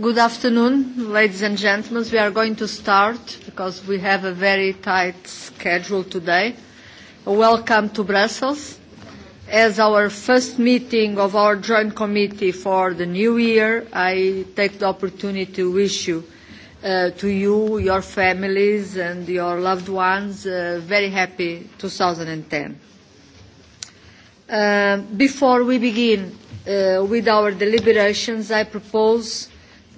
Good afternoon, ladies and gentlemen. We are going to start because we have a very tight schedule today. Welcome to Brussels. As our first meeting of our joint committee for the new year, I take the opportunity to wish you, to you, your families and your loved ones, a very happy 2010. Before we begin with our deliberations, I propose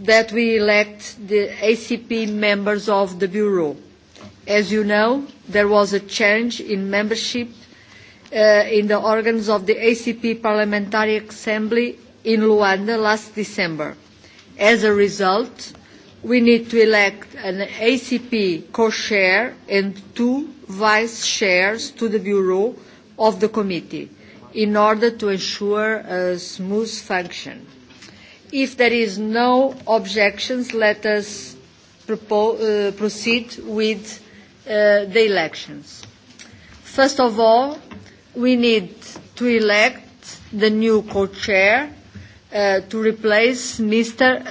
that we elect the ACP members of the Bureau. As you know, there was a change in membership in the organs of the ACP Parliamentary Assembly in Luanda last December. As a result, we need to elect an ACP co-chair and two vice-chairs to the Bureau of the Committee in order to ensure a smooth function. If there is no objections, let us proceed with the elections. First of all, we need to elect the new co-chair to replace Mr.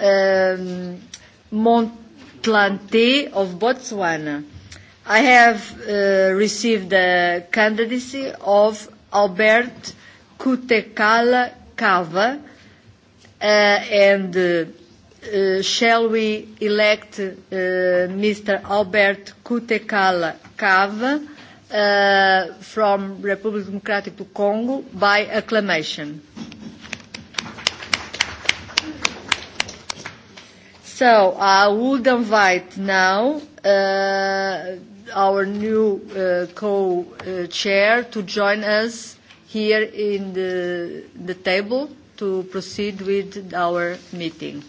Montlante of Botswana. I have received the candidacy of Albert Kutekala Kava and shall we elect Mr. Albert Kutekala kava from Republic Democratic of Congo by acclamation. So I would invite now our new co-chair to join us here in the table to proceed with our meeting.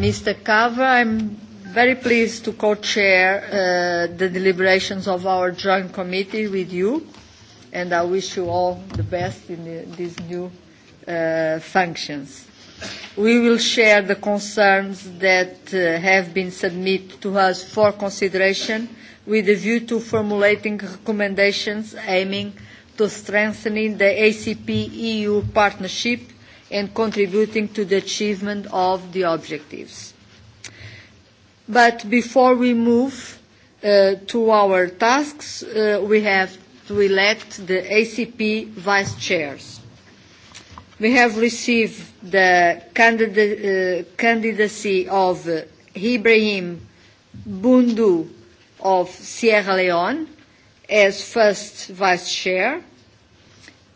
Mr. Kava. I'm very pleased to co-chair the deliberations of our joint committee with you, and I wish you all the best in these new functions. We will share the concerns that have been submitted to us for consideration with a view to formulating recommendations aiming to strengthening the ACP-EU partnership and contributing to the achievement of the objectives. But before we move to our tasks, we have to elect the ACP vice chairs. We have received the candidacy of Ibrahim Bundu of Sierra Leone as first vice chair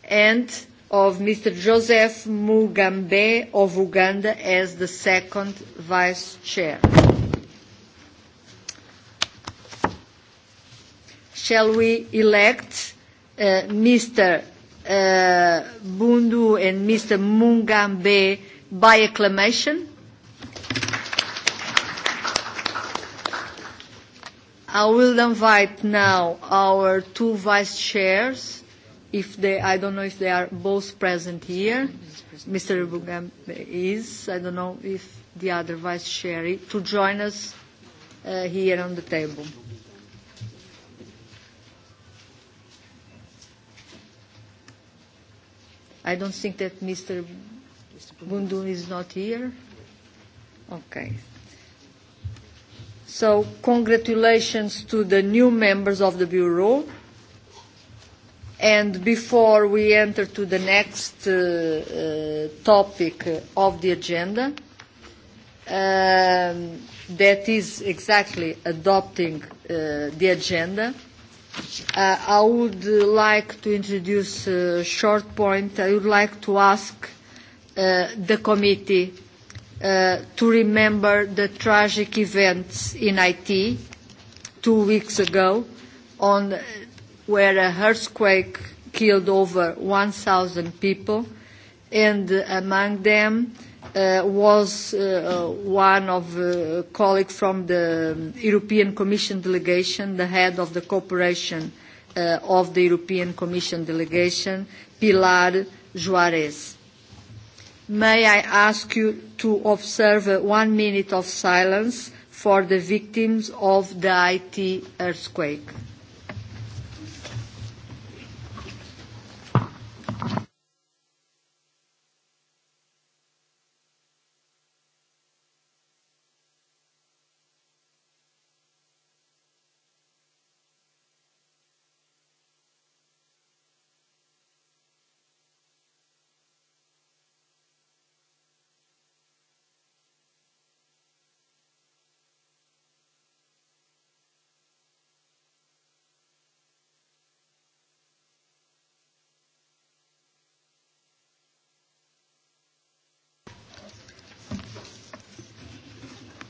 and of Mr. Joseph Mugambe of Uganda as the second vice chair. Shall we elect Mr. Bundu and Mr. Mugambe by acclamation? I will invite now our two vice chairs if they, I don't know if they are both present here. Mr. Bugam is. I don't know if the other vice chair to join us here on the table. I don't think that Mr. Bundu is not here. Okay. So congratulations to the new members of the Bureau And before we enter to the next topic of the agenda, that is exactly adopting the agenda, I would like to introduce a short point. I would like to ask the committee to remember the tragic events in IT two weeks ago on where a earthquake killed over 1,000 people, and among them was one of a colleague from the European Commission delegation, the head of the cooperation of the European Commission delegation, Pilar Juarez. May I ask you to observe one minute of silence for the victims of the IT earthquake.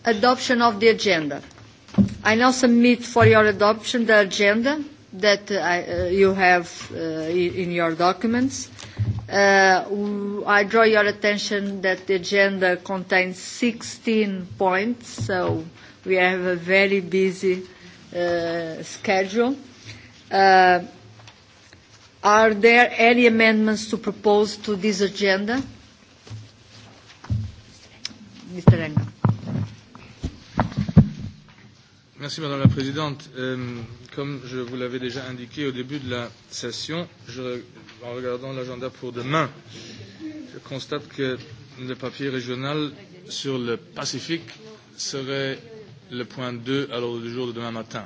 adoption of the agenda. I now submit for your adoption the agenda that you have in your documents. I draw your attention that the agenda contains 16 points, so we have a very busy schedule. Are there any amendments to propose to this agenda? Mr. Engel. Merci Madame la Présidente. Comme je vous l'avais déjà indiqué au début de la session, en regardant l'agenda pour demain, je constate que le papier régional sur le Pacifique serait le point 2 à l'ordre du jour de demain matin.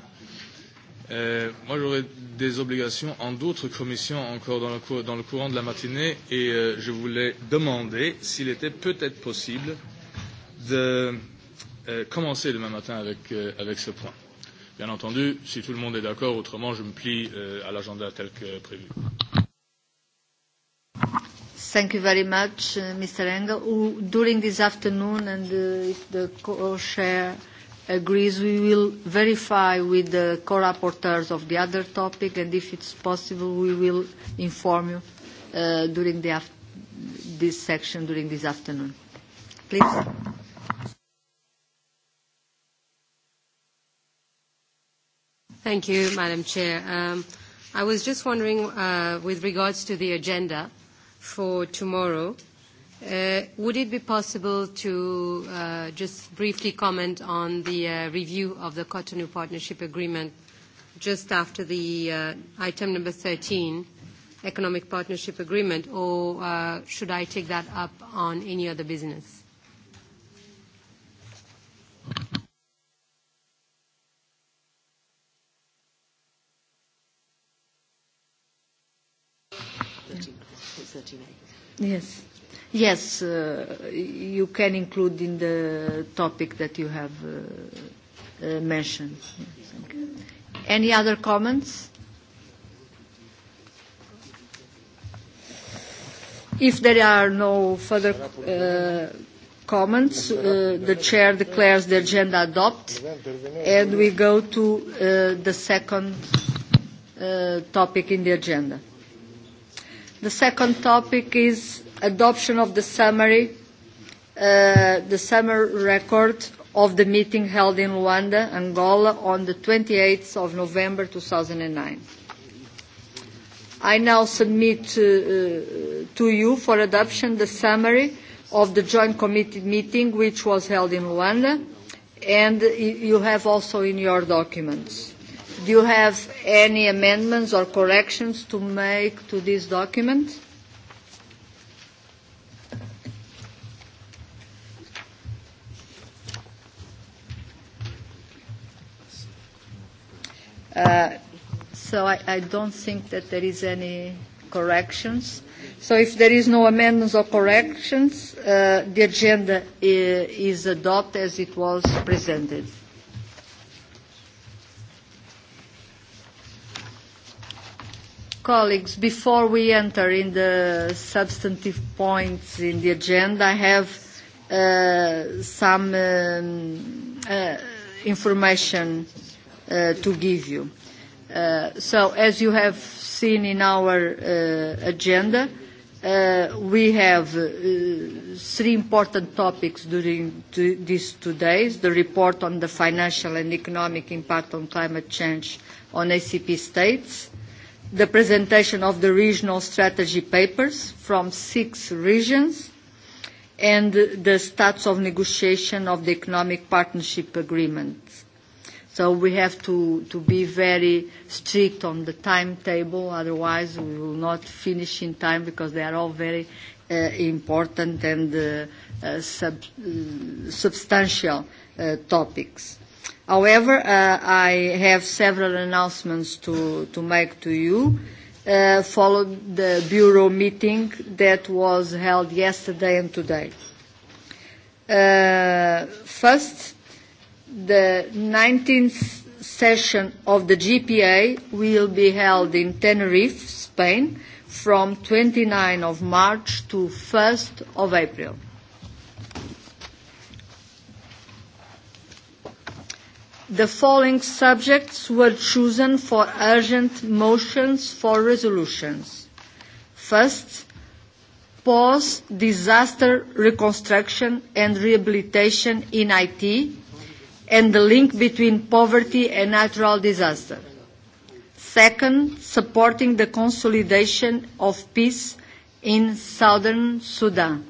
Moi, j'aurais des obligations en d'autres commissions encore dans le courant de la matinée et je voulais demander s'il était peut-être possible de commencer demain matin avec avec ce point. Bien entendu, si tout le monde est d'accord, autrement je me plie à l'agenda tel que prévu. Thank you very much, Mr. Engel. During this afternoon, and if the co-chair agrees, we will verify with the co-rapporteurs of the other topic, and if it's possible, we will inform you during the this section during this afternoon. Please. Thank you, Madam Chair. I was just wondering, with regards to the agenda for tomorrow, would it be possible to just briefly comment on the review of the Cotonou Partnership Agreement just after the item number 13, Economic Partnership Agreement, or should I take that up on any other business? Yes. Yes, you can include in the topic that you have mentioned. Any other comments? If there are no further comments, the chair declares the agenda adopted, and we go to the second topic in the agenda. The second topic is adoption of the summary, the summary record of the meeting held in Luanda, Angola, on the 28th of November 2009. I now submit to you for adoption the summary of the joint committee meeting which was held in Luanda, and you have also in your documents. Do you have any amendments or corrections to make to this document? So I don't think that there is any corrections. So if there is no amendments or corrections, the agenda is adopted as it was presented. colleagues, before we enter in the substantive points in the agenda, I have some information to give you. So, as you have seen in our agenda, we have three important topics during these two days: the report on the financial and economic impact on climate change on ACP states, the presentation of the regional strategy papers from six regions and the status of negotiation of the economic partnership agreement. So we have to, be very strict on the timetable, otherwise we will not finish in time because they are all very important and substantial topics. However, I have several announcements to make to you. following the Bureau meeting that was held yesterday and today. First, the 19th session of the GPA will be held in Tenerife, Spain, from 29 of March to 1st of April. The following subjects were chosen for urgent motions for resolutions. First, post-disaster reconstruction and rehabilitation in IT and the link between poverty and natural disaster. Second, supporting the consolidation of peace in southern Sudan.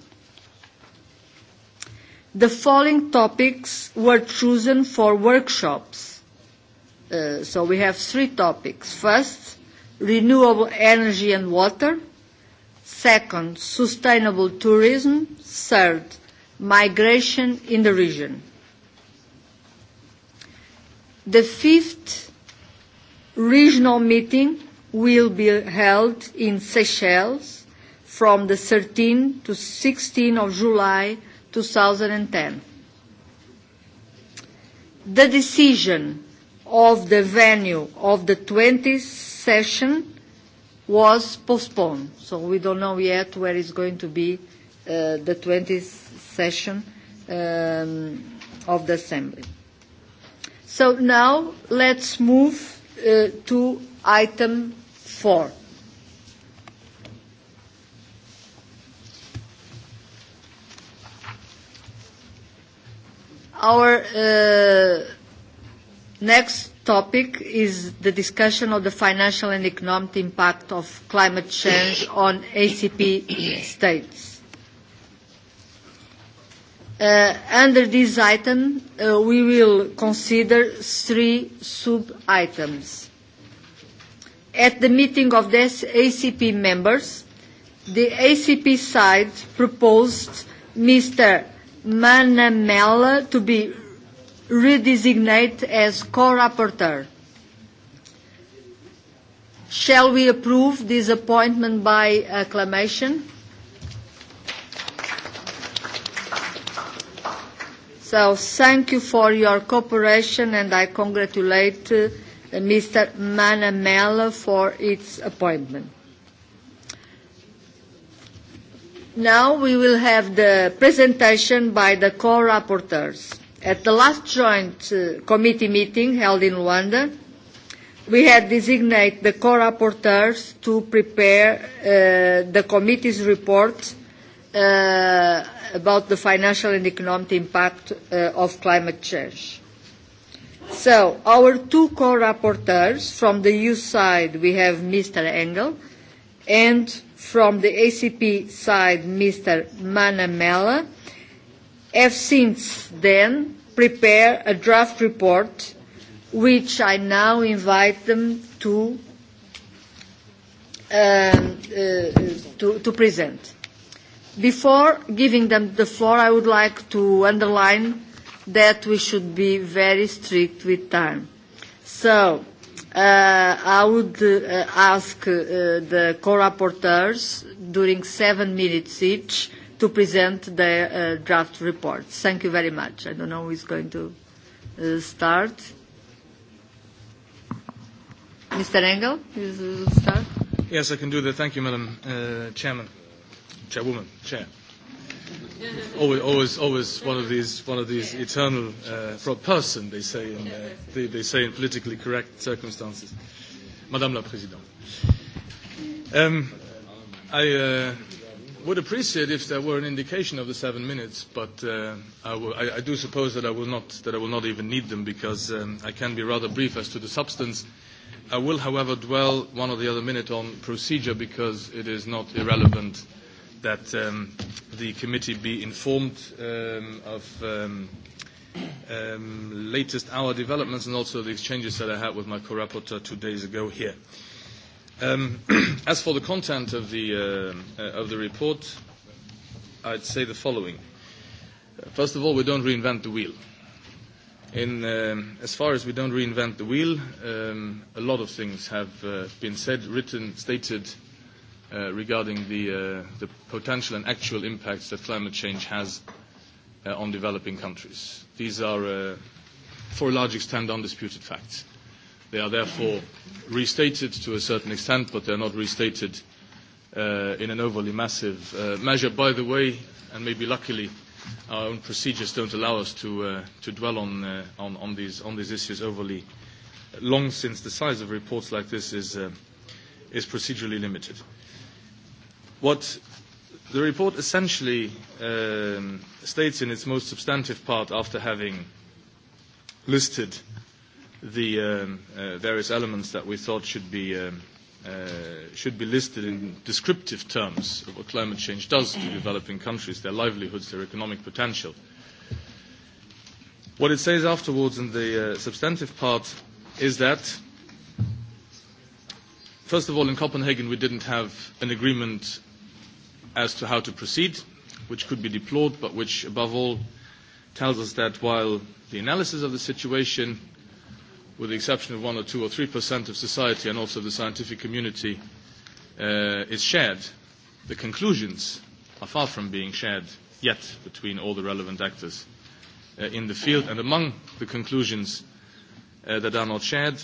The following topics were chosen for workshops. So we have three topics. First, renewable energy and water. Second, sustainable tourism. Third, migration in the region. The fifth regional meeting will be held in Seychelles from the 13 to 16 of July 2010. The decision of the venue of the 20th session was postponed, so we don't know yet where is going to be the 20th session of the Assembly. So now let's move to item four. Our next topic is the discussion of the financial and economic impact of climate change on ACP states. Under this item, we will consider three sub-items. At the meeting of the ACP members, the ACP side proposed Mr. Manamela to be redesignated as co-rapporteur. Shall we approve this appointment by acclamation? So thank you for your cooperation and I congratulate Mr. Manamela for its appointment. Now we will have the presentation by the co-rapporteurs. At the last joint committee meeting held in Rwanda, we had designated the co-rapporteurs to prepare the committee's report about the financial and economic impact of climate change. So, our two co-rapporteurs, from the EU side, we have Mr. Engel, and from the ACP side, Mr. Manamela, have since then prepared a draft report, which I now invite them to to present. Before giving them the floor, I would like to underline that we should be very strict with time. So, I would ask uh the co-rapporteurs during seven minutes each to present their draft reports. Thank you very much. I don't know who is going to start. Mr. Engel, you start. Yes, I can do that. Thank you, Madam Chairman, Chairwoman, Chair always, always one of these, one of these eternal uh, person, they say, in, they, they say in politically correct circumstances. Madame la Présidente. I uh, would appreciate if there were an indication of the seven minutes, but uh, I, will, I, I do suppose that I will not, that I will not even need them because um, I can be rather brief as to the substance. I will, however, dwell one or the other minute on procedure because it is not irrelevant that the committee be informed of latest hour developments and also the exchanges that I had with my co-rapporteur two days ago here. As for the content of the report, I'd say the following. First of all, we don't reinvent the wheel. In As far as we don't reinvent the wheel, a lot of things have been said, written, stated regarding the the potential and actual impacts that climate change has on developing countries. These are, for a large extent, undisputed facts. They are therefore restated to a certain extent, but they are not restated in an overly massive measure. By the way, and maybe luckily, our own procedures don't allow us to to dwell on these issues overly long, since the size of reports like this is procedurally limited. What the report essentially states in its most substantive part, after having listed the various elements that we thought should be should be listed in descriptive terms of what climate change does to developing countries, their livelihoods, their economic potential. What it says afterwards in the substantive part is that, first of all, in Copenhagen we didn't have an agreement as to how to proceed, which could be deplored, but which, above all, tells us that while the analysis of the situation, with the exception of one or two or three percent of society and also the scientific community, is shared, the conclusions are far from being shared yet between all the relevant actors in the field. And among the conclusions that are not shared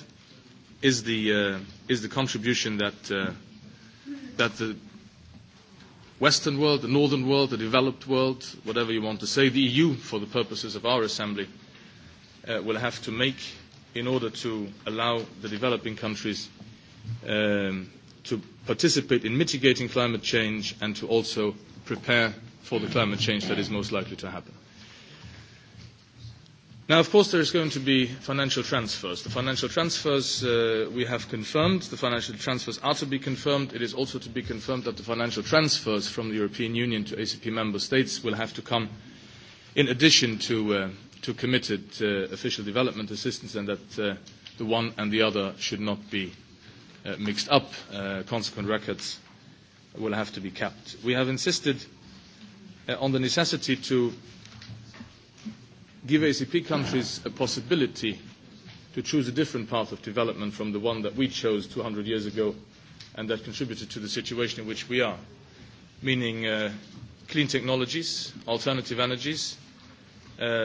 is the contribution that the Western world, the northern world, the developed world, whatever you want to say, the EU, for the purposes of our assembly, will have to make in order to allow the developing countries to participate in mitigating climate change and to also prepare for the climate change that is most likely to happen. Now, of course, there is going to be financial transfers. The financial transfers we have confirmed. The financial transfers are to be confirmed. It is also to be confirmed that the financial transfers from the European Union to ACP member states will have to come in addition to committed official development assistance and that the one and the other should not be mixed up. Consequent records will have to be kept. We have insisted on the necessity to give ACP countries a possibility to choose a different path of development from the one that we chose 200 years ago and that contributed to the situation in which we are, meaning clean technologies, alternative energies,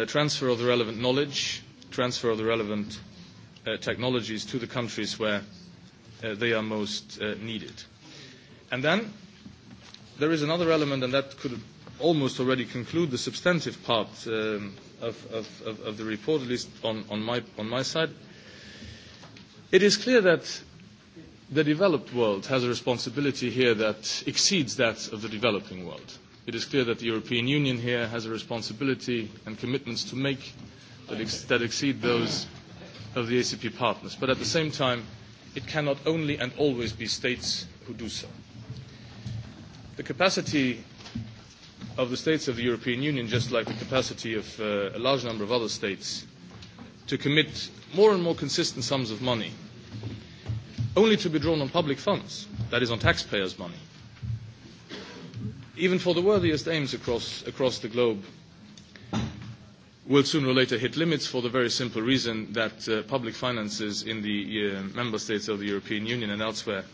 transfer of the relevant knowledge, transfer of the relevant technologies to the countries where they are most needed. And then there is another element, and that could almost already conclude the substantive part of the report, at least on my side. It is clear that the developed world has a responsibility here that exceeds that of the developing world. It is clear that the European Union here has a responsibility and commitments to make that exceed those of the ACP partners. But at the same time, it cannot only and always be states who do so. The capacity of the states of the European Union, just like the capacity of a large number of other states, to commit more and more consistent sums of money, only to be drawn on public funds, that is, on taxpayers' money. Even for the worthiest aims across the globe, will sooner or later hit limits for the very simple reason that public finances in the member states of the European Union and elsewhere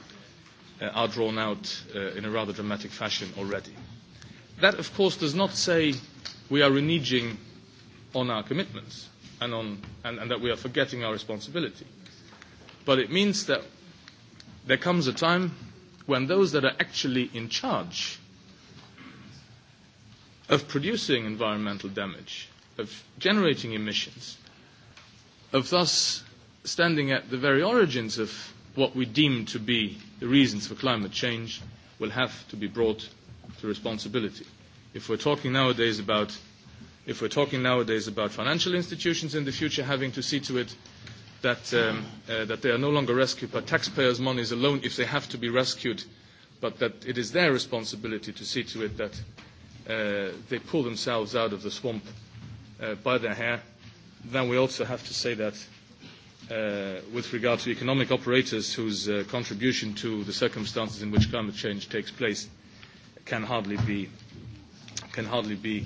are drawn out in a rather dramatic fashion already. That, of course, does not say we are reneging on our commitments and on and that we are forgetting our responsibility. But it means that there comes a time when those that are actually in charge of producing environmental damage, of generating emissions, of thus standing at the very origins of what we deem to be the reasons for climate change, will have to be brought The responsibility. If we're talking nowadays about if we're talking nowadays about financial institutions in the future having to see to it that that they are no longer rescued by taxpayers' monies alone if they have to be rescued, but that it is their responsibility to see to it that they pull themselves out of the swamp by their hair, then we also have to say that with regard to economic operators whose contribution to the circumstances in which climate change takes place can hardly be can hardly be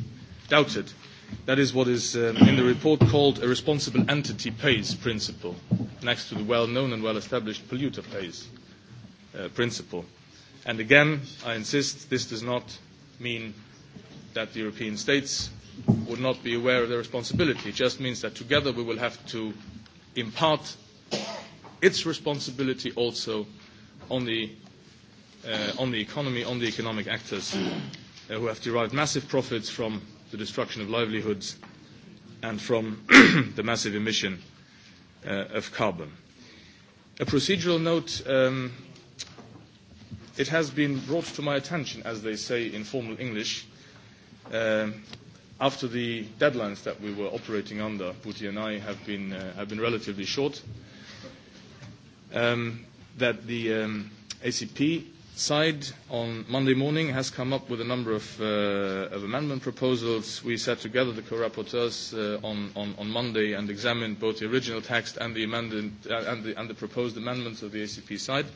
doubted. That is what is in the report called a responsible entity pays principle, next to the well-known and well-established polluter pays principle. And again, I insist, this does not mean that the European states would not be aware of their responsibility. It just means that together we will have to impart its responsibility also on the on the economy, on the economic actors who have derived massive profits from the destruction of livelihoods and from the massive emission of carbon. A procedural note, it has been brought to my attention, as they say in formal English, after the deadlines that we were operating under, Putin and I have been have been relatively short, that the ACP side on Monday morning has come up with a number of amendment proposals. We sat together, the co-rapporteurs, on Monday and examined both the original text and the proposed amendments of the ACP side.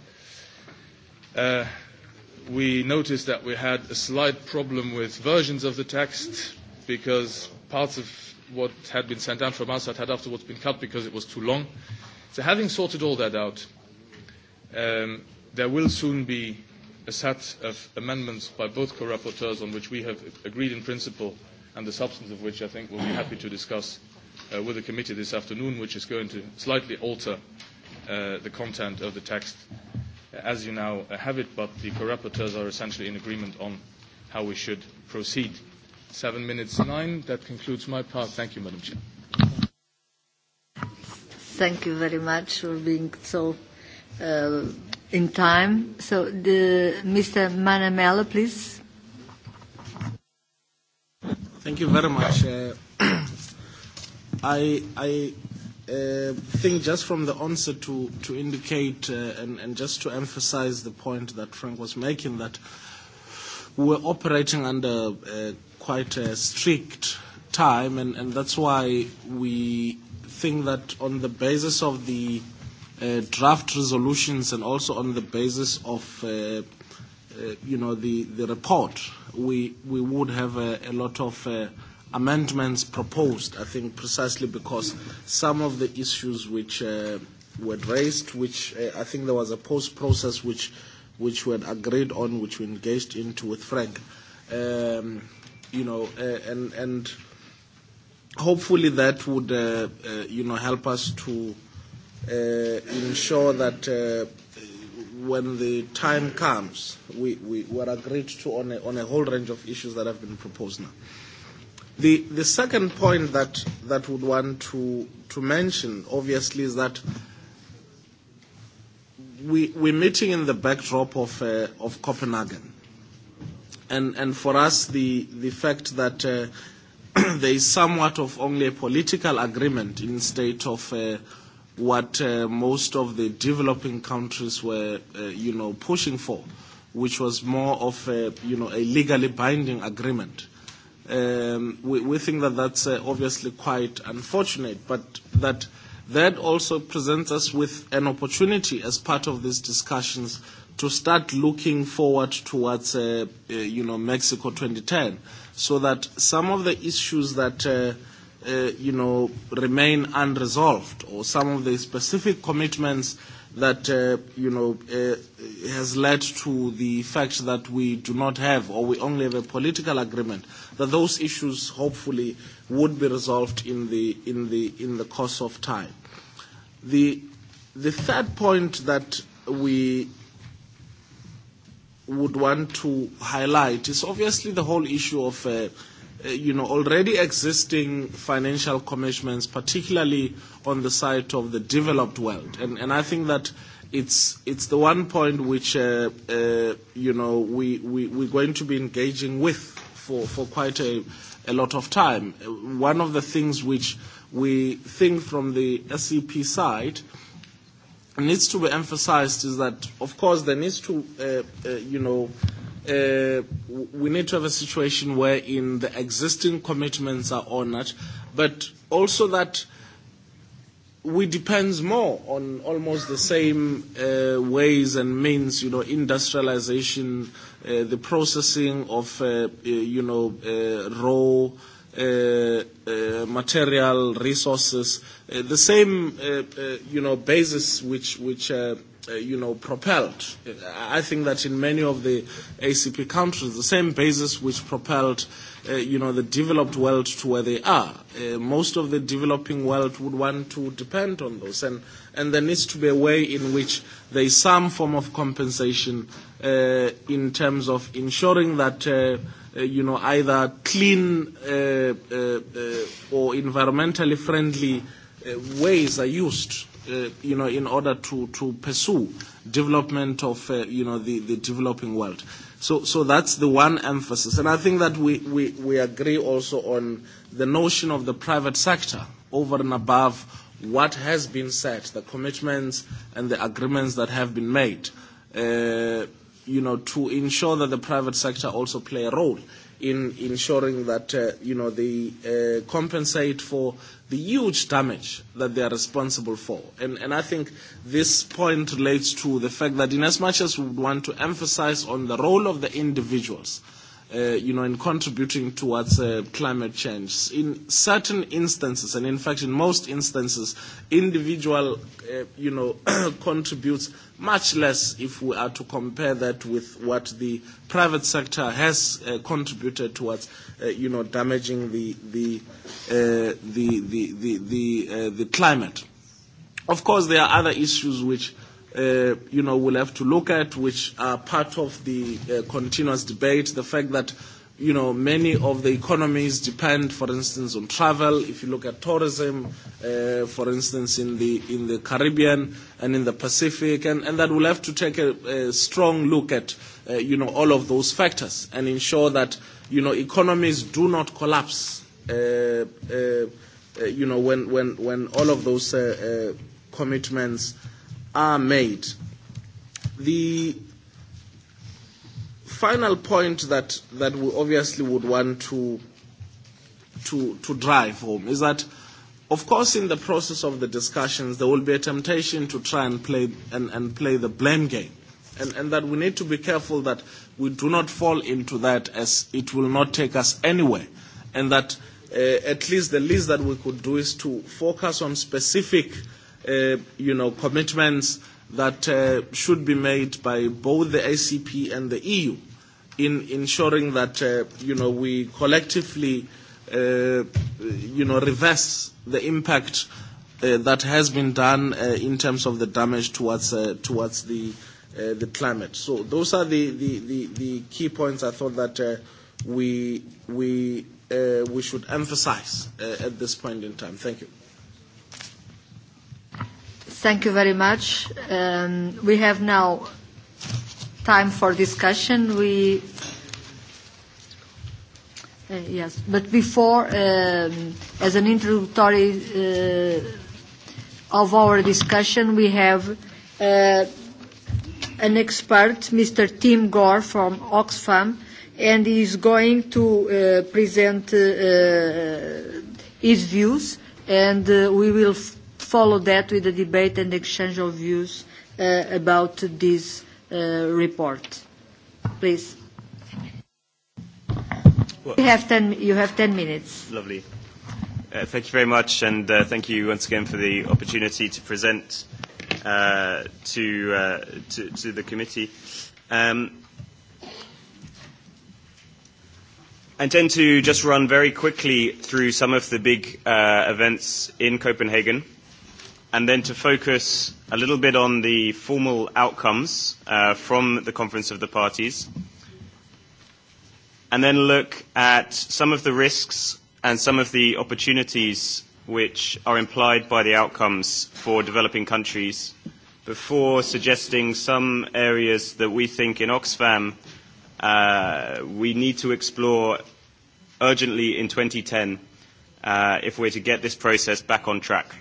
We noticed that we had a slight problem with versions of the text because parts of what had been sent down from us had afterwards been cut because it was too long. So having sorted all that out, there will soon be a set of amendments by both co-rapporteurs on which we have agreed in principle and the substance of which I think we'll be happy to discuss with the committee this afternoon, which is going to slightly alter the content of the text as you now have it, but the co-rapporteurs are essentially in agreement on how we should proceed. Seven minutes nine. That concludes my part. Thank you, Madam Chair. Thank you very much for being so in time. So Mr. Manamela, please. Thank you very much. I think just from the onset to indicate and just to emphasize the point that Frank was making that we're operating under quite a strict time and and that's why we think that on the basis of the draft resolutions and also on the basis of, you know, the the report, we we would have a lot of amendments proposed. I think precisely because some of the issues which were raised, which I think there was a post process which which we had agreed on, which we engaged into with Frank, you know, and and hopefully that would, you know, help us to ensure that when the time comes, we, we were agreed to on a, on a whole range of issues that have been proposed now. The, the second point that, that would want to, to mention, obviously, is that we, we're meeting in the backdrop of, of Copenhagen. And, and for us, the, the fact that there is somewhat of only a political agreement in state of what most of the developing countries were, you know, pushing for, which was more of a, you know, a legally binding agreement. We think that that's obviously quite unfortunate, but that that also presents us with an opportunity as part of these discussions to start looking forward towards, you know, Mexico 2010, so that some of the issues that you know, remain unresolved or some of the specific commitments that, you know, has led to the fact that we do not have or we only have a political agreement, that those issues hopefully would be resolved in the, in the, in the course of time. The, the third point that we would want to highlight is obviously the whole issue of you know, already existing financial commitments, particularly on the side of the developed world. And I think that it's it's the one point which, you know, we we're going to be engaging with for for quite a a lot of time. One of the things which we think from the SEP side needs to be emphasized is that, of course, there needs to, you know, we need to have a situation where in the existing commitments are honored, but also that we depend more on almost the same ways and means, you know, industrialization, the processing of, you know, raw material resources, the same, you know, basis which which you know propelled. I think that in many of the ACP countries, the same basis which propelled, you know, the developed world to where they are. Most of the developing world would want to depend on those, and and there needs to be a way in which there is some form of compensation in terms of ensuring that you know, either clean or environmentally friendly ways are used, you know, in order to to pursue development of, you know, the the developing world. So so that's the one emphasis, and I think that we we we agree also on the notion of the private sector over and above what has been said, the commitments and the agreements that have been made you know, to ensure that the private sector also play a role in ensuring that, you know, they compensate for the huge damage that they are responsible for. And I think this point relates to the fact that in as much as we want to emphasize on the role of the individuals you know, in contributing towards climate change. In certain instances, and in fact in most instances, individual, you know, contributes much less if we are to compare that with what the private sector has contributed towards, you know, damaging the the the the the the climate. Of course, there are other issues which you know, we'll have to look at, which are part of the continuous debate, the fact that, you know, many of the economies depend, for instance, on travel. If you look at tourism, for instance, in the in the Caribbean and in the Pacific, and and that we'll have to take a strong look at, you know, all of those factors and ensure that, you know, economies do not collapse you know, when, when, when all of those commitments are made. The final point that that we obviously would want to to to drive home is that of course in the process of the discussions there will be a temptation to try and play and and play the blame game and and that we need to be careful that we do not fall into that as it will not take us anywhere and that at least the least that we could do is to focus on specific you know, commitments that should be made by both the ACP and the EU in ensuring that, you know, we collectively, you know, reverse the impact that has been done in terms of the damage towards towards the the climate. So those are the the the key points I thought that we we we should emphasize at this point in time. Thank you. Thank you very much. We have now time for discussion. We yes, but before, as an introductory of our discussion, we have an expert, Mr. Tim Gore from Oxfam, and he is going to present his views, and we will follow that with the debate and exchange of views about this report. Please. You have 10 minutes. Lovely. Thank you very much, and thank you once again for the opportunity to present to to the committee. I intend to just run very quickly through some of the big events in Copenhagen and then to focus a little bit on the formal outcomes from the Conference of the Parties, and then look at some of the risks and some of the opportunities which are implied by the outcomes for developing countries before suggesting some areas that we think in Oxfam we need to explore urgently in 2010 if we are to get this process back on track.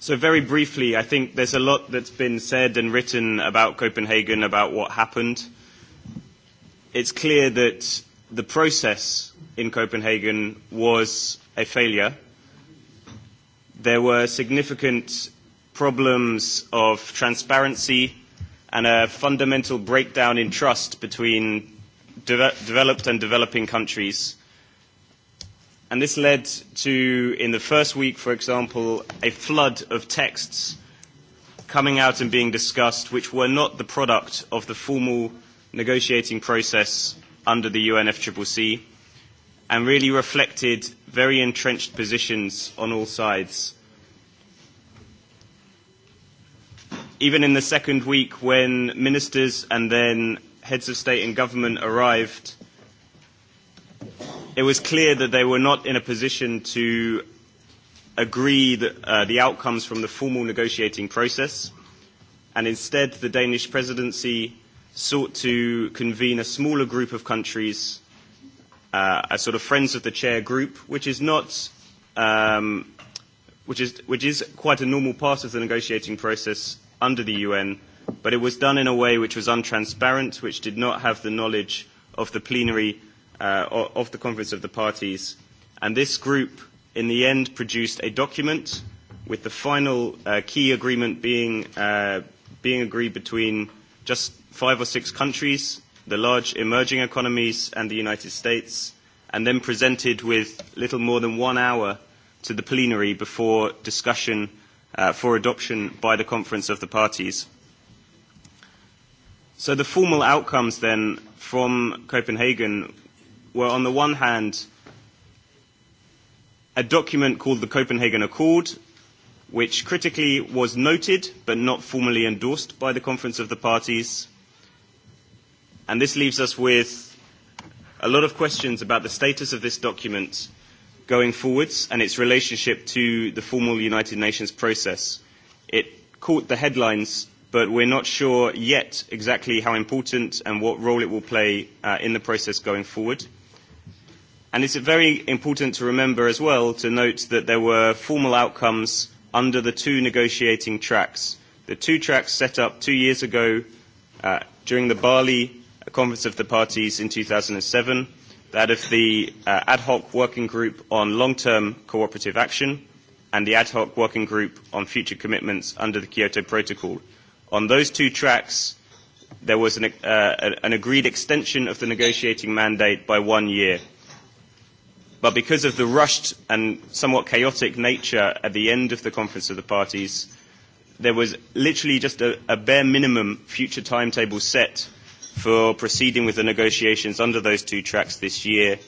So very briefly, I think there's a lot that's been said and written about Copenhagen, about what happened. It's clear that the process in Copenhagen was a failure. There were significant problems of transparency and a fundamental breakdown in trust between developed and developing countries And this led to, in the first week, for example, a flood of texts coming out and being discussed which were not the product of the formal negotiating process under the UNFCCC and really reflected very entrenched positions on all sides. Even in the second week, when ministers and then heads of state and government arrived, it was clear that they were not in a position to agree the outcomes from the formal negotiating process, and instead the Danish presidency sought to convene a smaller group of countries, a sort of friends of the chair group, which is not which is which is quite a normal part of the negotiating process under the UN, but it was done in a way which was untransparent, which did not have the knowledge of the plenary of the Conference of the Parties, and this group in the end produced a document with the final key agreement being being agreed between just five or six countries, the large emerging economies and the United States, and then presented with little more than one hour to the plenary before discussion for adoption by the Conference of the Parties. So the formal outcomes then from Copenhagen were, on the one hand, a document called the Copenhagen Accord, which critically was noted but not formally endorsed by the Conference of the Parties. And this leaves us with a lot of questions about the status of this document going forwards and its relationship to the formal United Nations process. It caught the headlines, but we're not sure yet exactly how important and what role it will play in the process going forward. And it's very important to remember as well to note that there were formal outcomes under the two negotiating tracks. The two tracks set up two years ago during the Bali Conference of the Parties in 2007, that of the ad hoc working group on long-term cooperative action and the ad hoc working group on future commitments under the Kyoto Protocol. On those two tracks, there was an agreed extension of the negotiating mandate by one year But because of the rushed and somewhat chaotic nature at the end of the Conference of the Parties, there was literally just a bare minimum future timetable set for proceeding with the negotiations under those two tracks this year.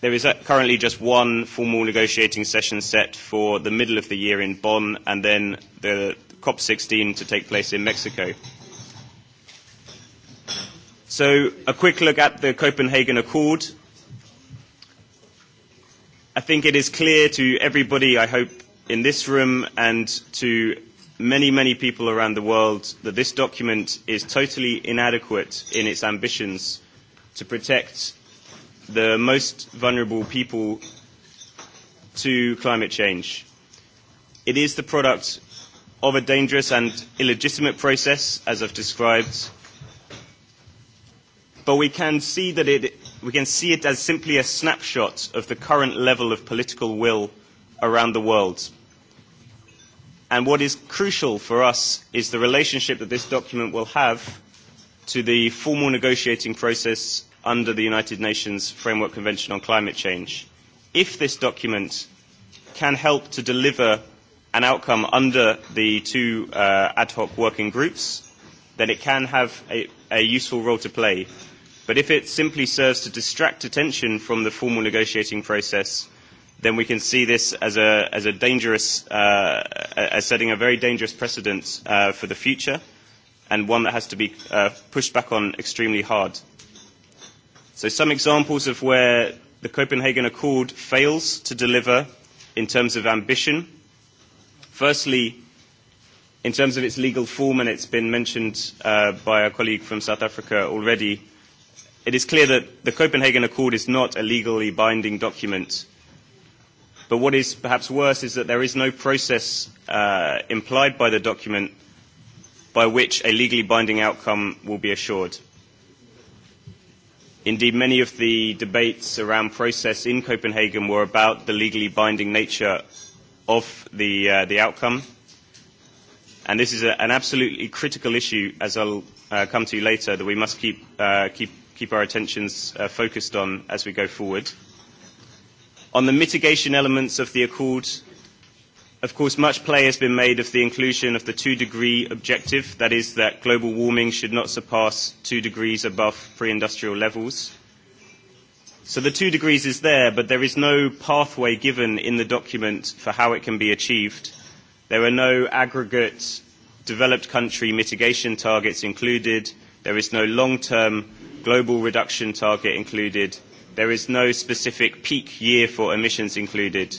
There is currently just one formal negotiating session set for the middle of the year in Bonn and then the COP16 to take place in Mexico. So a quick look at the Copenhagen Accord I think it is clear to everybody, I hope, in this room and to many, many people around the world that this document is totally inadequate in its ambitions to protect the most vulnerable people to climate change. It is the product of a dangerous and illegitimate process, as I've described, but we can see that it we can see it as simply a snapshot of the current level of political will around the world. And what is crucial for us is the relationship that this document will have to the formal negotiating process under the United Nations Framework Convention on Climate Change. If this document can help to deliver an outcome under the two ad hoc working groups, then it can have a useful role to play But if it simply serves to distract attention from the formal negotiating process, then we can see this as a as a dangerous as setting a very dangerous precedent for the future and one that has to be pushed back on extremely hard. So some examples of where the Copenhagen Accord fails to deliver in terms of ambition. Firstly, in terms of its legal form, and it's been mentioned by a colleague from South Africa already, It is clear that the Copenhagen Accord is not a legally binding document. But what is perhaps worse is that there is no process implied by the document by which a legally binding outcome will be assured. Indeed, many of the debates around process in Copenhagen were about the legally binding nature of the the outcome. And this is an absolutely critical issue, as I'll come to later, that we must keep keep keep our attentions focused on as we go forward. On the mitigation elements of the Accord, of course, much play has been made of the inclusion of the two-degree objective, that is, that global warming should not surpass two degrees above pre-industrial levels. So the two degrees is there, but there is no pathway given in the document for how it can be achieved. There are no aggregate developed country mitigation targets included. There is no long-term global reduction target included. There is no specific peak year for emissions included.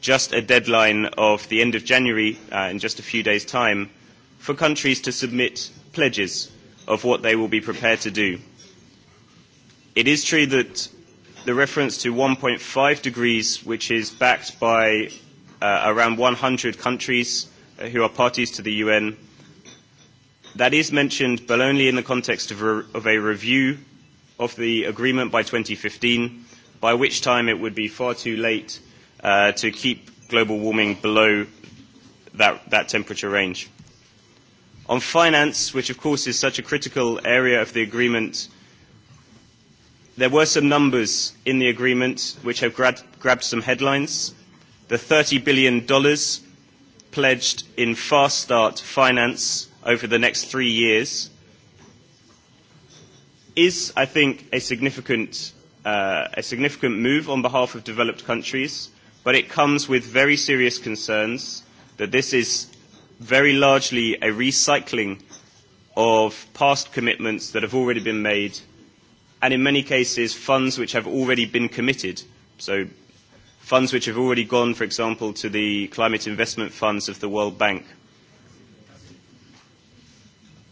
Just a deadline of the end of January, in just a few days' time, for countries to submit pledges of what they will be prepared to do. It is true that the reference to 1.5 degrees, which is backed by around 100 countries who are parties to the UN, That is mentioned, but only in the context of a review of the agreement by 2015, by which time it would be far too late to keep global warming below that temperature range. On finance, which of course is such a critical area of the agreement, there were some numbers in the agreement which have grabbed some headlines. The $30 billion pledged in Fast Start finance over the next three years is, I think, a significant move on behalf of developed countries, but it comes with very serious concerns that this is very largely a recycling of past commitments that have already been made, and in many cases funds which have already been committed. So funds which have already gone, for example, to the climate investment funds of the World Bank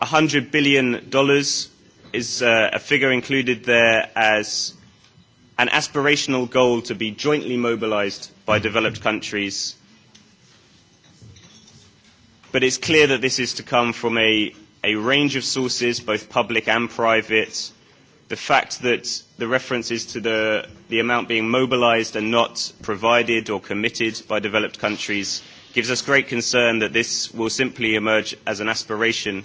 $100 billion dollars is a figure included there as an aspirational goal to be jointly mobilised by developed countries. But it's clear that this is to come from a range of sources, both public and private. The fact that the references to the amount being mobilized and not provided or committed by developed countries gives us great concern that this will simply emerge as an aspiration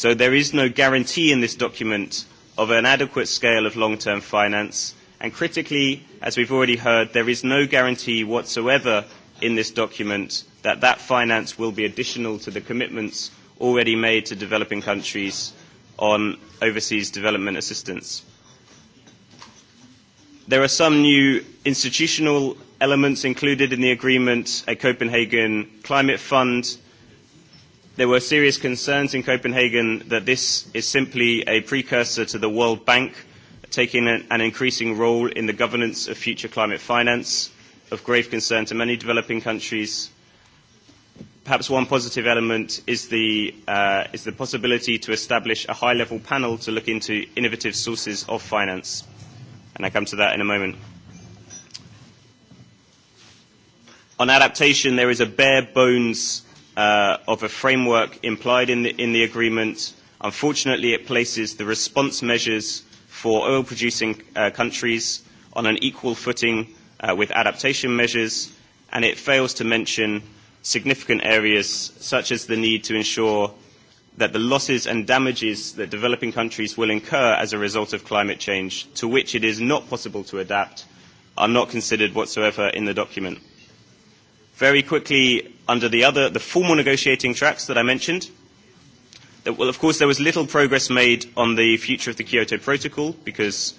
So there is no guarantee in this document of an adequate scale of long-term finance, and critically, as we've already heard, there is no guarantee whatsoever in this document that that finance will be additional to the commitments already made to developing countries on overseas development assistance. There are some new institutional elements included in the agreement, a Copenhagen Climate Fund, There were serious concerns in Copenhagen that this is simply a precursor to the World Bank taking an increasing role in the governance of future climate finance, of grave concern to many developing countries. Perhaps one positive element is the possibility to establish a high-level panel to look into innovative sources of finance. And I come to that in a moment. On adaptation, there is a bare bones of a framework implied in the agreement. Unfortunately, it places the response measures for oil-producing countries on an equal footing with adaptation measures, and it fails to mention significant areas such as the need to ensure that the losses and damages that developing countries will incur as a result of climate change, to which it is not possible to adapt, are not considered whatsoever in the document. Very quickly, under the other, the formal negotiating tracks that I mentioned. Well, of course, there was little progress made on the future of the Kyoto Protocol because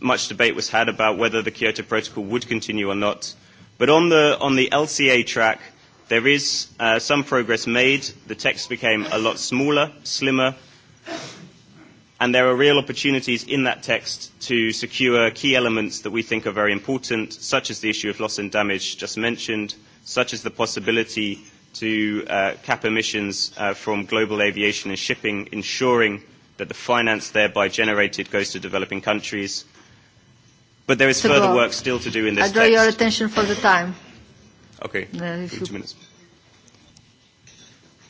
much debate was had about whether the Kyoto Protocol would continue or not. But on the on the LCA track, there is some progress made. The text became a lot smaller, slimmer, and there are real opportunities in that text to secure key elements that we think are very important, such as the issue of loss and damage just mentioned such as the possibility to cap emissions from global aviation and shipping, ensuring that the finance thereby generated goes to developing countries. But there is further work still to do in this I draw your attention for the time. Okay. Two minutes.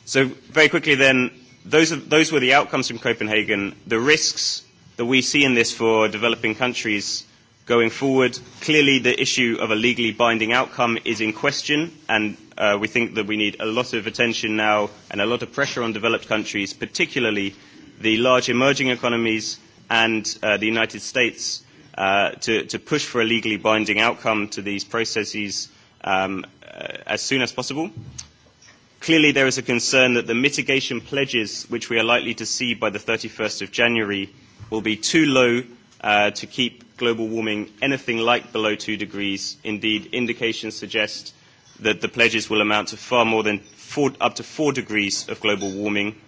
So very quickly then, those were the outcomes from Copenhagen. The risks that we see in this for developing countries Going forward, clearly the issue of a legally binding outcome is in question, and we think that we need a lot of attention now and a lot of pressure on developed countries, particularly the large emerging economies and the United States, to push for a legally binding outcome to these processes as soon as possible. Clearly, there is a concern that the mitigation pledges, which we are likely to see by the 31st of January, will be too low to keep global warming anything like below 2 degrees. Indeed, indications suggest that the pledges will amount to far more than up to 4 degrees of global warming.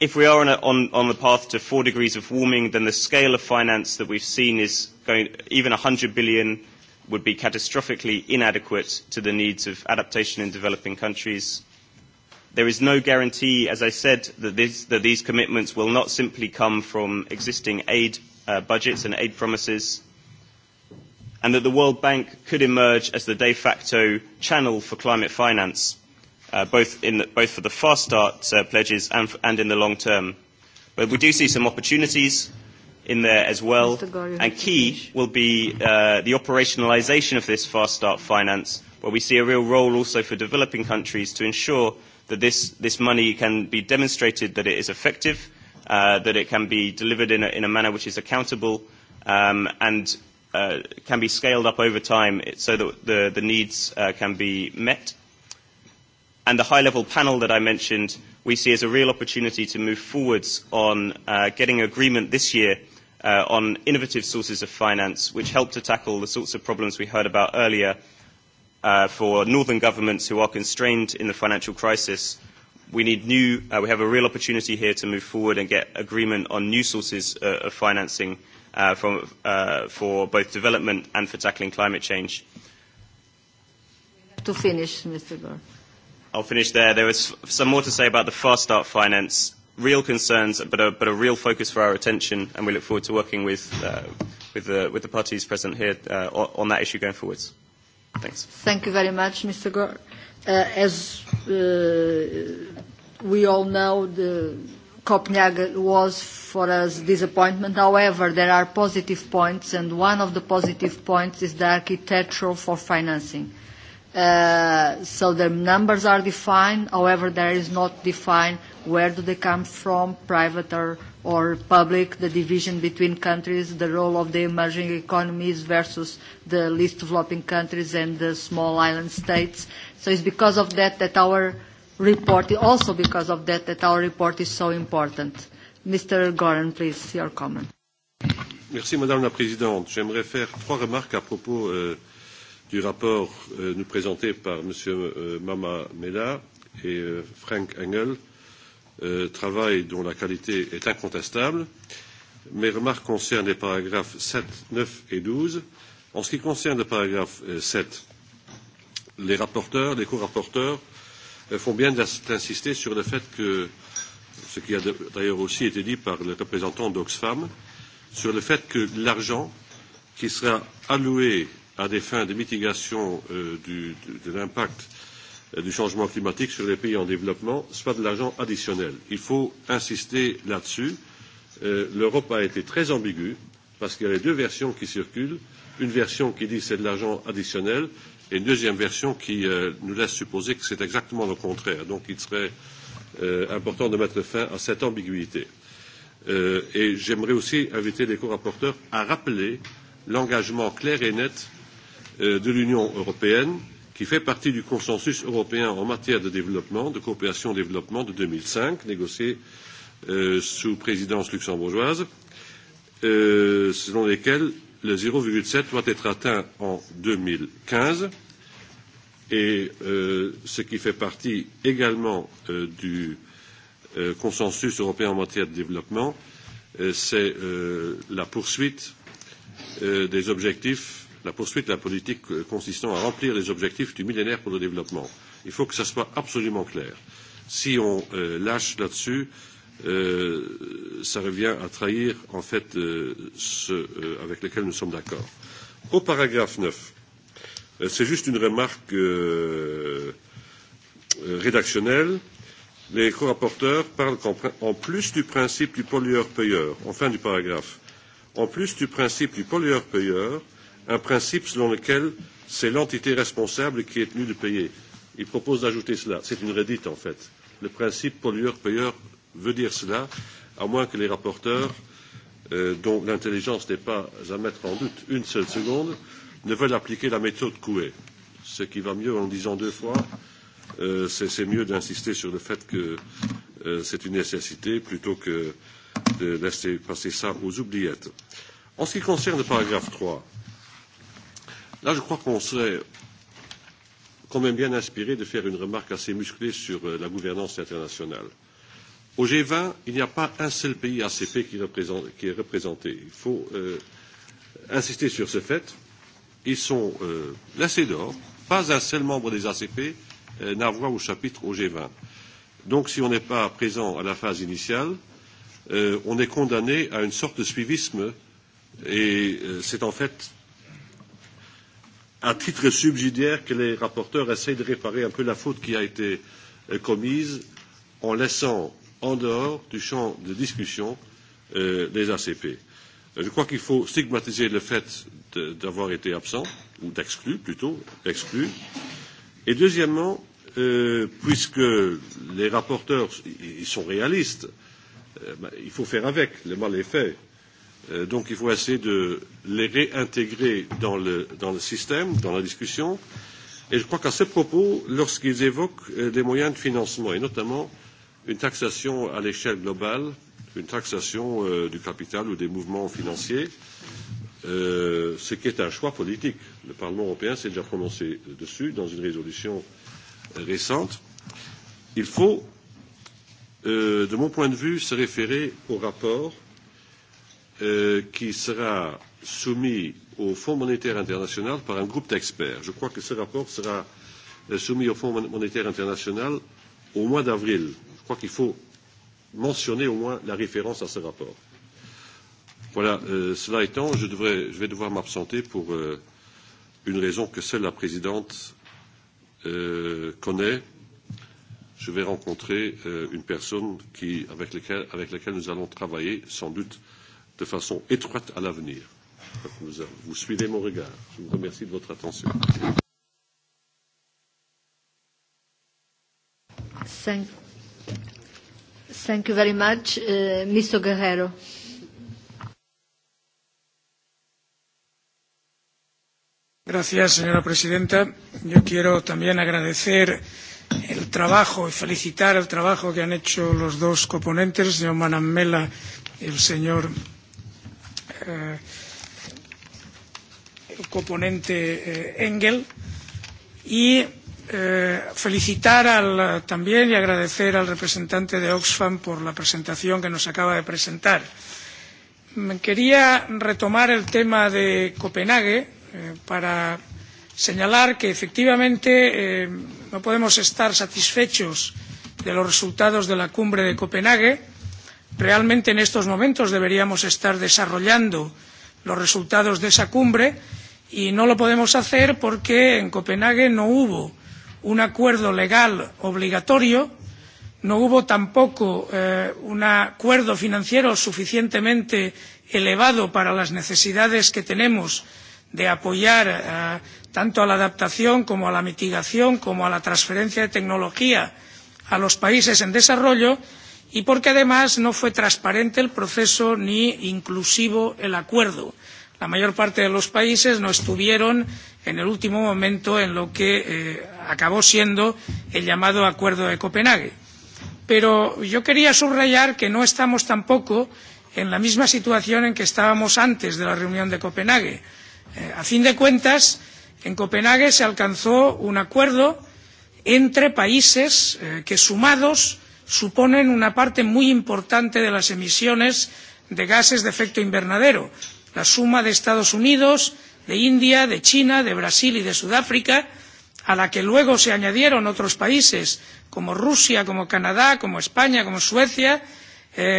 If we are on the path to 4 degrees of warming, then the scale of finance that we've seen is going, even 100 billion would be catastrophically inadequate to the needs of adaptation in developing countries. There is no guarantee, as I said, that these commitments will not simply come from existing aid budgets and aid promises, and that the World Bank could emerge as the de facto channel for climate finance, both for the Fast Start pledges and in the long term. But we do see some opportunities in there as well, and key will be the operationalisation of this Fast Start finance, where we see a real role also for developing countries to ensure that this money can be demonstrated that it is effective, that it can be delivered in a manner which is accountable and can be scaled up over time so that the needs can be met. And the high-level panel that I mentioned we see as a real opportunity to move forwards on getting agreement this year on innovative sources of finance which help to tackle the sorts of problems we heard about earlier for northern governments who are constrained in the financial crisis. We need new. We have a real opportunity here to move forward and get agreement on new sources of financing for both development and for tackling climate change. To finish, Mr. I'll finish there. There was some more to say about the fast start finance. Real concerns, but a but a real focus for our attention, and we look forward to working with with the with the parties present here on that issue going forwards. Thank you very much, Mr. Gore. As we all know, the Copenhagen was for us disappointment. However, there are positive points, and one of the positive points is the architecture for financing. So the numbers are defined. However, there is not defined where do they come from, private or public, the division between countries, the role of the emerging economies versus the least developing countries and the small island states. So it's because of that that our report, also because of that, that our report is so important. Mr. Goran, please, your comment. Merci, Madame la Présidente. J'aimerais faire trois remarques à propos du rapport nous présenté par M. Mama Mela et Frank Engel, travail dont la qualité est incontestable. Mes remarques concernent les paragraphes 7, 9 et 12. En ce qui concerne le paragraphe 7, les rapporteurs, les co-rapporteurs font bien d'insister sur le fait que, ce qui a d'ailleurs aussi été dit par le représentant d'Oxfam, sur le fait que l'argent qui sera alloué à des fins de mitigation de l'impact du changement climatique sur les pays en développement, soit de l'argent additionnel. Il faut insister là-dessus. L'Europe a été très ambiguë parce qu'il y a deux versions qui circulent. Une version qui dit que c'est de l'argent additionnel et une deuxième version qui nous laisse supposer que c'est exactement le contraire. Donc il serait important de mettre fin à cette ambiguïté. Et j'aimerais aussi inviter les co rapporteurs à rappeler l'engagement clair et net de l'Union européenne, qui fait partie du consensus européen en matière de développement, de coopération au développement de 2005, négocié sous présidence luxembourgeoise, selon lesquels le 0,7 doit être atteint en 2015, et ce qui fait partie également du consensus européen en matière de développement, c'est la poursuite des objectifs la poursuite de la politique consistant à remplir les objectifs du millénaire pour le développement. Il faut que ça soit absolument clair. Si on lâche là-dessus, ça revient à trahir, en fait, ce avec lequel nous sommes d'accord. Au paragraphe 9, c'est juste une remarque rédactionnelle. Les co-rapporteurs parlent en plus du principe du pollueur-payeur, en fin du paragraphe, en plus du principe du pollueur-payeur, un principe selon lequel c'est l'entité responsable qui est tenue de payer. Il propose d'ajouter cela. C'est une redite, en fait. Le principe pollueur-payeur veut dire cela, à moins que les rapporteurs, dont l'intelligence n'est pas à mettre en doute une seule seconde, ne veulent appliquer la méthode Coué. Ce qui va mieux en le disant deux fois, c'est mieux d'insister sur le fait que c'est une nécessité plutôt que de laisser passer ça aux oubliettes. En ce qui concerne le paragraphe 3, Là, je crois qu'on serait quand même bien inspiré de faire une remarque assez musclée sur la gouvernance internationale. Au G20, il n'y a pas un seul pays ACP qui est représenté. Il faut insister sur ce fait. Ils sont laissés d'or. Pas un seul membre des ACP n'a voix au chapitre au G20. Donc, si on n'est pas présent à la phase initiale, on est condamné à une sorte de suivisme et c'est en fait à titre subsidiaire que les rapporteurs essayent de réparer un peu la faute qui a été commise en laissant en dehors du champ de discussion les ACP. Je crois qu'il faut stigmatiser le fait d'avoir été absent, ou d'exclus plutôt, exclu. Et deuxièmement, puisque les rapporteurs, ils sont réalistes, il faut faire avec, le mal est fait. Donc il faut essayer de les réintégrer dans le système, dans la discussion. Et je crois qu'à ce propos, lorsqu'ils évoquent des moyens de financement, et notamment une taxation à l'échelle globale, une taxation du capital ou des mouvements financiers, ce qui est un choix politique. Le Parlement européen s'est déjà prononcé dessus dans une résolution récente. Il faut, de mon point de vue, se référer au rapport qui sera soumis au Fonds monétaire international par un groupe d'experts. Je crois que ce rapport sera soumis au Fonds monétaire international au mois d'avril. Je crois qu'il faut mentionner au moins la référence à ce rapport. Voilà, cela étant, je vais devoir m'absenter pour une raison que seule la présidente connaît. Je vais rencontrer une personne avec laquelle nous allons travailler sans doute de façon étroite à l'avenir. Vous suivez mon regard. Je vous remercie de votre attention. Thank you very much, Mr. Guerrero. Gracias, señora presidenta. Yo quiero también agradecer el trabajo y felicitar el trabajo que han hecho los dos coponentes, el señor Manamela y el señor el coponente Engel y felicitar también y agradecer al representante de Oxfam por la presentación que nos acaba de presentar. Quería retomar el tema de Copenhague para señalar que efectivamente no podemos estar satisfechos de los resultados de la cumbre de Copenhague realmente en estos momentos deberíamos estar desarrollando los resultados de esa cumbre y no lo podemos hacer porque en copenhague no hubo un acuerdo legal obligatorio no hubo tampoco un acuerdo financiero suficientemente elevado para las necesidades que tenemos de apoyar tanto a la adaptación como a la mitigación como a la transferencia de tecnología a los países en desarrollo y porque además no fue transparente el proceso ni inclusivo el acuerdo. La mayor parte de los países no estuvieron en el último momento en lo que acabó siendo el llamado Acuerdo de Copenhague. Pero yo quería subrayar que no estamos tampoco en la misma situación en que estábamos antes de la reunión de Copenhague. A fin de cuentas, en Copenhague se alcanzó un acuerdo entre países que, sumados, suponen una parte muy importante de las emisiones de gases de efecto invernadero la suma de estados unidos de india de china de brasil y de sudáfrica a la que luego se añadieron otros países como rusia como canadá como españa como suecia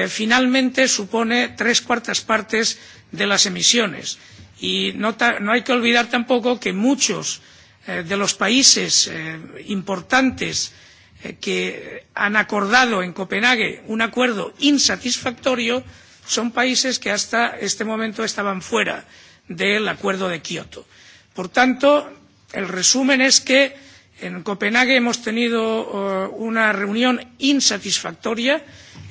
finalmente supone tres cuartas partes de las emisiones y no hay que olvidar tampoco que muchos de los países importantes que han acordado en Copenhague un acuerdo insatisfactorio son países que hasta este momento estaban fuera del acuerdo de Kioto. Por tanto, el resumen es que en Copenhague hemos tenido una reunión insatisfactoria,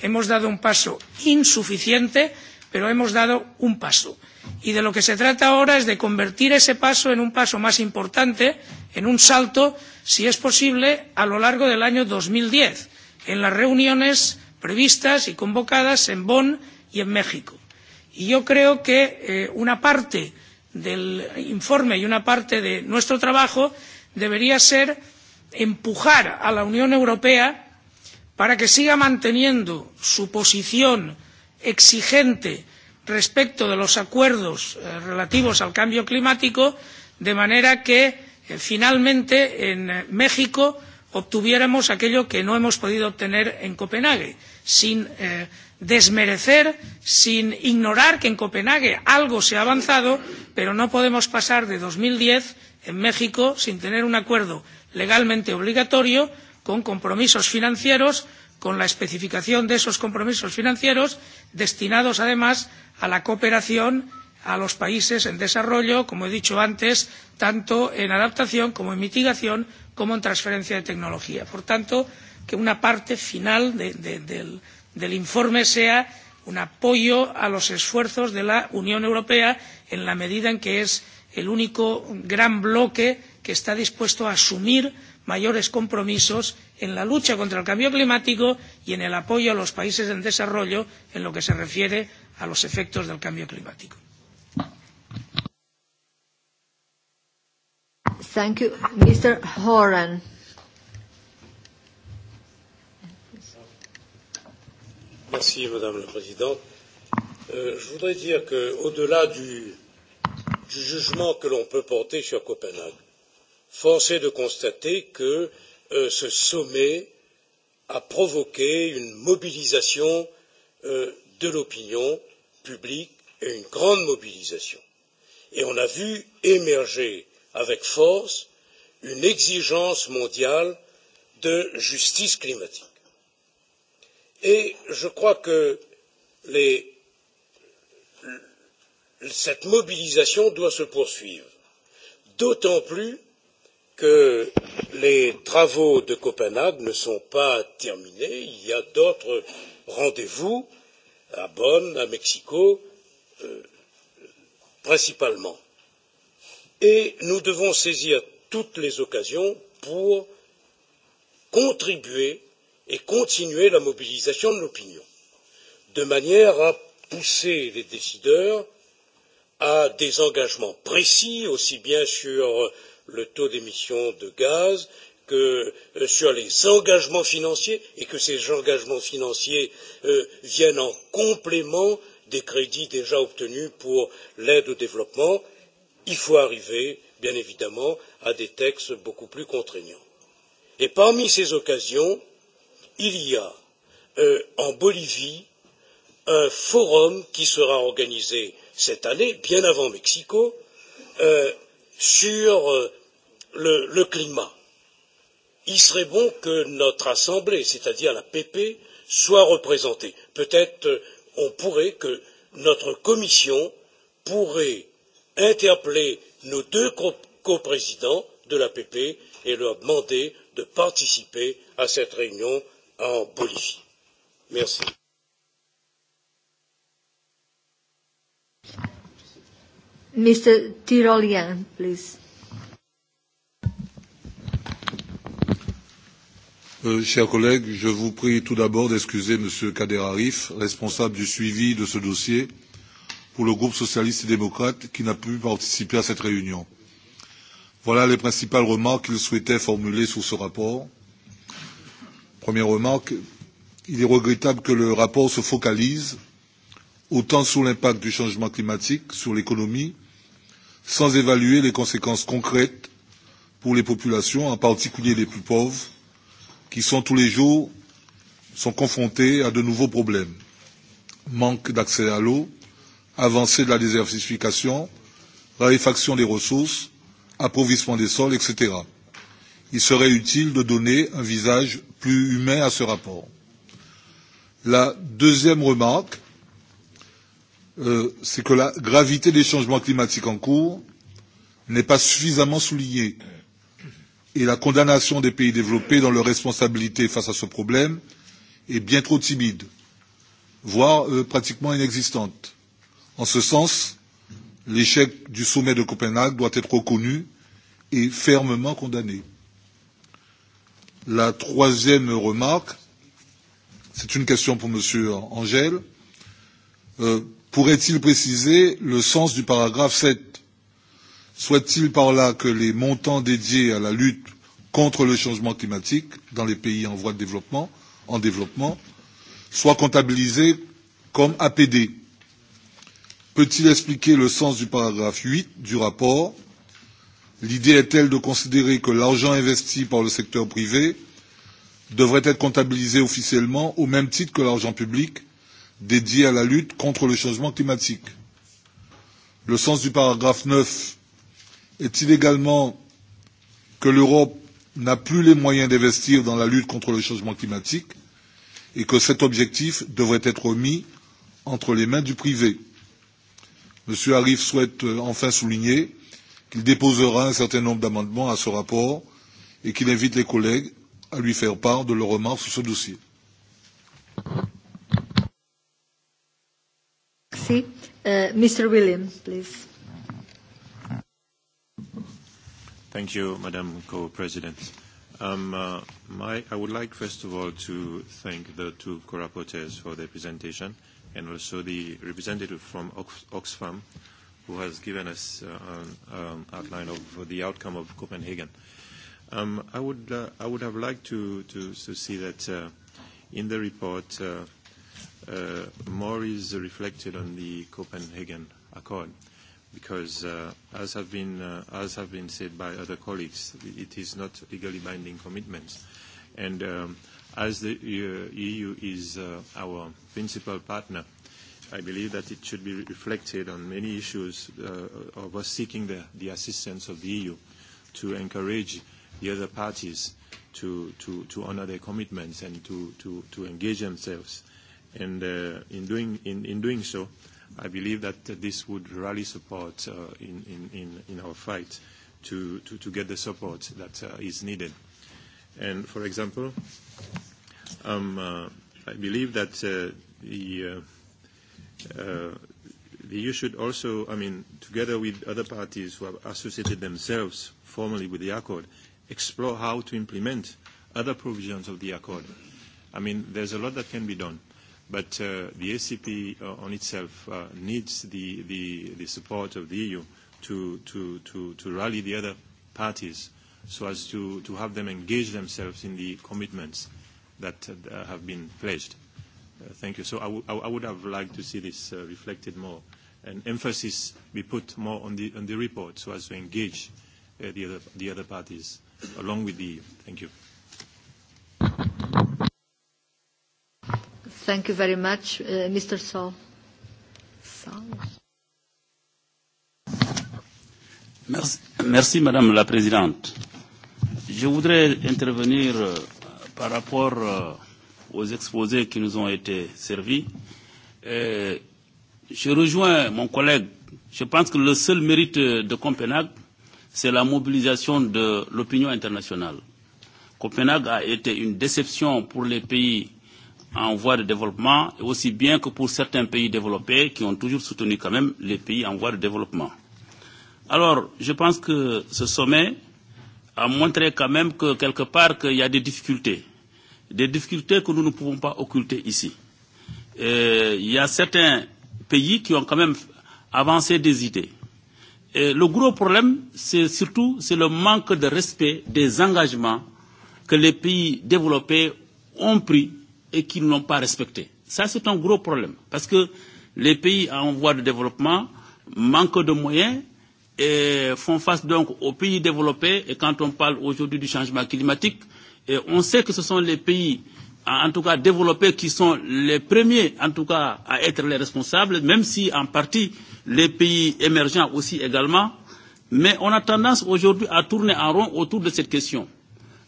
hemos dado un paso insuficiente pero hemos dado un paso y de lo que se trata ahora es de convertir ese paso en un paso más importante en un salto si es posible a lo largo del año 2010, en las reuniones previstas y convocadas en bonn y en méxico. y yo creo que una parte del informe y una parte de nuestro trabajo debería ser empujar a la unión europea para que siga manteniendo su posición exigente respecto de los acuerdos relativos al cambio climático de manera que finalmente en méxico obtuviéramos aquello que no hemos podido obtener en copenhague sin desmerecer sin ignorar que en copenhague algo se ha avanzado pero no podemos pasar de 2010 en méxico sin tener un acuerdo legalmente obligatorio con compromisos financieros con la especificación de esos compromisos financieros destinados además a la cooperación a los países en desarrollo como he dicho antes tanto en adaptación como en mitigación como en transferencia de tecnología. por tanto que una parte final del informe sea un apoyo a los esfuerzos de la unión europea en la medida en que es el único gran bloque que está dispuesto a asumir mayores compromisos en la lucha contra el cambio climático y en el apoyo a los países en desarrollo en lo que se refiere a los efectos del cambio climático. Thank you. Mr. Madame la Présidente. Je voudrais dire qu'au-delà du jugement que l'on peut porter sur Copenhague, force est de constater que ce sommet a provoqué une mobilisation de l'opinion publique et une grande mobilisation et on a vu émerger avec force une exigence mondiale de justice climatique. Et je crois que cette mobilisation doit se poursuivre, d'autant plus que les travaux de Copenhague ne sont pas terminés. Il y a d'autres rendez-vous à Bonn, à Mexico, principalement. Et nous devons saisir toutes les occasions pour contribuer et continuer la mobilisation de l'opinion, de manière à pousser les décideurs à des engagements précis, aussi bien sur le taux d'émission de gaz, que sur les engagements financiers et que ces engagements financiers viennent en complément des crédits déjà obtenus pour l'aide au développement. Il faut arriver, bien évidemment, à des textes beaucoup plus contraignants. Et parmi ces occasions, il y a en Bolivie un forum qui sera organisé cette année, bien avant Mexico, sur le climat. Il serait bon que notre Assemblée, c'est-à-dire la PP, soit représentée. Peut-être on pourrait que notre Commission pourrait interpeller nos deux coprésidents de la PP et leur demander de participer à cette réunion en Bolivie. Merci. Mr. please. Chers collègues, je vous prie tout d'abord d'excuser M. Kader Arif, responsable du suivi de ce dossier pour le groupe socialiste et démocrate, qui n'a pu participer à cette réunion. Voilà les principales remarques qu'il souhaitait formuler sur ce rapport. Première remarque, il est regrettable que le rapport se focalise autant sur l'impact du changement climatique sur l'économie, sans évaluer les conséquences concrètes pour les populations, en particulier les plus pauvres, qui sont tous les jours sont confrontés à de nouveaux problèmes manque d'accès à l'eau, avancée de la désertification, raréfaction des ressources, appauvrissement des sols, etc. Il serait utile de donner un visage plus humain à ce rapport. La deuxième remarque, c'est que la gravité des changements climatiques en cours n'est pas suffisamment soulignée et la condamnation des pays développés dans leur responsabilité face à ce problème est bien trop timide, voire pratiquement inexistante. En ce sens, l'échec du sommet de Copenhague doit être reconnu et fermement condamné. La troisième remarque, c'est une question pour M. Angel, pourrait-il préciser le sens du paragraphe 7 Soit-il par là que les montants dédiés à la lutte contre le changement climatique dans les pays en voie de développement, en développement, soient comptabilisés comme APD. Peut-il expliquer le sens du paragraphe 8 du rapport L'idée est-elle de considérer que l'argent investi par le secteur privé devrait être comptabilisé officiellement au même titre que l'argent public dédié à la lutte contre le changement climatique Le sens du paragraphe 9 Est-il également que l'Europe n'a plus les moyens d'investir dans la lutte contre le changement climatique et que cet objectif devrait être mis entre les mains du privé Monsieur Arif souhaite enfin souligner qu'il déposera un certain nombre d'amendements à ce rapport et qu'il invite les collègues à lui faire part de leurs remarques sur ce dossier. Thank you, Madam Co-President. I would like, first of all, to thank the two co-rapporteurs for their presentation and also the representative from Oxfam who has given us an outline of the outcome of Copenhagen. I would have liked to see that in the report more is reflected on the Copenhagen Accord because as have been as have been said by other colleagues, it is not legally binding commitments. And as the EU is our principal partner, I believe that it should be reflected on many issues of us seeking the assistance of the EU to encourage the other parties to to to honour their commitments and to to to engage themselves. And in doing in in doing so I believe that this would rally support in our fight to get the support that is needed. And for example, I believe that the EU should also, I mean, together with other parties who have associated themselves formally with the Accord, explore how to implement other provisions of the Accord. I mean, there's a lot that can be done. But the ACP on itself needs the support of the EU to rally the other parties so as to have them engage themselves in the commitments that have been pledged. Thank you. So I would have liked to see this reflected more and emphasis be put more on the report so as to engage the other parties along with the EU. Thank you. Thank you very much, Mr. Merci, Madame la Présidente. Je voudrais intervenir par rapport aux exposés qui nous ont été servis. Je rejoins mon collègue. Je pense que le seul mérite de Copenhague, c'est la mobilisation de l'opinion internationale. Copenhague a été une déception pour les pays en voie de développement, aussi bien que pour certains pays développés qui ont toujours soutenu quand même les pays en voie de développement. Alors, je pense que ce sommet a montré quand même que quelque part qu'il y a des difficultés, des difficultés que nous ne pouvons pas occulter ici. Il y a certains pays qui ont quand même avancé des idées. Et le gros problème, c'est surtout c'est le manque de respect des engagements que les pays développés ont pris et ne l'ont pas respecté. Ça, c'est un gros problème, parce que les pays en voie de développement manquent de moyens et font face donc aux pays développés. Et quand on parle aujourd'hui du changement climatique, on sait que ce sont les pays, en tout cas développés, qui sont les premiers, en tout cas, à être les responsables, même si en partie les pays émergents aussi également. Mais on a tendance aujourd'hui à tourner en rond autour de cette question.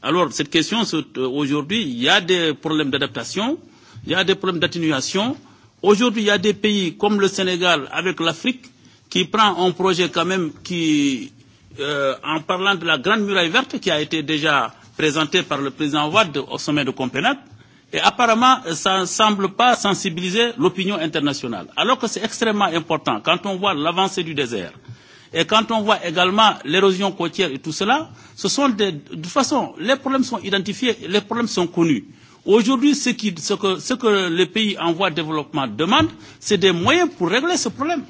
Alors, cette question, aujourd'hui, il y a des problèmes d'adaptation, il y a des problèmes d'atténuation. Aujourd'hui, il y a des pays comme le Sénégal avec l'Afrique qui prend un projet quand même qui, en parlant de la Grande Muraille Verte qui a été déjà présentée par le président Ouad au sommet de Copenhague, et apparemment, ça ne semble pas sensibiliser l'opinion internationale. Alors que c'est extrêmement important. Quand on voit l'avancée du désert, Et quand on voit également l'érosion côtière et tout cela, ce sont des, de toute façon, les problèmes sont identifiés, les problèmes sont connus. Aujourd'hui, ce, ce, que, ce que les pays en voie de développement demandent, c'est des moyens pour régler ce problème.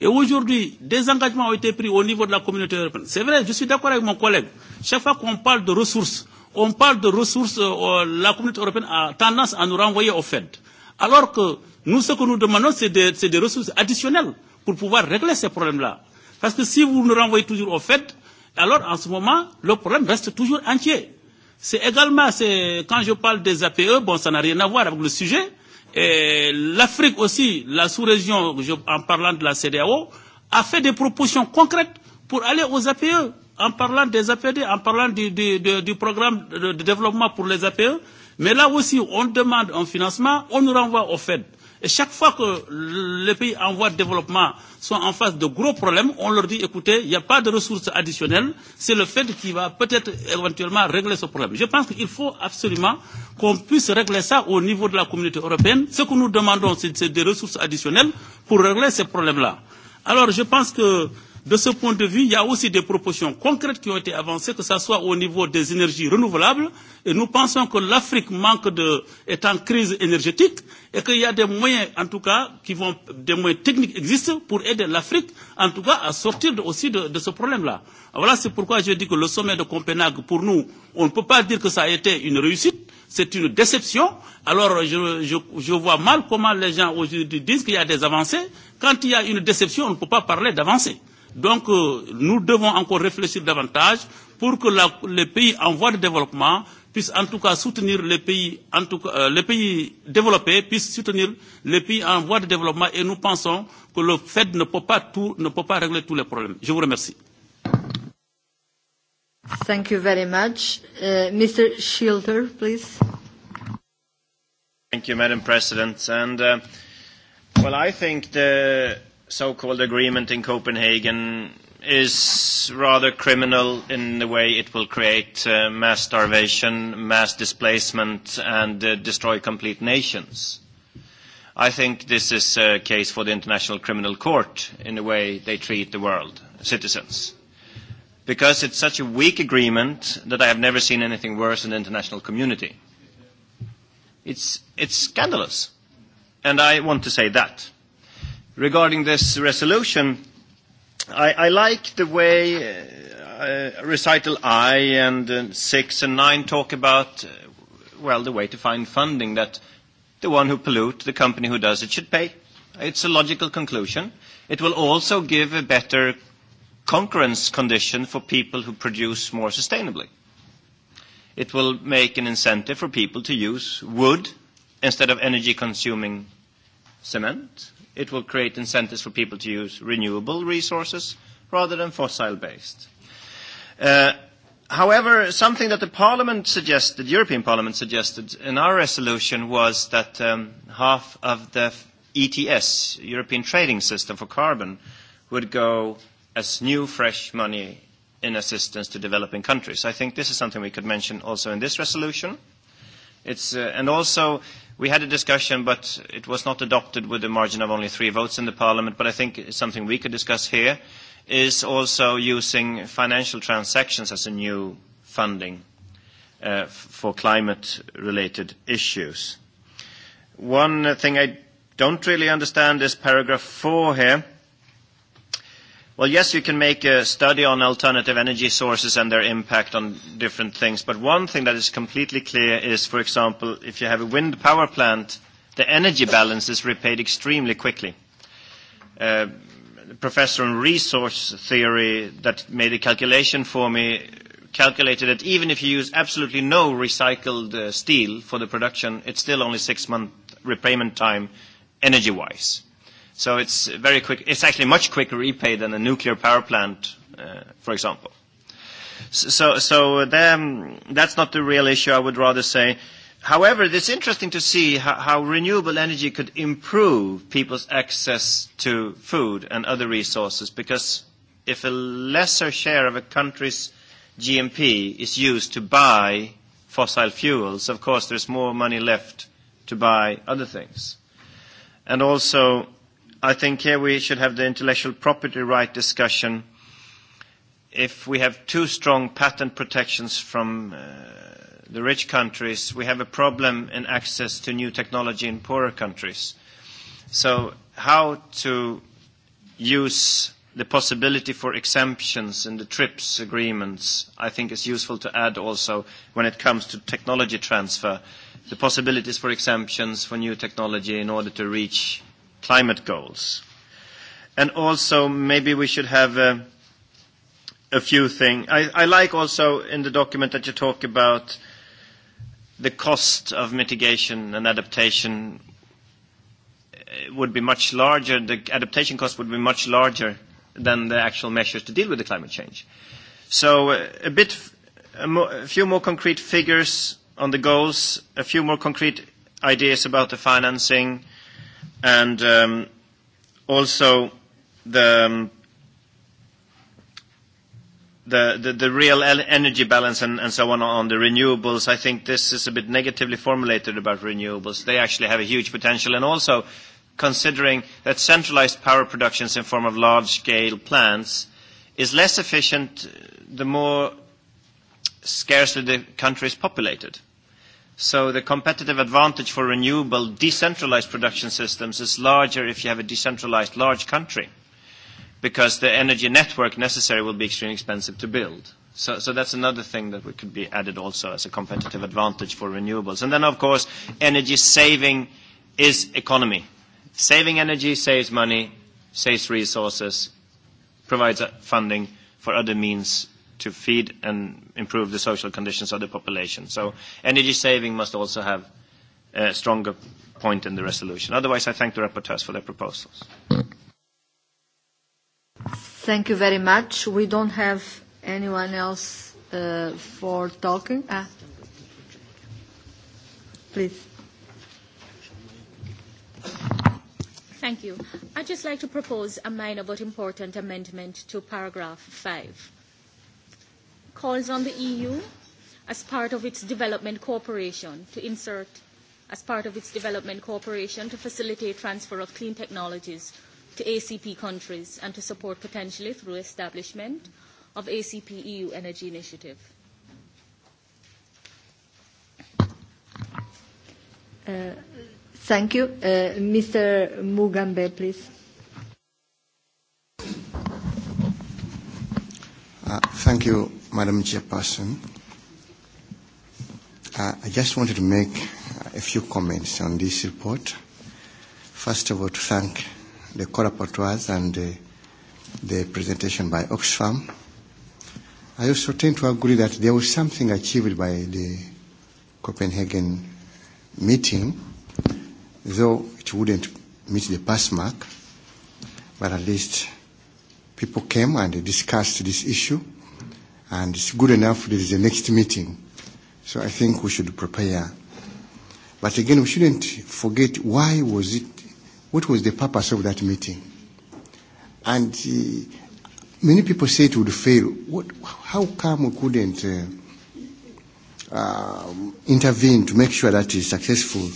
Et aujourd'hui, des engagements ont été pris au niveau de la communauté européenne. C'est vrai, je suis d'accord avec mon collègue. Chaque fois qu'on parle de ressources, on parle de ressources, la communauté européenne a tendance à nous renvoyer au Fed. Alors que nous, ce que nous demandons, c'est des, des ressources additionnelles pour pouvoir régler ces problèmes-là. Parce que si vous nous renvoyez toujours au fait, alors en ce moment, le problème reste toujours entier. C'est également, quand je parle des APE, bon, ça n'a rien à voir avec le sujet. Et l'Afrique aussi, la sous-région, en parlant de la CDAO, a fait des propositions concrètes pour aller aux APE, en parlant des APD, en parlant du, du, du programme de développement pour les APE. Mais là aussi, on demande un financement, on nous renvoie au FED. Et chaque fois que les pays en voie de développement sont en face de gros problèmes, on leur dit, écoutez, il n'y a pas de ressources additionnelles, c'est le fait qui va peut-être éventuellement régler ce problème. Je pense qu'il faut absolument qu'on puisse régler ça au niveau de la communauté européenne. Ce que nous demandons, c'est des ressources additionnelles pour régler ces problèmes-là. Alors, je pense que De ce point de vue, il y a aussi des propositions concrètes qui ont été avancées, que ce soit au niveau des énergies renouvelables. Et nous pensons que l'Afrique manque de, est en crise énergétique et qu'il y a des moyens, en tout cas, qui vont, des moyens techniques existent pour aider l'Afrique, en tout cas, à sortir aussi de, de ce problème-là. Voilà, c'est pourquoi je dis que le sommet de Copenhague, pour nous, on ne peut pas dire que ça a été une réussite. C'est une déception. Alors, je, je, je vois mal comment les gens aujourd'hui disent qu'il y a des avancées. Quand il y a une déception, on ne peut pas parler d'avancées. Donc nous devons encore réfléchir davantage pour que les pays en voie de développement puissent en tout cas soutenir les pays, en tout cas, les pays développés puissent soutenir les pays en voie de développement et nous pensons que le FED ne peut pas tout, ne peut pas régler tous les problèmes. Je vous remercie. Thank you very much. Mr. Schilder, please. Thank you, Madam President. And, well, I think the so-called agreement in Copenhagen is rather criminal in the way it will create mass starvation, mass displacement, and destroy complete nations. I think this is a case for the International Criminal Court in the way they treat the world, citizens. Because it's such a weak agreement that I have never seen anything worse in the international community. It's scandalous. And I want to say that regarding this resolution, I like the way recital I and six and nine talk about, well, the way to find funding, that the one who pollutes, the company who does it, should pay. It's a logical conclusion. It will also give a better concurrence condition for people who produce more sustainably. It will make an incentive for people to use wood instead of energy-consuming cement It will create incentives for people to use renewable resources rather than fossil-based. However, something that the Parliament suggested, European Parliament suggested in our resolution was that half of the ETS, European Trading System for carbon, would go as new fresh money in assistance to developing countries. I think this is something we could mention also in this resolution. It's and also We had a discussion, but it was not adopted with a margin of only three votes in Parliament, but I think something we could discuss here, is also using financial transactions as a new funding for climate-related issues. One thing I don't really understand is paragraph four here Well, yes, you can make a study on alternative energy sources and their impact on different things. But one thing that is completely clear is, for example, if you have a wind power plant, the energy balance is repaid extremely quickly. A professor in resource theory that made a calculation for me calculated that even if you use absolutely no recycled steel for the production, it's still only six-month repayment time energy-wise. So it's very quick. It's actually much quicker repay than a nuclear power plant, for example. So, so that's not the real issue. I would rather say. However, it's interesting to see how renewable energy could improve people's access to food and other resources, because if a lesser share of a country's GMP is used to buy fossil fuels, of course there's more money left to buy other things. And also I think here we should have the intellectual property right discussion. If we have too strong patent protections from the rich countries, we have a problem in access to new technology in poorer countries. So how to use the possibility for exemptions in the TRIPS agreements, I think is useful to add also when it comes to technology transfer, the possibilities for exemptions for new technology in order to reach climate goals. And also maybe we should have a few things. I like also in the document that you talk about the cost of mitigation and adaptation would be much larger, the adaptation cost would be much larger than the actual measures to deal with the climate change. So a bit, a few more concrete figures on the goals, a few more concrete ideas about the financing, and also the the the real energy balance and so on on the renewables. I think this is a bit negatively formulated about renewables. They actually have a huge potential, and also considering that centralized power productions in form of large-scale plants is less efficient the more scarcely the country is populated. So the competitive advantage for renewable decentralized production systems is larger if you have a decentralized large country, because the energy network necessary will be extremely expensive to build. So that's another thing that could be added also as a competitive advantage for renewables. And then, of course, energy saving is economy. Saving energy saves money, saves resources, provides funding for other means to feed and improve the social conditions of the population. So energy saving must also have a stronger point in the resolution. Otherwise, I thank the rapporteurs for their proposals. Thank you very much. We don't have anyone else for talking. Please. Thank you. I'd just like to propose a minor but important amendment to paragraph 5 calls on the EU, as part of its development cooperation, to insert as part of its development cooperation to facilitate transfer of clean technologies to ACP countries and to support potentially through establishment of ACP EU Energy Initiative. Thank you. Mr. Mugambe, please. Thank you. Madam Chairperson. I just wanted to make a few comments on this report. First of all, to thank the co-rapporteurs and the presentation by Oxfam. I also tend to agree that there was something achieved by the Copenhagen meeting, though it wouldn't meet the pass mark, but at least people came and discussed this issue and it's good enough that is the next meeting. So I think we should prepare. But again, we shouldn't forget why was it, what was the purpose of that meeting? And many people say it would fail. What, how come we couldn't uh, intervene to make sure that it's successful?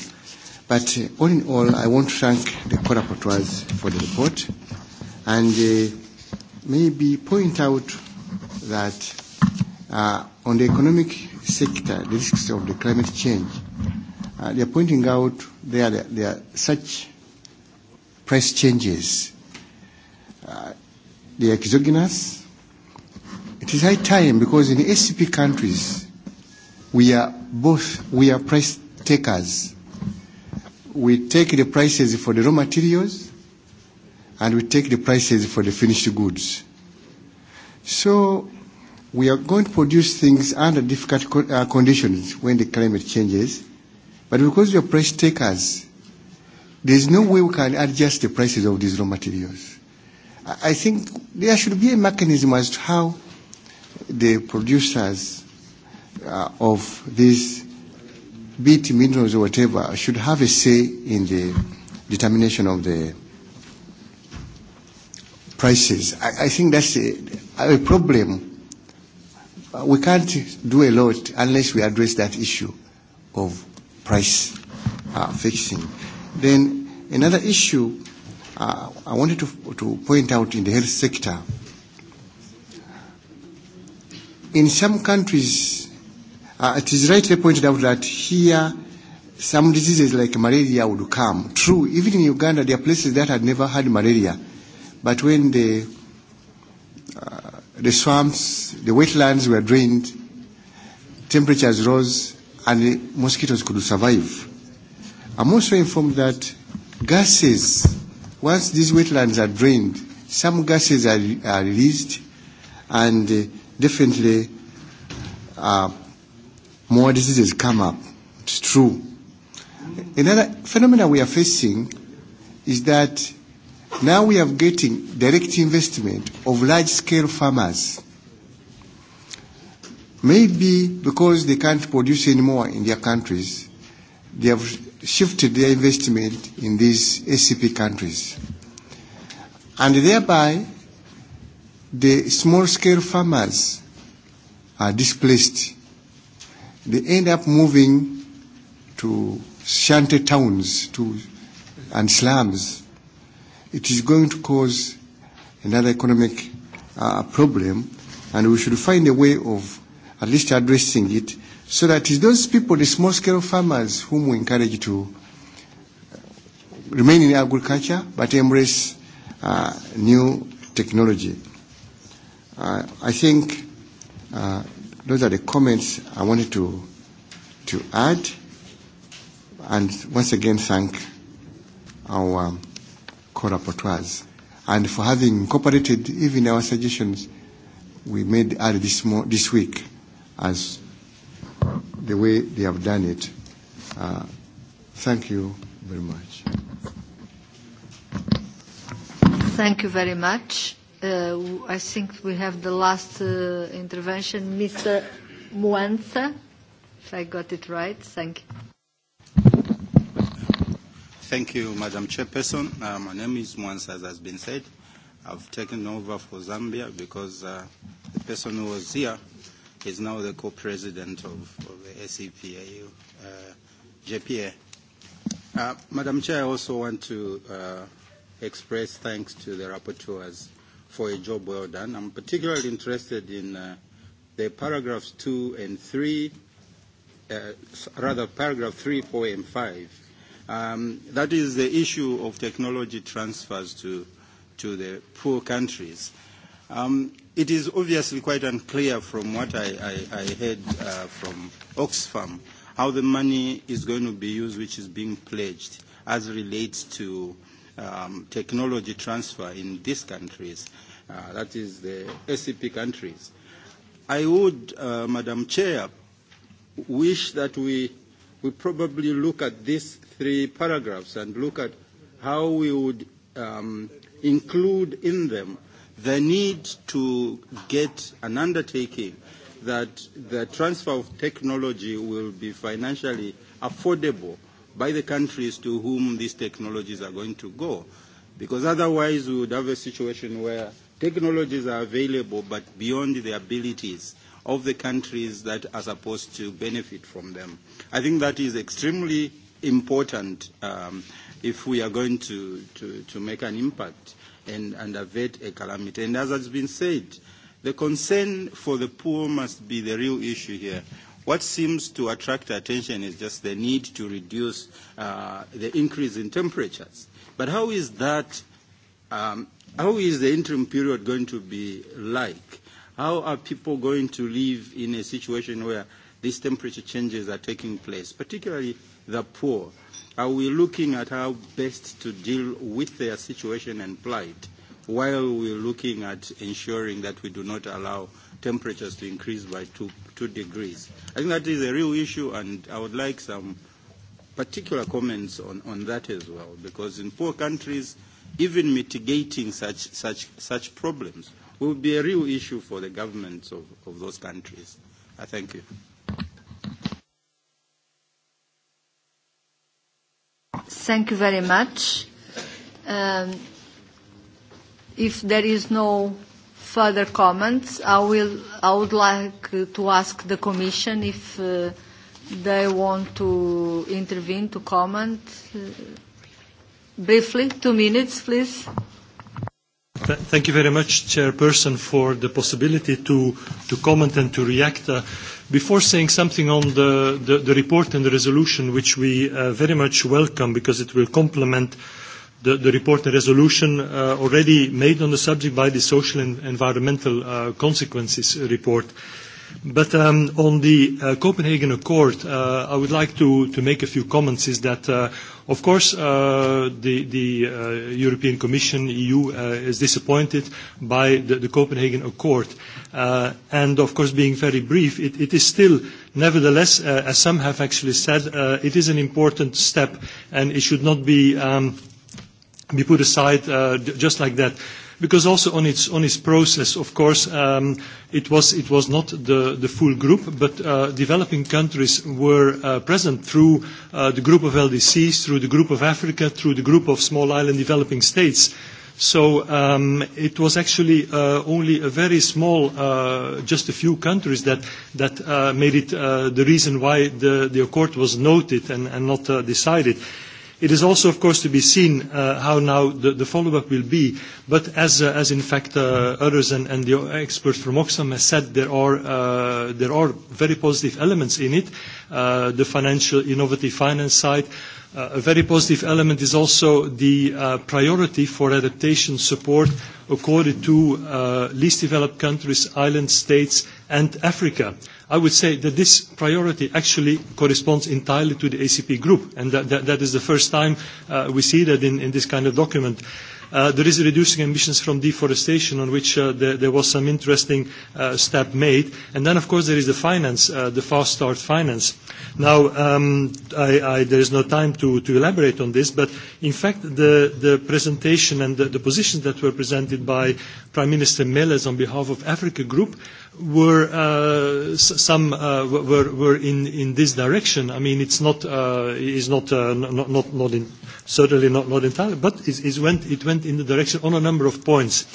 But all in all, I want to thank the co-rapporteurs for the report and maybe point out that on the economic sector, the risks of the climate change, they are pointing out there there are such price changes. They are exogenous. It is high time because in ACP countries, we are both we are price takers. We take the prices for the raw materials, and we take the prices for the finished goods. So we are going to produce things under difficult uh, conditions when the climate changes. But because we are price takers, there's no way we can adjust the prices of these raw materials. I think there should be a mechanism as to how the producers uh, of these be minerals or whatever should have a say in the determination of the prices. I, I think that's a, a problem. We can't do a lot unless we address that issue of price uh, fixing. Then another issue uh, I wanted to, to point out in the health sector. In some countries, uh, it is rightly pointed out that here some diseases like malaria would come. True, even in Uganda there are places that had never had malaria But when the, uh, the swamps, the wetlands were drained, temperatures rose and the mosquitoes could survive. I'm also informed that gases, once these wetlands are drained, some gases are, released and definitely uh, more diseases come up. It's true. Another phenomenon we are facing is that Now we are getting direct investment of large-scale farmers. Maybe because they can't produce anymore in their countries, they have shifted their investment in these S.C.P. countries. And thereby, the small-scale farmers are displaced. They end up moving to shanty towns to, and slums it is going to cause another economic problem, and we should find a way of at least addressing it so that it's those people, the small-scale farmers, whom we encourage to remain in agriculture but embrace new technology. I think those are the comments I wanted to to add, and once again thank our co and for having incorporated even our suggestions we made early this, this week as the way they have done it. thank you very much. Thank you very much. Uh, I think we have the last intervention, Mr. Muanza, if I got it right. Thank you. Thank you, Madam Chairperson. My name is Mwansa, as has been said. I've taken over for Zambia because the person who was here is now the co-president of the SEPAU, JPA. Madam Chair, I also want to express thanks to the rapporteurs for a job well done. I'm particularly interested in the paragraphs 2 and 3, rather paragraph 3, 4, and 5 That is the issue of technology transfers to to the poor countries. It is obviously quite unclear from what I heard from Oxfam how the money is going to be used which is being pledged as relates to technology transfer in these countries, that is the SCP countries. I would, Madam Chair, wish that we we probably look at these three paragraphs and look at how we would include in them the need to get an undertaking that the transfer of technology will be financially affordable by the countries to whom these technologies are going to go. Because otherwise we would have a situation where technologies are available but beyond the abilities of the countries that are supposed to benefit from them. I think that is extremely important if we are going to to make an impact and and avert a calamity. And as has been said, the concern for the poor must be the real issue here. What seems to attract attention is just the need to reduce the increase in temperatures. But how is that, how is the interim period going to be like? How are people going to live in a situation where these temperature changes are taking place, particularly the poor? Are we looking at how best to deal with their situation and plight while we're looking at ensuring that we do not allow temperatures to increase by two, two degrees? I think that is a real issue, and I would like some particular comments on, on that as well, because in poor countries, even mitigating such, such, such problems will be a real issue for the governments of, of those countries. I thank you. Thank you very much. Um, if there is no further comments, I, will, I would like to ask the Commission if they want to intervene, to comment. briefly, two minutes, please. Thank you very much, Chairperson, for the possibility to comment and to react. Before saying something on the report and the resolution, which we very much welcome because it will complement the report and resolution already made on the subject by the Social and Environmental Consequences report. But on the Copenhagen Accord, I would like to make a few comments is that Of course, the European Commission, EU, is disappointed by the Copenhagen Accord. And, of course, being very brief, it is still, nevertheless, as some have actually said, it is an important step, and it should not be put aside just like that because also on its on its process, of course, it was it was not the the full group, but developing countries were present through the group of LDCs, through the group of Africa, through the group of small island developing states. So it was actually only a very small, just a few countries that that made it the reason why the the accord was noted and not decided. It is also, of course, to be seen how now the follow-up will be. But as, in fact, others and the experts from Oxfam have said, there are very positive elements in it. The financial, innovative finance side A very positive element is also the priority for adaptation support accorded to least developed countries, island states and Africa. I would say that this priority actually corresponds entirely to the ACP group, and that is the first time we see that in this kind of document. There is reducing emissions from deforestation, on which there was some interesting step made. And then, of course, there is the finance, the fast start finance. Now, there is no time to elaborate on this, but in fact, the presentation and the positions that were presented by Prime Minister Meles on behalf of Africa Group were some were in in this direction. I mean, it's not is not not not in certainly not not entirely, but it went it went in the direction on a number of points.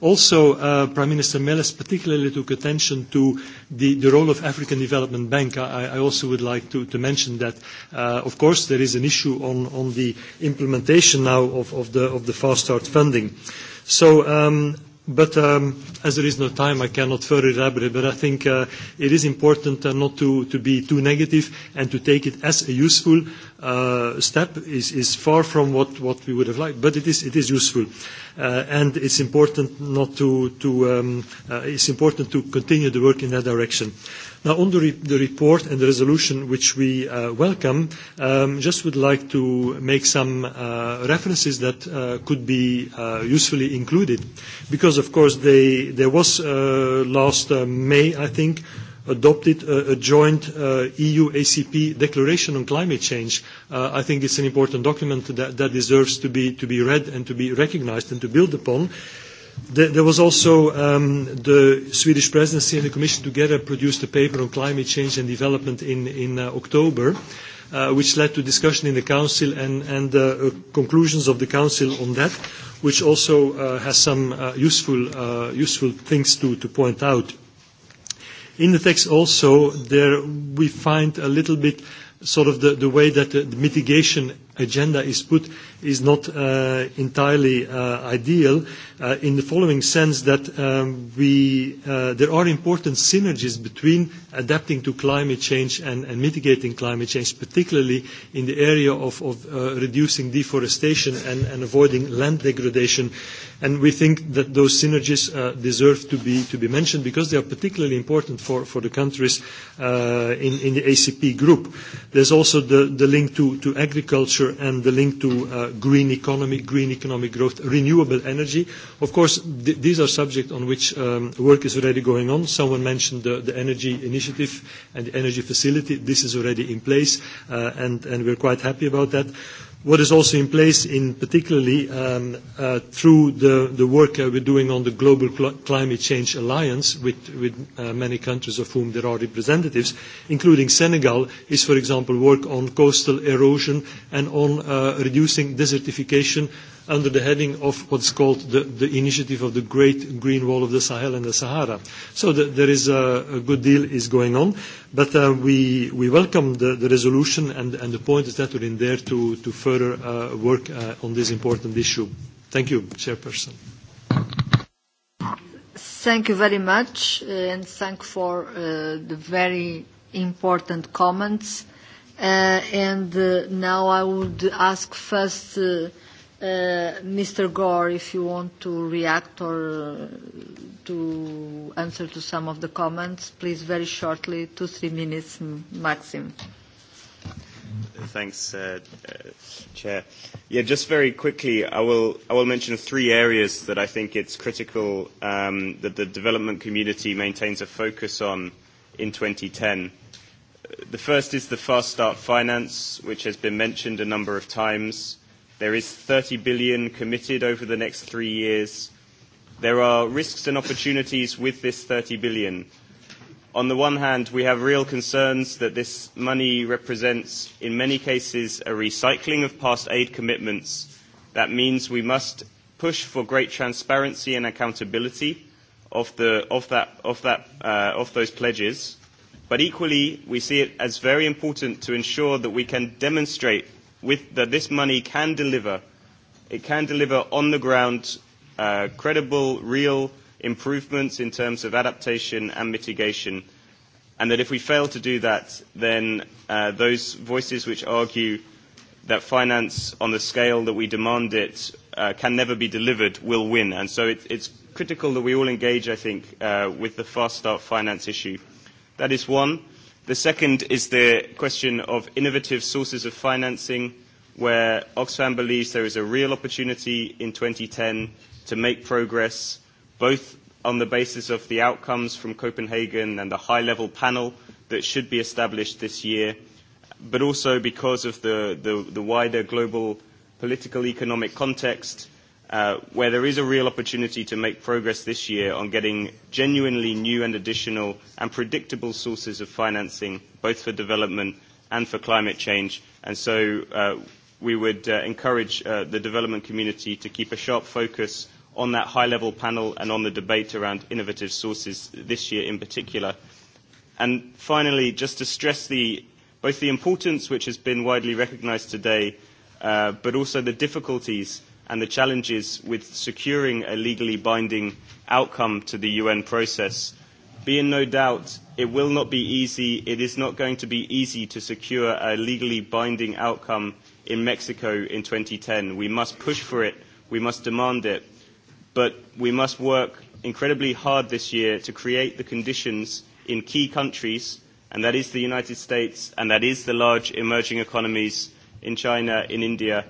Also, Prime Minister Meles particularly took attention to the role of African Development Bank. I also would like to mention that, of course, there is an issue on the implementation now of the Fast Start funding. So But as there is no time, I cannot further elaborate. But I think it is important not to to be too negative and to take it as a useful step is is far from what what we would have liked. But it is it is useful, and it's important not to. It's important to continue the work in that direction. Now, on the report and the resolution, which we welcome, just would like to make some references that could be usefully included, because, of course, there was last May, I think, adopted a joint EU-ACP declaration on climate change. I think it's an important document that deserves to be read and to be recognized and to build upon. There was also the Swedish presidency and the Commission together produced a paper on climate change and development in October, which led to discussion in the Council and conclusions of the Council on that, which also has some useful things to point out. In the text also, there we find a little bit sort of the way that the mitigation agenda is put is not entirely ideal in the following sense that we there are important synergies between adapting to climate change and mitigating climate change particularly in the area of reducing deforestation and avoiding land degradation and we think that those synergies deserve to be to be mentioned because they are particularly important for for the countries in the ACP group there's also the link to to agriculture and the link to green economy, green economic growth, renewable energy. Of course, these are subjects on which work is already going on. Someone mentioned the energy initiative and the energy facility. This is already in place, and we are quite happy about that what is also in place in particularly through the work we're doing on the Global Climate Change Alliance with many countries of whom there are representatives, including Senegal, is, for example, work on coastal erosion and on reducing desertification under the heading of what's called the initiative of the Great Green Wall of the Sahel and the Sahara. So there is a good deal is going on, but we welcome the resolution and the points that we're in there to further work on this important issue. Thank you, Chairperson. Thank you very much and thank for the very important comments. And now I would ask first Mr. Gore, if you want to react or to answer to some of the comments, please very shortly, two, three minutes maximum. Thanks, Chair. Yeah, just very quickly, I will I will mention three areas that I think it's critical that the development community maintains a focus on in 2010. The first is the Fast Start finance, which has been mentioned a number of times There is 30 billion committed over the next three years. There are risks and opportunities with this 30 billion. On the one hand, we have real concerns that this money represents, in many cases, a recycling of past aid commitments. That means we must push for great transparency and accountability of those pledges. But equally, we see it as very important to ensure that we can demonstrate with that this money can deliver it can deliver on the ground credible real improvements in terms of adaptation and mitigation and that if we fail to do that then those voices which argue that finance on the scale that we demand it can never be delivered will win and so it's critical that we all engage i think with the fast start finance issue that is one The second is the question of innovative sources of financing, where Oxfam believes there is a real opportunity in 2010 to make progress, both on the basis of the outcomes from Copenhagen and the high-level panel that should be established this year, but also because of the wider global political economic context where there is a real opportunity to make progress this year on getting genuinely new and additional and predictable sources of financing, both for development and for climate change. And so we would encourage the development community to keep a sharp focus on that high-level panel and on the debate around innovative sources this year in particular. And finally, just to stress the both the importance, which has been widely recognised today, but also the difficulties and the challenges with securing a legally binding outcome to the UN process. Be in no doubt, it will not be easy. It is not going to be easy to secure a legally binding outcome in Mexico in 2010. We must push for it. We must demand it. But we must work incredibly hard this year to create the conditions in key countries, and that is the United States, and that is the large emerging economies in China, in India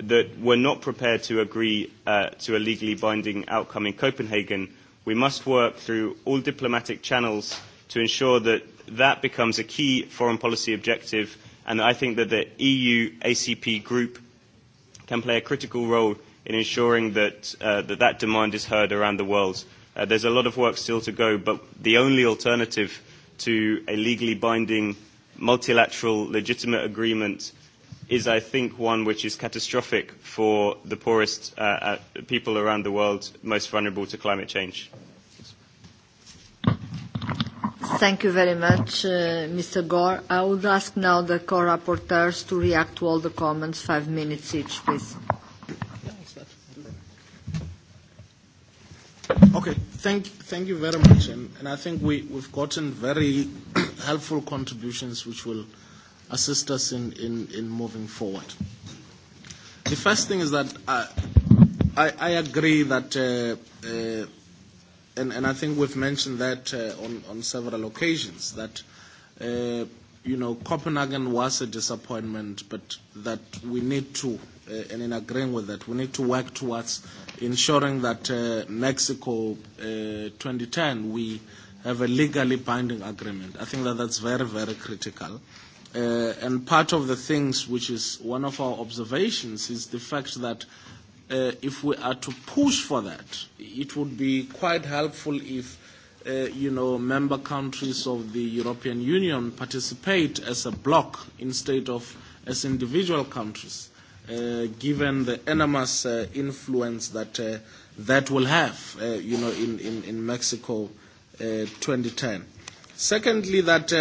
that we're not prepared to agree to a legally binding outcome in Copenhagen, we must work through all diplomatic channels to ensure that that becomes a key foreign policy objective, and I think that the EU-ACP group can play a critical role in ensuring that that demand is heard around the world. There's a lot of work still to go, but the only alternative to a legally binding multilateral legitimate agreement is, I think, one which is catastrophic for the poorest people around the world most vulnerable to climate change. Thank you very much, Mr. Gore. I would ask now the co-rapporteurs to react to all the comments, five minutes each, please. Okay, thank, thank you very much. And, I think we, we've gotten very helpful contributions which will – assist us in, in, in moving forward. The first thing is that I, I, I agree that, and, and I think we've mentioned that on, on several occasions, that, you know, Copenhagen was a disappointment, but that we need to, and in agreeing with that, we need to work towards ensuring that Mexico 2010, we have a legally binding agreement. I think that that's very, very critical and part of the things which is one of our observations is the fact that if we are to push for that, it would be quite helpful if you know, member countries of the European Union participate as a bloc instead of as individual countries, given the enormous influence that that will have, you know, in in Mexico 2010. Secondly, that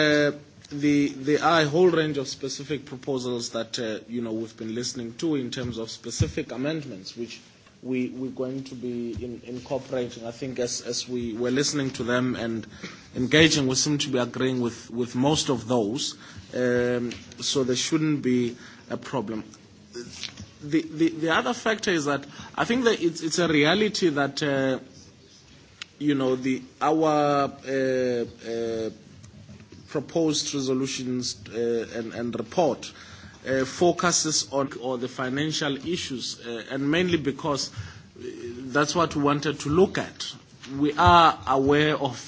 There are a whole range of specific proposals that, you know, we've been listening to in terms of specific amendments, which we we're going to be incorporating. I think as as we were listening to them and engaging, we seem to be agreeing with with most of those. So there shouldn't be a problem. The the other factor is that I think that it's it's a reality that, you know, the our proposed resolutions and report focuses on the financial issues, and mainly because that's what we wanted to look at. We are aware of,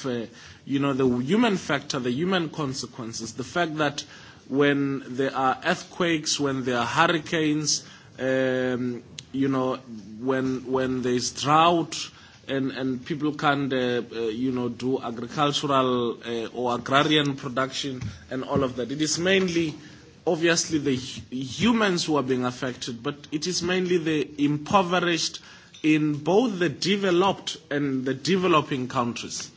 you know, the human factor, the human consequences, the fact that when there are earthquakes, when there are hurricanes, you know, when when there is drought and and people can you know do agricultural or agrarian production and all of that. It is mainly obviously the humans who are being affected, but it is mainly the impoverished in both the developed and the developing countries.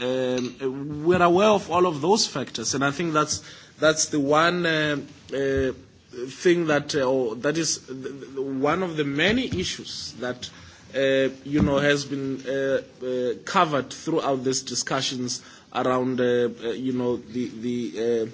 We're aware of all of those factors, and I think that's that's the one thing that that is one of the many issues that you know, has been covered throughout these discussions around, you know, the the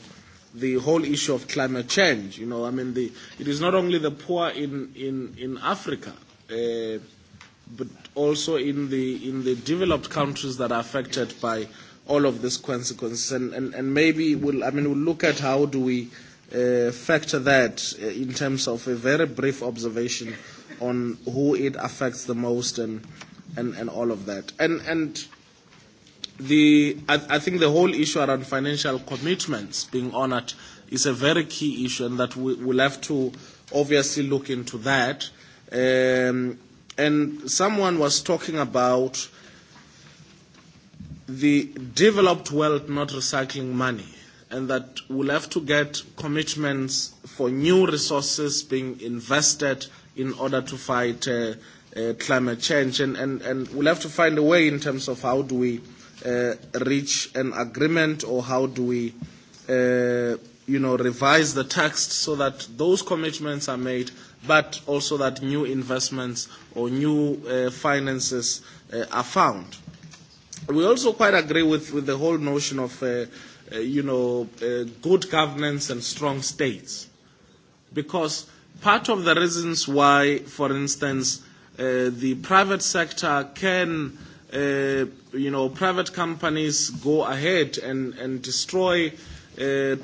the whole issue of climate change. You know, I mean, the, it is not only the poor in in in Africa, but also in the in the developed countries that are affected by all of these consequences. And and maybe we'll, I mean, we'll look at how do we factor that in terms of a very brief observation on who it affects the most and and, and all of that. And and the I, I think the whole issue around financial commitments being honoured is a very key issue, and that we will have to obviously look into that. and someone was talking about the developed world not recycling money and that we'll have to get commitments for new resources being invested in order to fight climate change. And and we'll have to find a way in terms of how do we reach an agreement or how do we, you know, revise the text so that those commitments are made, but also that new investments or new finances are found. We also quite agree with the whole notion of, you know, good governance and strong states, because part of the reasons why, for instance, the private sector can, you know, private companies go ahead and, and destroy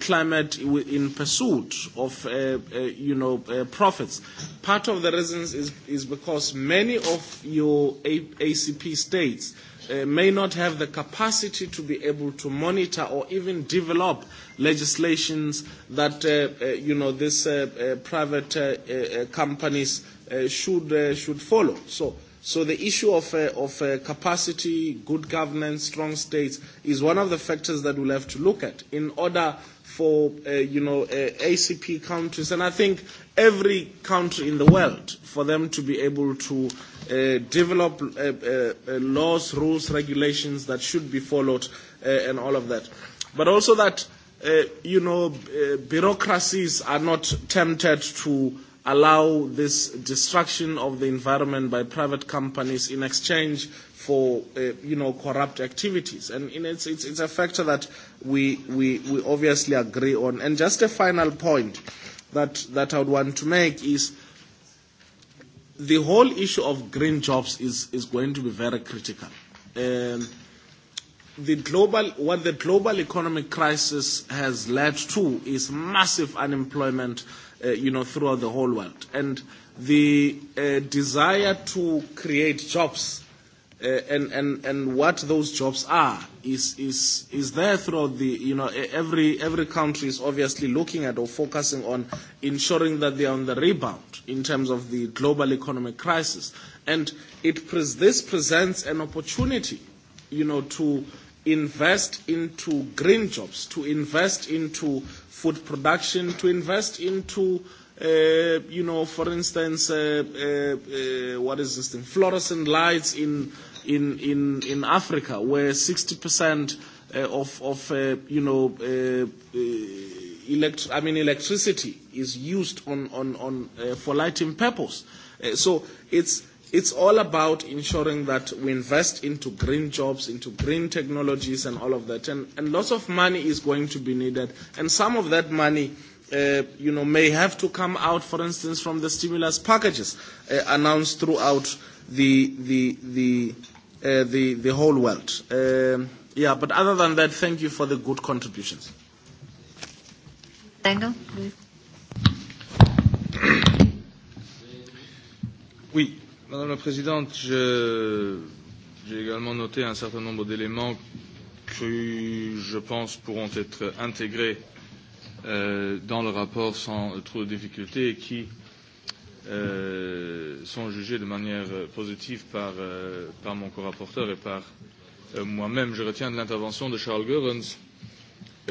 climate in pursuit of, you know, profits. Part of the reasons is, is because many of your ACP states may not have the capacity to be able to monitor or even develop legislations that you know these private companies should should follow. So So the issue of, of capacity, good governance, strong states is one of the factors that we'll have to look at in order for, you know, ACP countries. And I think every country in the world, for them to be able to develop laws, rules, regulations that should be followed and all of that. But also that, you know, bureaucracies are not tempted to allow this destruction of the environment by private companies in exchange for you know corrupt activities and it's it's a factor that we we we obviously agree on and just a final point that that I would want to make is the whole issue of green jobs is is going to be very critical the global what the global economic crisis has led to is massive unemployment you know, throughout the whole world. And the desire to create jobs and, and, what those jobs are is, is, is there throughout the, you know, every, every country is obviously looking at or focusing on ensuring that they are on the rebound in terms of the global economic crisis. And it this presents an opportunity, you know, to invest into green jobs, to invest into food production to invest into you know for instance what is this thing fluorescent lights in in in in Africa where 60% of of you know elect I mean electricity is used on on on for lighting purpose so it's It's all about ensuring that we invest into green jobs, into green technologies and all of that. And lots of money is going to be needed. And some of that money you know, may have to come out, for instance, from the stimulus packages announced throughout the, the, the, the, whole world. yeah, but other than that, thank you for the good contributions. Dango, Oui, Madame la Présidente, j'ai également noté un certain nombre d'éléments que, je pense, pourront être intégrés dans le rapport sans trop de difficultés et qui sont jugés de manière positive par mon co rapporteur et par moi-même. Je retiens de l'intervention de Charles Goerens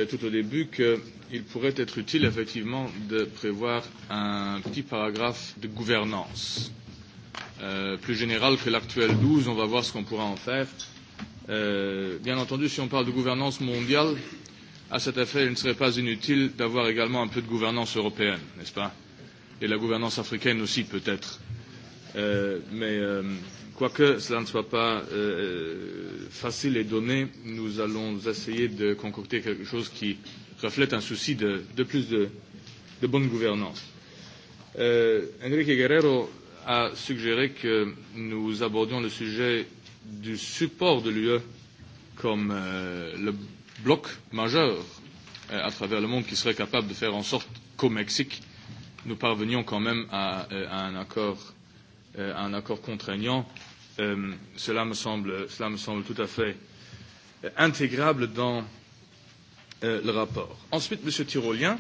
tout au début qu'il pourrait être utile effectivement de prévoir un petit paragraphe de gouvernance plus général que l'actuel 12. On va voir ce qu'on pourra en faire. Bien entendu, si on parle de gouvernance mondiale, à cet effet, il ne serait pas inutile d'avoir également un peu de gouvernance européenne, n'est-ce pas Et la gouvernance africaine aussi, peut-être. Mais quoique cela ne soit pas facile et donné, nous allons essayer de concocter quelque chose qui reflète un souci de plus de bonne gouvernance. Enrique Guerrero a suggéré que nous abordions le sujet du support de l'UE comme le bloc majeur à travers le monde qui serait capable de faire en sorte qu'au Mexique, nous parvenions quand même à un accord contraignant. Cela me semble tout à fait intégrable dans le rapport. Ensuite, M. Tyrolien,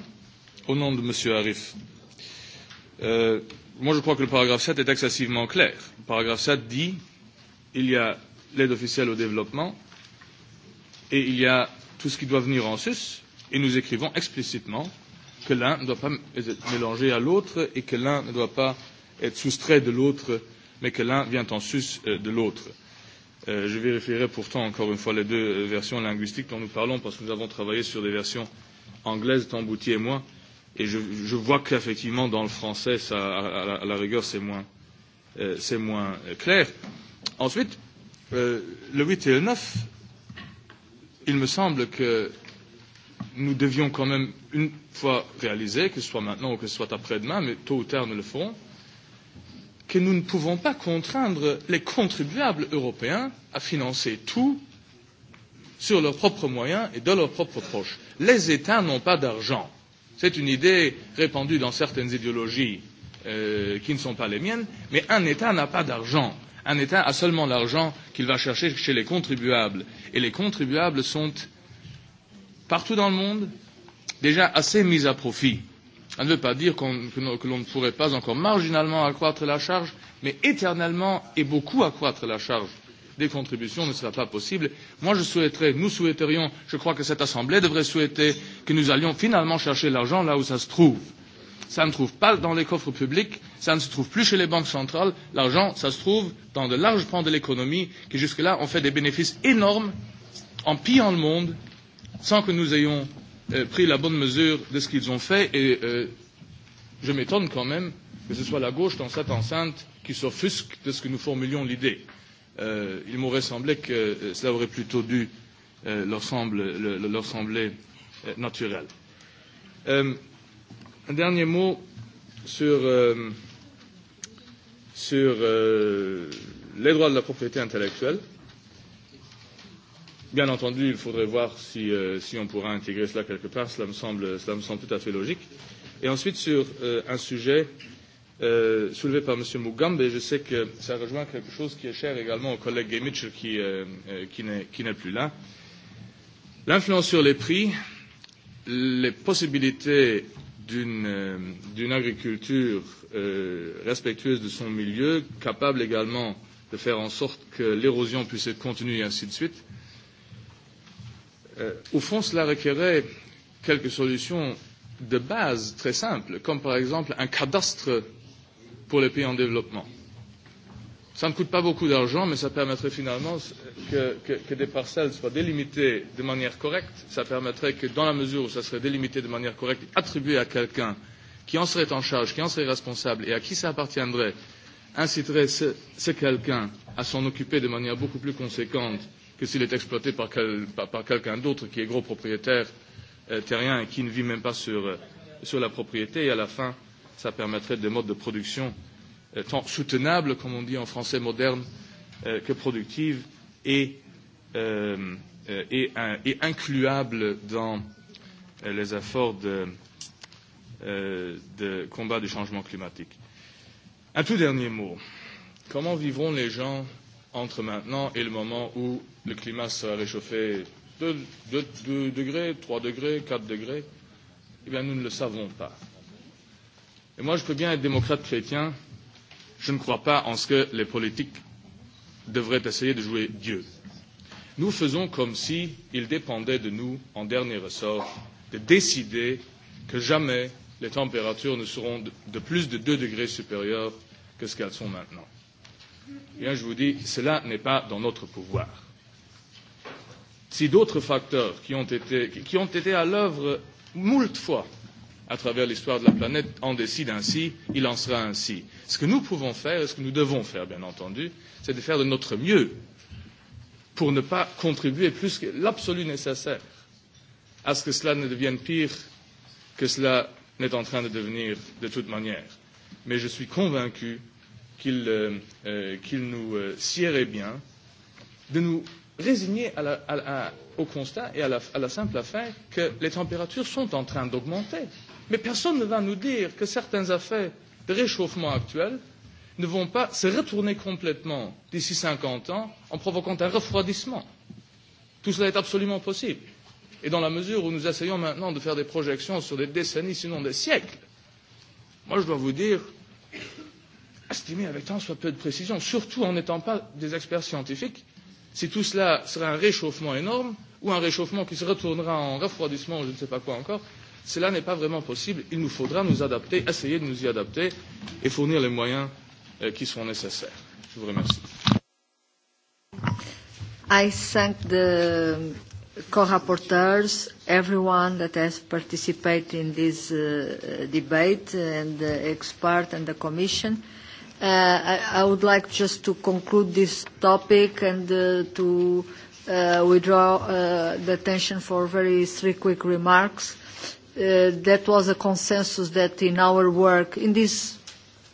au nom de M. Arif. Moi, je crois que le paragraphe 7 est excessivement clair. Le paragraphe 7 dit il y a l'aide officielle au développement et il y a tout ce qui doit venir en sus. Et nous écrivons explicitement que l'un ne doit pas être mélangé à l'autre et que l'un ne doit pas être soustrait de l'autre, mais que l'un vient en sus de l'autre. Je vérifierai pourtant encore une fois les deux versions linguistiques dont nous parlons parce que nous avons travaillé sur des versions anglaises, Tambouti et moi Et je vois qu'effectivement, dans le français, à la rigueur, c'est moins clair. Ensuite, le 8 et le 9, il me semble que nous devions quand même, une fois réaliser, que ce soit maintenant ou que ce soit après-demain, mais tôt ou tard nous le ferons, que nous ne pouvons pas contraindre les contribuables européens à financer tout sur leurs propres moyens et de leurs propres proches. Les États n'ont pas d'argent C'est une idée répandue dans certaines idéologies qui ne sont pas les miennes, mais un État n'a pas d'argent. Un État a seulement l'argent qu'il va chercher chez les contribuables. Et les contribuables sont, partout dans le monde, déjà assez mis à profit. Ça ne veut pas dire que l'on ne pourrait pas encore marginalement accroître la charge, mais éternellement et beaucoup accroître la charge des contributions ne sera pas possible. Moi, je souhaiterais, nous souhaiterions, je crois que cette Assemblée devrait souhaiter que nous allions finalement chercher l'argent là où ça se trouve. Ça ne se trouve pas dans les coffres publics, ça ne se trouve plus chez les banques centrales. L'argent, ça se trouve dans de larges pans de l'économie qui jusque-là ont fait des bénéfices énormes en pillant le monde sans que nous ayons pris la bonne mesure de ce qu'ils ont fait. Et je m'étonne quand même que ce soit la gauche dans cette enceinte qui s'offusque de ce que nous formulions l'idée il m'aurait semblé que cela aurait plutôt dû leur sembler naturel. Un dernier mot sur les droits de la propriété intellectuelle. Bien entendu, il faudrait voir si on pourra intégrer cela quelque part. Cela me semble tout à fait logique. Et ensuite, sur un sujet Soulevé par M. Mugambe, je sais que ça rejoint quelque chose qui est cher également au collègue Gay Mitchell qui n'est plus là. L'influence sur les prix, les possibilités d'une agriculture respectueuse de son milieu, capable également de faire en sorte que l'érosion puisse être continue, et ainsi de suite. Au fond, cela requérait quelques solutions de base très simples, comme par exemple un cadastre pour les pays en développement. Ça ne coûte pas beaucoup d'argent, mais ça permettrait finalement que des parcelles soient délimitées de manière correcte. Ça permettrait que, dans la mesure où ça serait délimité de manière correcte, attribué à quelqu'un qui en serait en charge, qui en serait responsable et à qui ça appartiendrait, inciterait ce quelqu'un à s'en occuper de manière beaucoup plus conséquente que s'il est exploité par quelqu'un d'autre qui est gros propriétaire terrien et qui ne vit même pas sur la propriété. Et à la fin Ça permettrait des modes de production tant soutenables, comme on dit en français moderne, que productives et incluables dans les efforts de combat du changement climatique. Un tout dernier mot. Comment vivront les gens entre maintenant et le moment où le climat sera réchauffé 2 degrés, 3 degrés, 4 degrés Eh bien, nous ne le savons pas. Et moi, je peux bien être démocrate chrétien, je ne crois pas en ce que les politiques devraient essayer de jouer Dieu. Nous faisons comme s'il dépendait de nous, en dernier ressort, de décider que jamais les températures ne seront de plus de 2 degrés supérieures que ce qu'elles sont maintenant. Bien, je vous dis, cela n'est pas dans notre pouvoir. Si d'autres facteurs qui ont été à l'œuvre moult fois à travers l'histoire de la planète en décide ainsi, il en sera ainsi. Ce que nous pouvons faire, et ce que nous devons faire, bien entendu, c'est de faire de notre mieux pour ne pas contribuer plus que l'absolu nécessaire à ce que cela ne devienne pire que cela n'est en train de devenir de toute manière. Mais je suis convaincu qu'il nous siérait bien de nous résigner au constat et à la simple affaire que les températures sont en train d'augmenter Mais personne ne va nous dire que certains effets de réchauffement actuel ne vont pas se retourner complètement d'ici 50 ans en provoquant un refroidissement. Tout cela est absolument possible. Et dans la mesure où nous essayons maintenant de faire des projections sur des décennies, sinon des siècles, moi je dois vous dire, estimez avec tant soit peu de précision, surtout en n'étant pas des experts scientifiques, si tout cela sera un réchauffement énorme ou un réchauffement qui se retournera en refroidissement ou je ne sais pas quoi encore, Cela n'est pas vraiment possible. Il nous faudra nous adapter, essayer de nous y adapter et fournir les moyens qui sont nécessaires. Je vous remercie. I thank the co-rapporteurs, everyone that has participated in this debate, and the expert and the Commission. I would like just to conclude this topic and to withdraw the attention for very three quick remarks that was a consensus that in our work, in this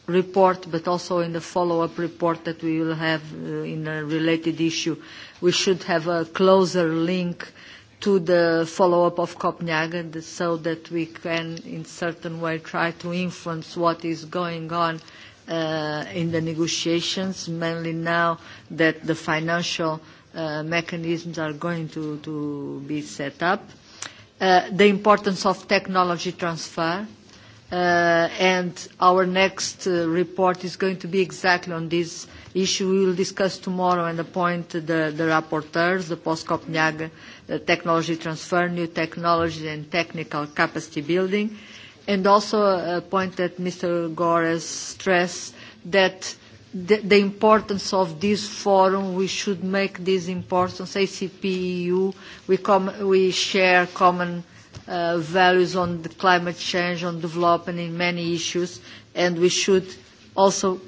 report, but also in the follow-up report that we will have in a related issue, we should have a closer link to the follow-up of Copenhagen so that we can, in certain way, try to influence what is going on in the negotiations, mainly now that the financial mechanisms are going to be set up the importance of technology transfer and our next report is going to be exactly on this issue. We will discuss tomorrow and appoint the rapporteurs, the post-Copenhagen technology transfer, new technology and technical capacity building. And also a point that Mr. Gores stressed that the importance of this forum. We should make this importance. ACP EU, we share common values on the climate change, on development in many issues, and we should also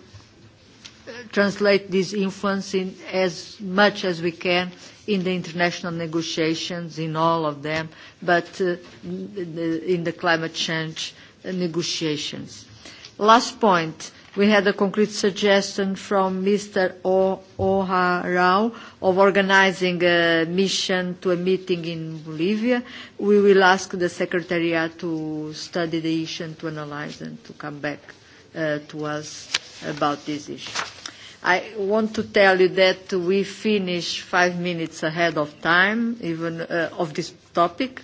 translate this influence in as much as we can in the international negotiations, in all of them, but in the climate change negotiations. Last point We had a concrete suggestion from Mr. Oha of organizing a mission to a meeting in Bolivia. We will ask the Secretariat to study the issue and to analyze and to come back to us about this issue. I want to tell you that we finish five minutes ahead of time, even of this topic.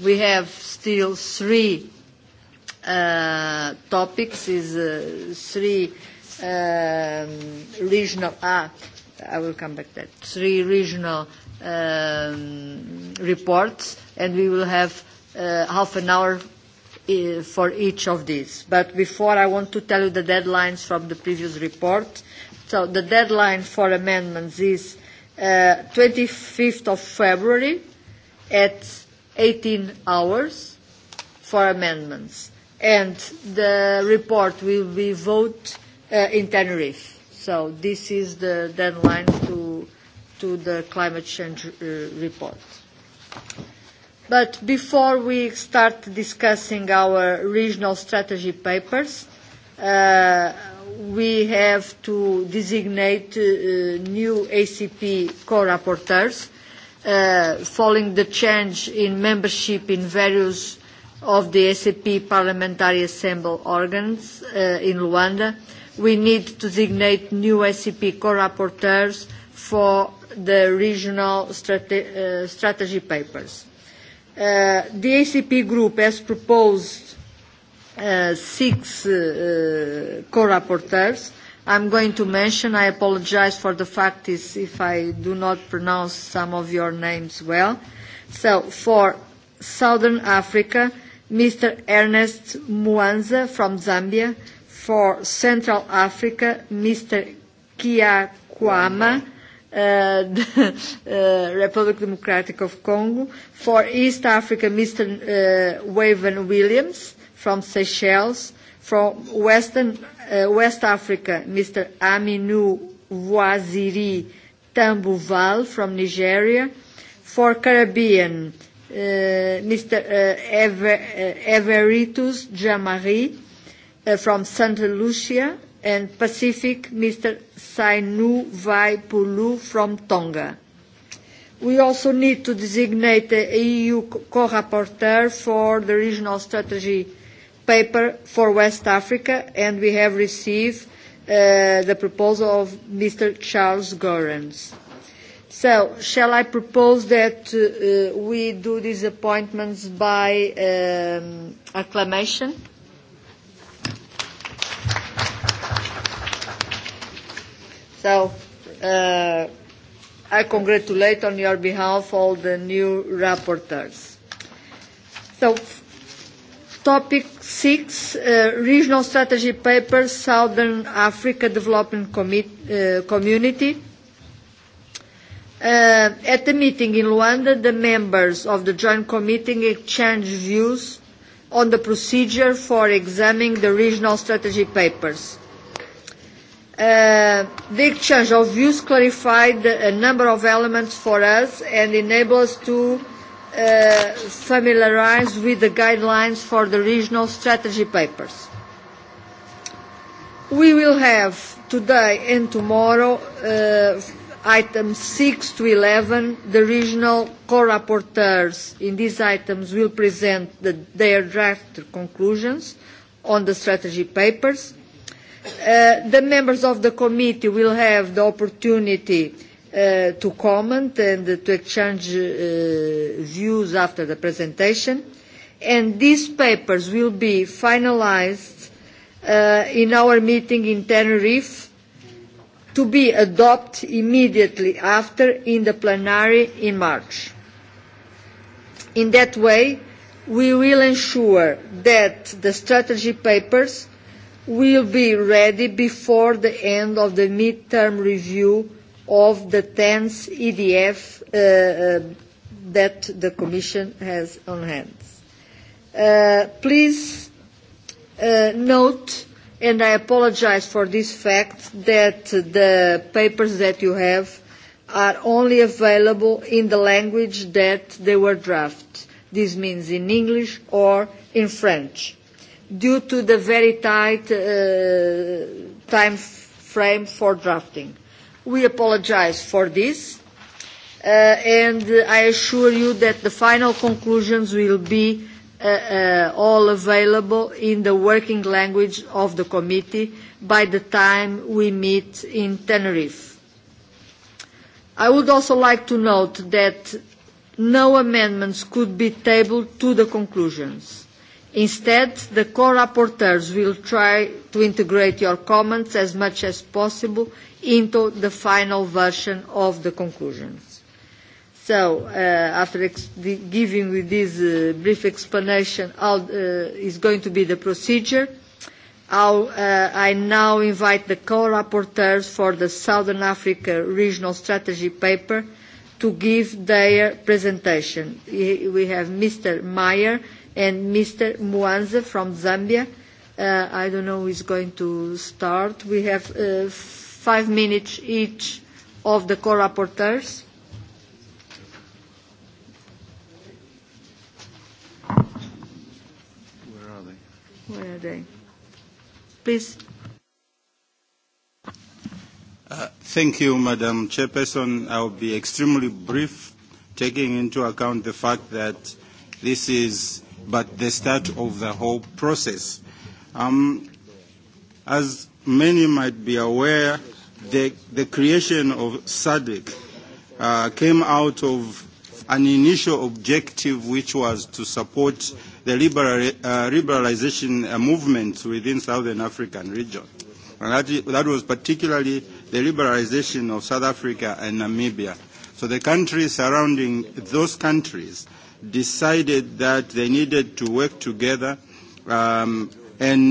We have still three topics is three regional ah I will come back to that three regional reports and we will have half an hour for each of these. But before I want to tell you the deadlines from the previous report. So the deadline for amendments is 25th of February at 18 hours for amendments and the report will be voted in Tenerife. So this is the deadline to to the climate change report. But before we start discussing our regional strategy papers, we have to designate new ACP co-rapporteurs following the change in membership in various of the ACP Parliamentary Assembly organs in Luanda, we need to designate new ACP co-rapporteurs for the regional strategy papers. The ACP group has proposed six co-rapporteurs. I'm going to mention, I apologize for the fact is if I do not pronounce some of your names well. So for Southern Africa, Mr. Ernest Mwanza from Zambia. For Central Africa, Mr. Kia Kwama, Republic Democratic of Congo. For East Africa, Mr. Waven Williams from Seychelles. From Western West Africa, Mr. Aminu Waziri Tambuval from Nigeria. For Caribbean, Mr. Everitus Jamari from Santa Lucia and Pacific, Mr. Sainu Vai Pulu from Tonga. We also need to designate a EU co-rapporteur for the regional strategy paper for West Africa, and we have received the proposal of Mr. Charles Goerens. So shall I propose that we do these appointments by acclamation? So I congratulate on your behalf all the new rapporteurs. So topic six, regional strategy paper, Southern Africa Development Community. At the meeting in Luanda, the members of the Joint Committee exchanged views on the procedure for examining the regional strategy papers. The exchange of views clarified a number of elements for us and enabled us to familiarize with the guidelines for the regional strategy papers. We will have today and tomorrow Items 6 to 11, the regional co-rapporteurs in these items will present their draft conclusions on the strategy papers. The members of the committee will have the opportunity to comment and to exchange views after the presentation. And these papers will be finalised in our meeting in Tenerife to be adopted immediately after in the plenary in March. In that way, we will ensure that the strategy papers will be ready before the end of the mid-term review of the 10th EDF that the Commission has on hand. Please note and I apologize for this fact that the papers that you have are only available in the language that they were drafted. This means in English or in French. Due to the very tight time frame for drafting. We apologize for this and I assure you that the final conclusions will be all available in the working language of the committee by the time we meet in Tenerife. I would also like to note that no amendments could be tabled to the conclusions. Instead, the co-rapporteurs will try to integrate your comments as much as possible into the final version of the conclusions. So after giving with this brief explanation how is going to be the procedure, I now invite the co-rapporteurs for the Southern Africa Regional Strategy Paper to give their presentation. We have Mr. Meyer and Mr. Mwanza from Zambia. I don't know who is going to start. We have five minutes each of the co-rapporteurs. Thank you, Madam Chairperson. I will be extremely brief, taking into account the fact that this is but the start of the whole process. As many might be aware, the creation of SADC came out of an initial objective which was to support the liberalization movements within Southern African region. And that was particularly the liberalization of South Africa and Namibia. So the countries surrounding those countries decided that they needed to work together and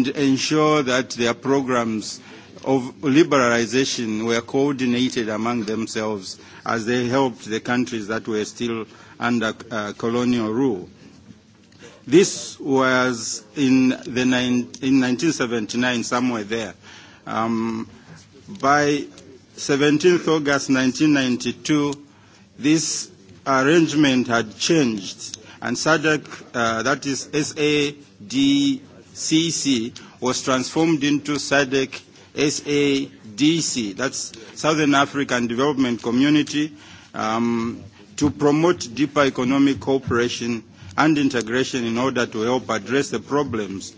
ensure that their programs of liberalization were coordinated among themselves as they helped the countries that were still under colonial rule. This was in the in 1979 somewhere there. By 17th August 1992, this arrangement had changed, and SADC, that is SADCC, was transformed into SADC SADC, that's Southern African Development Community, to promote deeper economic cooperation and integration in order to help address the problems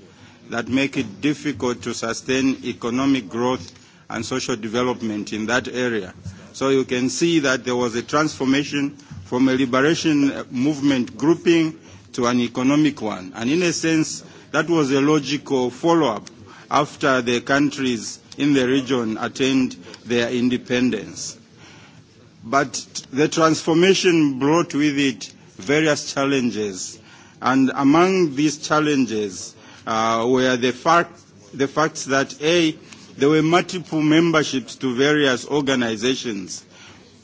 that make it difficult to sustain economic growth and social development in that area. So you can see that there was a transformation from a liberation movement grouping to an economic one. And in a sense, that was a logical follow-up after the countries in the region attained their independence. But the transformation brought with it various challenges. And among these challenges were the fact that, A, there were multiple memberships to various organizations.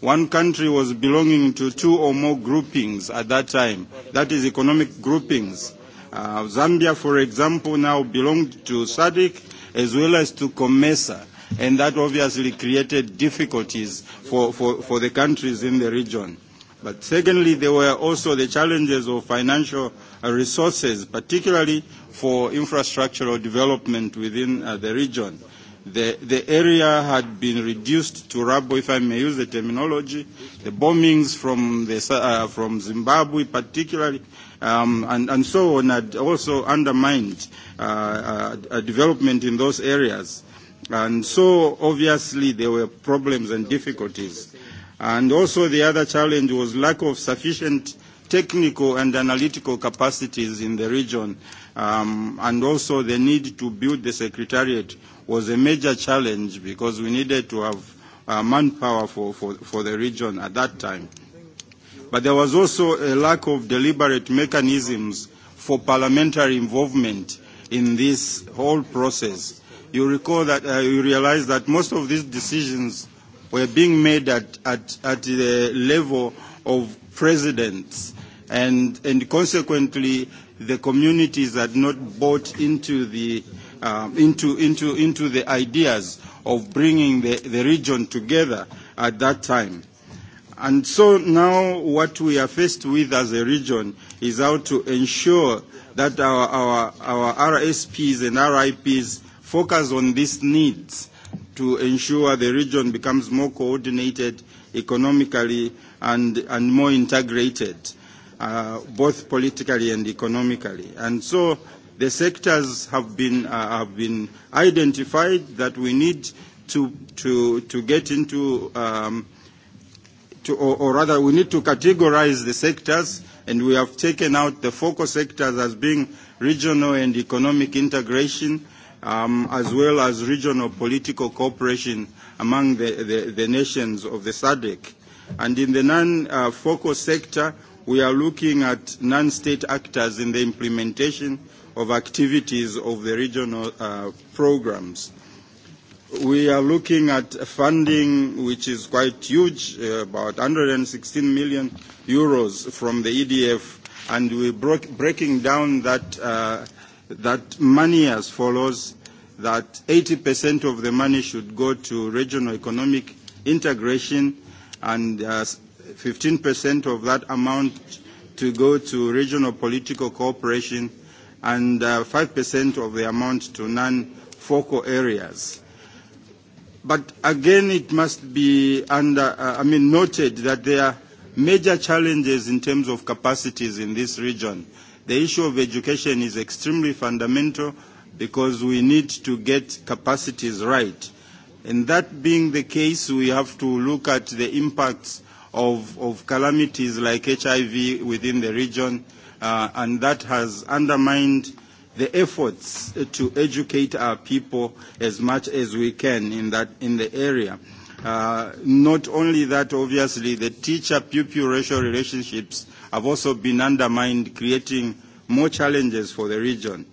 One country was belonging to two or more groupings at that time, that is economic groupings. Zambia, for example, now belonged to SADC as well as to COMESA, and that obviously created difficulties for for the countries in the region. But secondly, there were also the challenges of financial resources, particularly for infrastructural development within the region. The area had been reduced to rubble, if I may use the terminology. The bombings from Zimbabwe particularly, and so on, had also undermined development in those areas. And so, obviously, there were problems and difficulties. And also the other challenge was lack of sufficient technical and analytical capacities in the region. And also the need to build the secretariat was a major challenge because we needed to have manpower for for the region at that time. But there was also a lack of deliberate mechanisms for parliamentary involvement in this whole process. You recall that you realize that most of these decisions were being made at the level of presidents and consequently the communities had not bought into the into the ideas of bringing the region together at that time. And so now what we are faced with as a region is how to ensure that our RSPs and RIPs focus on these needs to ensure the region becomes more coordinated economically and and more integrated both politically and economically and so the sectors have been have been identified that we need to to to get into to or rather we need to categorize the sectors and we have taken out the focus sectors as being regional and economic integration as well as regional political cooperation among the nations of the SADC. And in the non-focus sector, we are looking at non-state actors in the implementation of activities of the regional programs. We are looking at funding which is quite huge, about 116 million euros from the EDF, and we're breaking down that that money as follows, that 80% of the money should go to regional economic integration and 15% of that amount to go to regional political cooperation and 5% of the amount to non-focal areas. But again, it must be under, I mean, noted that there are major challenges in terms of capacities in this region the issue of education is extremely fundamental because we need to get capacities right. And that being the case, we have to look at the impacts of calamities like HIV within the region, and that has undermined the efforts to educate our people as much as we can in the area. Not only that, obviously, the teacher-pupil racial relationships have also been undermined, creating more challenges for the region.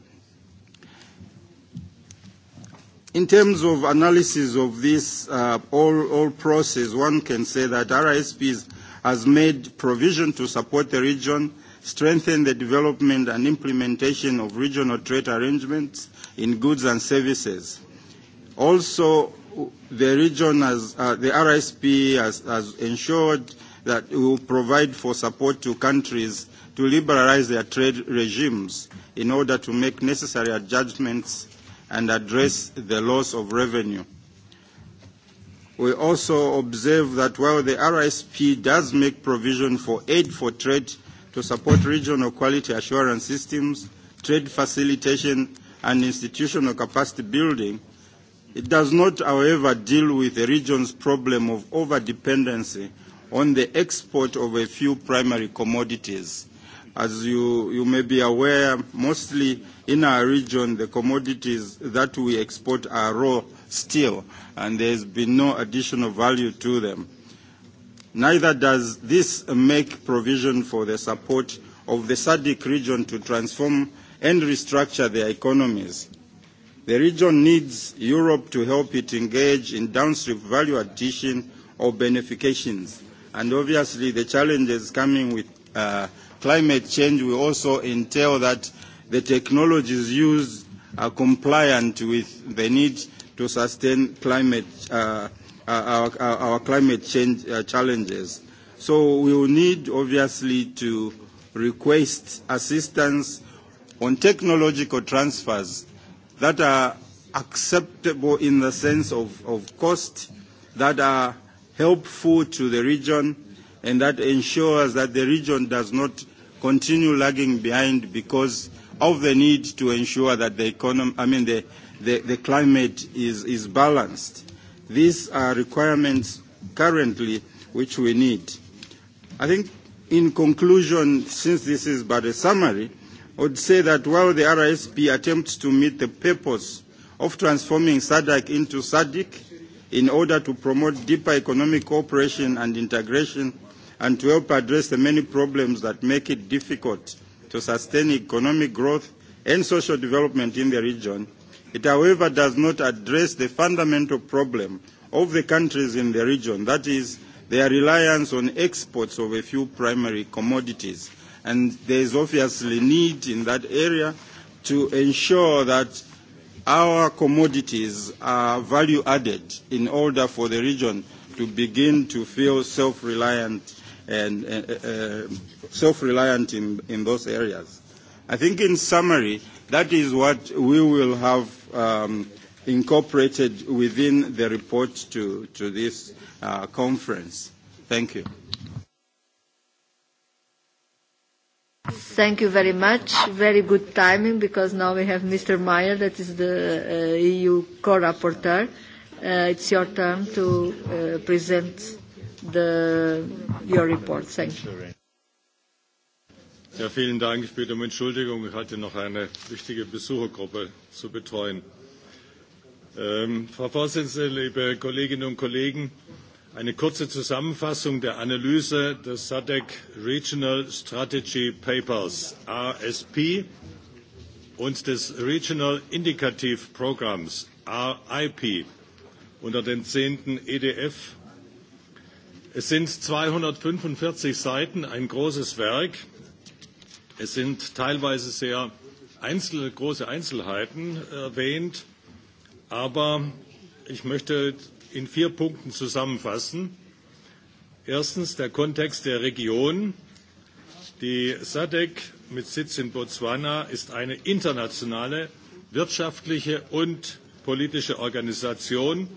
In terms of analysis of this whole process, one can say that RISP has made provision to support the region, strengthen the development and implementation of regional trade arrangements in goods and services. Also, the region, the RISP has ensured that will provide for support to countries to liberalize their trade regimes in order to make necessary adjustments and address the loss of revenue. We also observe that while the RSP does make provision for aid for trade to support regional quality assurance systems, trade facilitation and institutional capacity building, it does not, however, deal with the region's problem of over-dependency on the export of a few primary commodities. As you, you may be aware, mostly in our region, the commodities that we export are raw steel, and there has been no additional value to them. Neither does this make provision for the support of the SADC region to transform and restructure their economies. The region needs Europe to help it engage in downstream value addition or benefications and obviously the challenges coming with climate change will also entail that the technologies used are compliant with the need to sustain climate our climate change challenges. So we will need obviously to request assistance on technological transfers that are acceptable in the sense of cost, that are Helpful to the region and that ensures that the region does not continue lagging behind because of the need to ensure that the economy, I mean the, the, the climate is, is balanced. These are requirements currently which we need. I think in conclusion, since this is but a summary, I would say that while the RISP attempts to meet the purpose of transforming SADC into SADC, in order to promote deeper economic cooperation and integration and to help address the many problems that make it difficult to sustain economic growth and social development in the region. It, however, does not address the fundamental problem of the countries in the region, that is, their reliance on exports of a few primary commodities. And there is obviously need in that area to ensure that Our commodities are value added in order for the region to begin to feel self-reliant and self-reliant in those areas. I think in summary, that is what we will have incorporated within the report to this conference. Thank you. Thank you very much. Very good timing because now we have Mr. Meyer, that is the EU co-rapporteur. It's your turn to present your report. Thank you. Ja, vielen Dank. Ich bitte um Entschuldigung. Ich hatte noch eine wichtige Besuchergruppe zu betreuen. Frau Vorsitzende, liebe Kolleginnen und Kollegen, Eine kurze Zusammenfassung der Analyse des SADC Regional Strategy Papers RSP und des Regional Indicative Programs RIP unter dem 10. EDF. Es sind 245 Seiten, ein großes Werk. Es sind teilweise sehr große Einzelheiten erwähnt, aber ich möchte in vier Punkten zusammenfassen. Erstens der Kontext der Region. Die SADC mit Sitz in Botswana ist eine internationale wirtschaftliche und politische Organisation,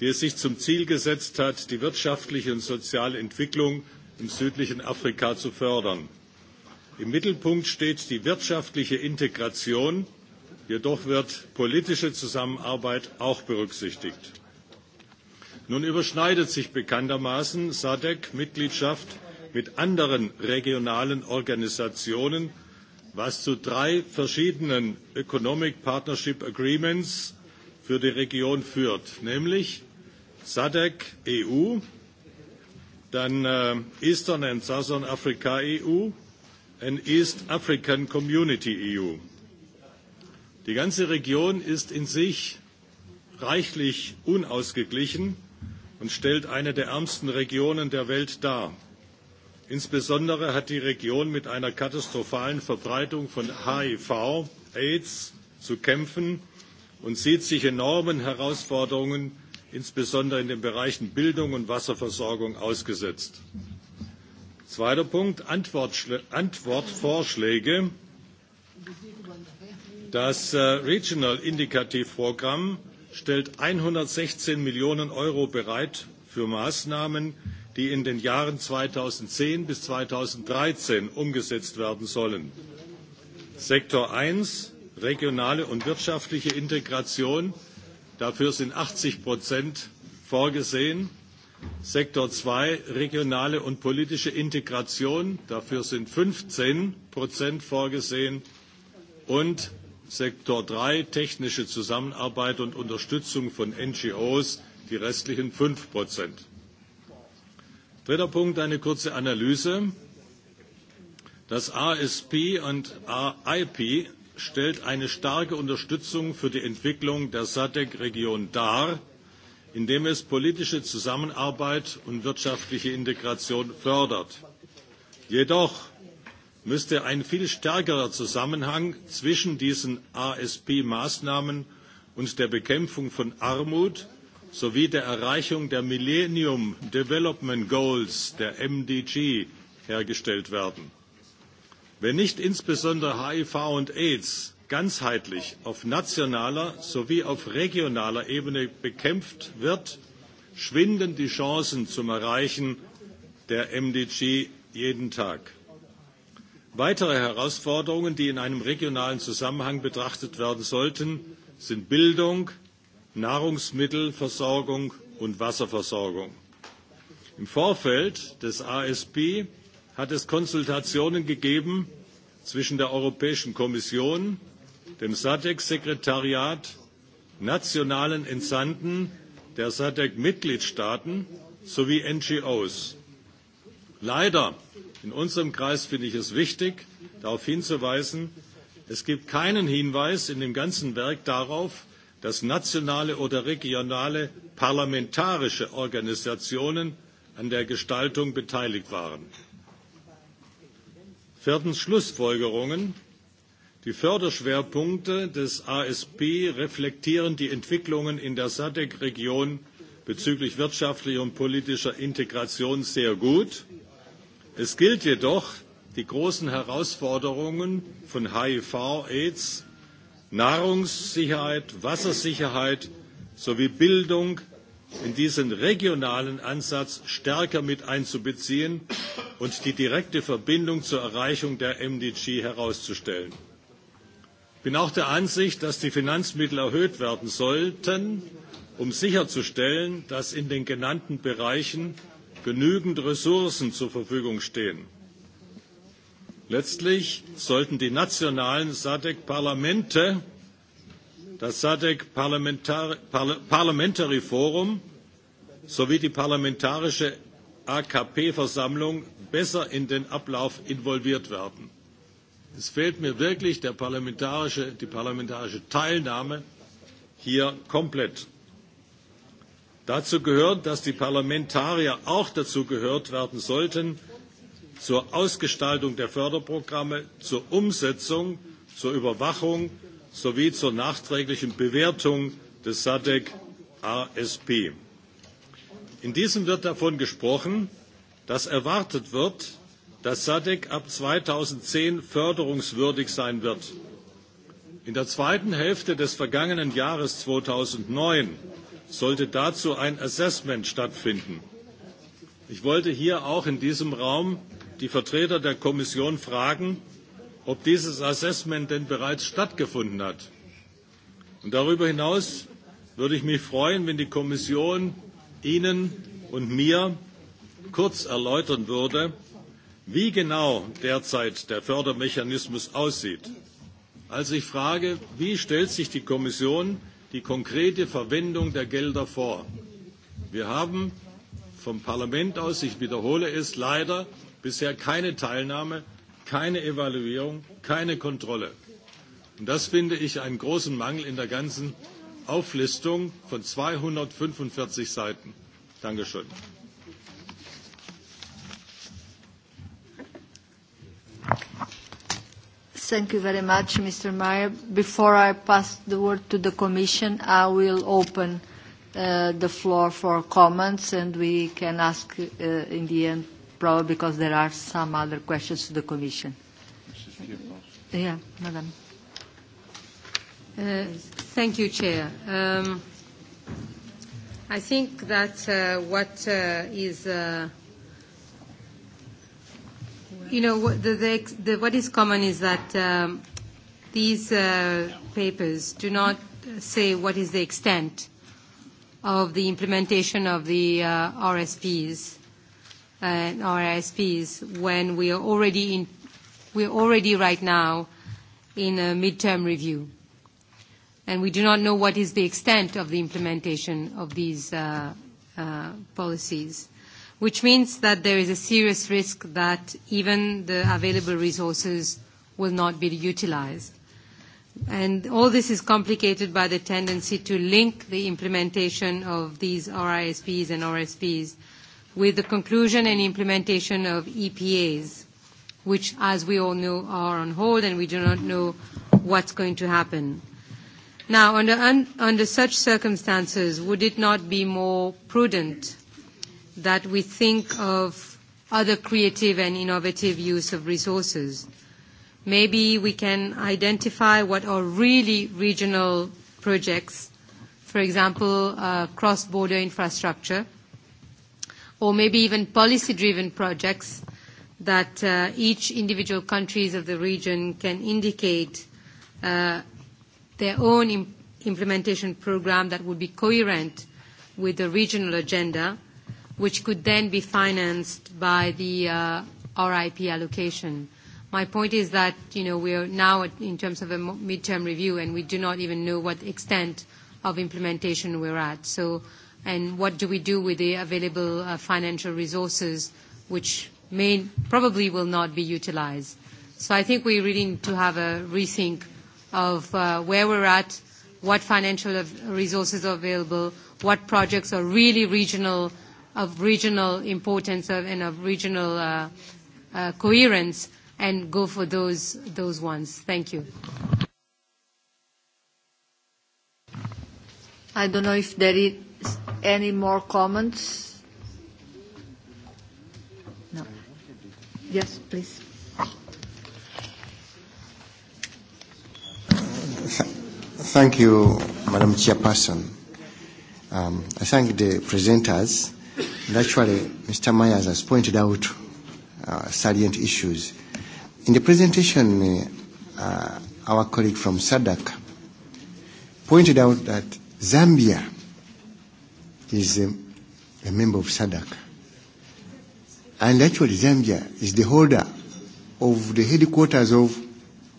die es sich zum Ziel gesetzt hat, die wirtschaftliche und soziale Entwicklung im südlichen Afrika zu fördern. Im Mittelpunkt steht die wirtschaftliche Integration, jedoch wird politische Zusammenarbeit auch berücksichtigt. Nun überschneidet sich bekanntermaßen SADC-Mitgliedschaft mit anderen regionalen Organisationen, was zu drei verschiedenen Economic Partnership Agreements für die Region führt, nämlich SADC EU, dann Eastern and Southern Africa EU und East African Community EU. Die ganze Region ist in sich reichlich unausgeglichen und stellt eine der ärmsten Regionen der Welt dar. Insbesondere hat die Region mit einer katastrophalen Verbreitung von HIV, AIDS zu kämpfen und sieht sich enormen Herausforderungen, insbesondere in den Bereichen Bildung und Wasserversorgung, ausgesetzt. Zweiter Punkt, Antwortvorschläge. Das Regional Programm stellt 116 Millionen Euro bereit für Maßnahmen, die in den Jahren 2010 bis 2013 umgesetzt werden sollen. Sektor 1, regionale und wirtschaftliche Integration, dafür sind 80 vorgesehen. Sektor 2, regionale und politische Integration, dafür sind 15 vorgesehen. Und Sektor 3 technische Zusammenarbeit und Unterstützung von NGOs die restlichen 5 Dritter Punkt, eine kurze Analyse. Das ASP und AIP stellt eine starke Unterstützung für die Entwicklung der SADC-Region dar, indem es politische Zusammenarbeit und wirtschaftliche Integration fördert. Jedoch müsste ein viel stärkerer Zusammenhang zwischen diesen ASP-Maßnahmen und der Bekämpfung von Armut sowie der Erreichung der Millennium Development Goals, der MDG, hergestellt werden. Wenn nicht insbesondere HIV und AIDS ganzheitlich auf nationaler sowie auf regionaler Ebene bekämpft wird, schwinden die Chancen zum Erreichen der MDG jeden Tag. Weitere Herausforderungen, die in einem regionalen Zusammenhang betrachtet werden sollten, sind Bildung, Nahrungsmittelversorgung und Wasserversorgung. Im Vorfeld des ASP hat es Konsultationen gegeben zwischen der Europäischen Kommission, dem SADC-Sekretariat, nationalen Entsandten der SADC-Mitgliedstaaten sowie NGOs. Leider In unserem Kreis finde ich es wichtig, darauf hinzuweisen, es gibt keinen Hinweis in dem ganzen Werk darauf, dass nationale oder regionale parlamentarische Organisationen an der Gestaltung beteiligt waren. Viertens Schlussfolgerungen. Die Förderschwerpunkte des ASP reflektieren die Entwicklungen in der SADC-Region bezüglich wirtschaftlicher und politischer Integration sehr gut. Es gilt jedoch, die großen Herausforderungen von HIV, AIDS, Nahrungssicherheit, Wassersicherheit sowie Bildung in diesen regionalen Ansatz stärker mit einzubeziehen und die direkte Verbindung zur Erreichung der MDG herauszustellen. Ich bin auch der Ansicht, dass die Finanzmittel erhöht werden sollten, um sicherzustellen, dass in den genannten Bereichen genügend Ressourcen zur Verfügung stehen. Letztlich sollten die nationalen SADC-Parlamente das SADC Parliamentary Forum sowie die parlamentarische AKP-Versammlung besser in den Ablauf involviert werden. Es fehlt mir wirklich die parlamentarische Teilnahme hier komplett. Dazu gehört, dass die Parlamentarier auch dazu gehört werden sollten, zur Ausgestaltung der Förderprogramme, zur Umsetzung, zur Überwachung sowie zur nachträglichen Bewertung des SADC ASP. In diesem wird davon gesprochen, dass erwartet wird, dass SADC ab 2010 förderungswürdig sein wird. In der zweiten Hälfte des vergangenen Jahres 2009 sollte dazu ein Assessment stattfinden. Ich wollte hier auch in diesem Raum die Vertreter der Kommission fragen, ob dieses Assessment denn bereits stattgefunden hat. darüber hinaus würde ich mich freuen, wenn die Kommission Ihnen und mir kurz erläutern würde, wie genau derzeit der Fördermechanismus aussieht. Also ich frage, wie stellt sich die Kommission die konkrete Verwendung der Gelder vor. Wir haben vom Parlament aus, ich wiederhole es, leider bisher keine Teilnahme, keine Evaluierung, keine Kontrolle. Und das finde ich einen großen Mangel in der ganzen Auflistung von 245 Seiten. Dankeschön. Thank you very much, Mr. Meyer. Before I pass the word to the Commission, I will open the floor for comments, and we can ask in the end, probably because there are some other questions to the Commission. Yeah, Madam. Thank you, Chair. I think that what is you know, what, the, the, the, what is common is that these papers do not say what is the extent of the implementation of the RSPs and RSPs when we are already in, we are already right now in a midterm review. And we do not know what is the extent of the implementation of these policies which means that there is a serious risk that even the available resources will not be utilized. And all this is complicated by the tendency to link the implementation of these RISPs and RSPs with the conclusion and implementation of EPAs, which, as we all know, are on hold and we do not know what's going to happen. Now, under such circumstances, would it not be more prudent that we think of other creative and innovative use of resources. Maybe we can identify what are really regional projects, for example, cross-border infrastructure, or maybe even policy-driven projects that each individual countries of the region can indicate their own implementation program that would be coherent with the regional agenda which could then be financed by the RIP allocation. My point is that, we are now in terms of a midterm review, and we do not even know what extent of implementation we are at. and what do we do with the available financial resources, which may probably will not be utilized. So I think we really need to have a rethink of where we are at, what financial resources are available, what projects are really regional of regional importance and of regional coherence and go for those those ones. Thank you. I don't know if there is any more comments. No. Yes, please. Thank you, Madam Chairperson. I thank the presenters And actually, Mr. Myers has pointed out uh, salient issues. In the presentation, uh, our colleague from SADAC pointed out that Zambia is a, member of SADAC, And actually, Zambia is the holder of the headquarters of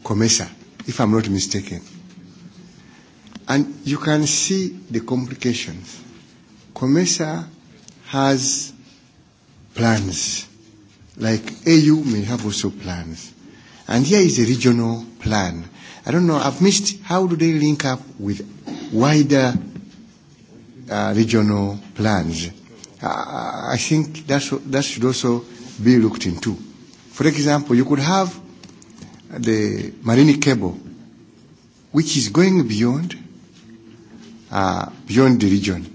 COMESA, if I'm not mistaken. And you can see the complications. COMESA has plans, like AU may have also plans. And here is a regional plan. I don't know, I've missed how do they link up with wider regional plans. I think that's, that should also be looked into. For example, you could have the marine cable, which is going beyond, uh, beyond the region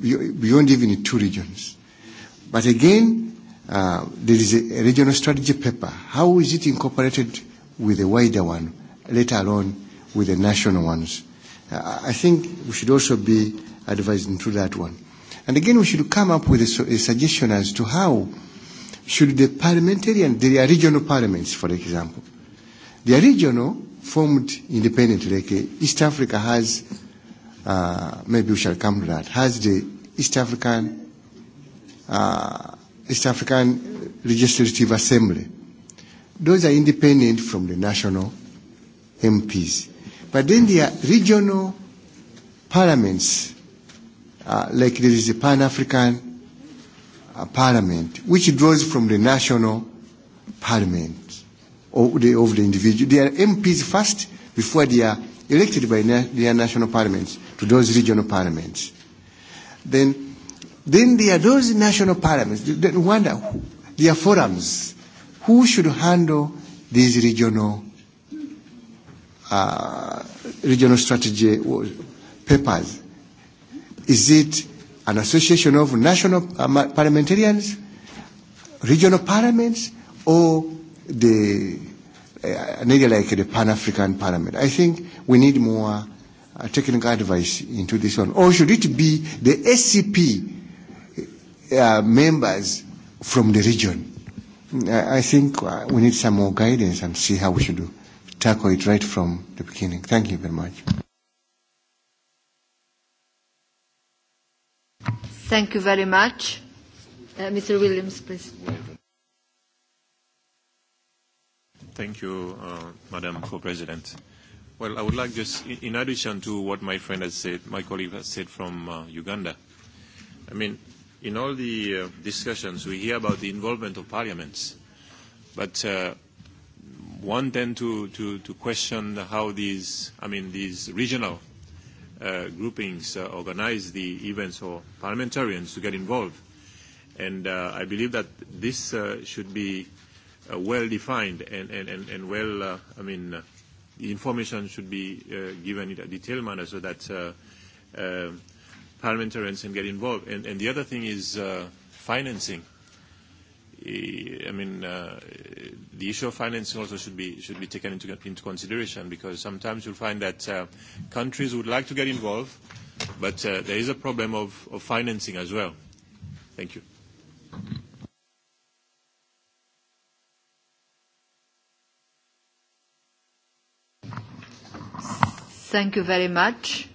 beyond even two regions. But again, uh, there is a regional strategy paper. How is it incorporated with the wider one, let alone with the national ones? I think we should also be advising through that one. And again, we should come up with a, a suggestion as to how should the parliamentarian, the regional parliaments, for example, the regional formed independently, like East Africa has uh, maybe we shall come to that, has the East African uh, East African Legislative Assembly. Those are independent from the national MPs. But then there are regional parliaments, uh, like there is the Pan-African uh, parliament, which draws from the national parliament of the, of the individual. They are MPs first before they are elected by their national parliaments to those regional parliaments. Then, then there are those national parliaments. Then wonder, there are forums. Who should handle these regional uh, regional strategy papers? Is it an association of national parliamentarians, regional parliaments, or the, uh, like the Pan-African Parliament? I think we need more technical advice into this one? Or should it be the SCP members from the region? I think we need some more guidance and see how we should tackle it right from the beginning. Thank you very much. Thank you very much. Mr. Williams, please. Thank you, Madam Co-President. Well, I would like just, in addition to what my friend has said, my colleague has said from Uganda, I mean, in all the discussions we hear about the involvement of parliaments, but one tend to to question how these, I mean, these regional groupings organize the events for parliamentarians to get involved. And I believe that this should be well defined and well, I mean, the information should be given in a detailed manner so that parliamentarians can get involved. And the other thing is financing. I mean, the issue of financing also should be should be taken into into consideration because sometimes you'll find that countries would like to get involved, but there is a problem of financing as well. Thank you. Thank you very much.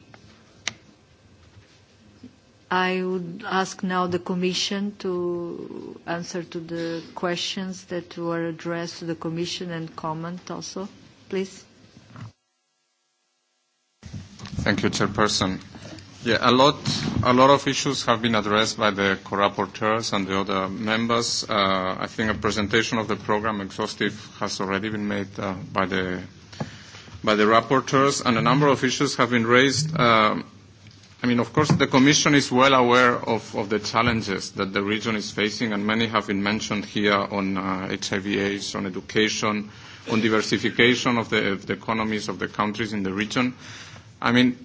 I would ask now the Commission to answer to the questions that were addressed to the Commission and comment also, please. Thank you, Chairperson. Yeah, a lot, a lot of issues have been addressed by the co-rapporteurs and the other members. I think a presentation of the program exhaustive has already been made by the by the rapporteurs, and a number of issues have been raised. I mean, of course, the Commission is well aware of the challenges that the region is facing, and many have been mentioned here on HIV/AIDS, on education, on diversification of the economies of the countries in the region. I mean,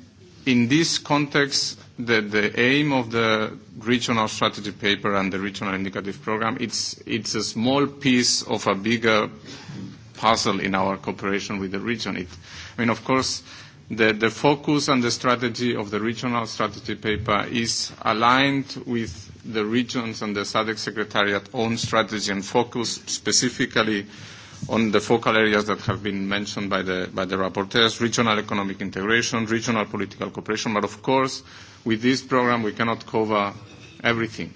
in this context, the aim of the regional strategy paper and the regional indicative program, it's a small piece of a bigger puzzle in our cooperation with the region. I mean, of course, the, focus and the strategy of the regional strategy paper is aligned with the regions and the SADC Secretariat own strategy and focus specifically on the focal areas that have been mentioned by the, by the rapporteurs, regional economic integration, regional political cooperation. But of course, with this program, we cannot cover everything.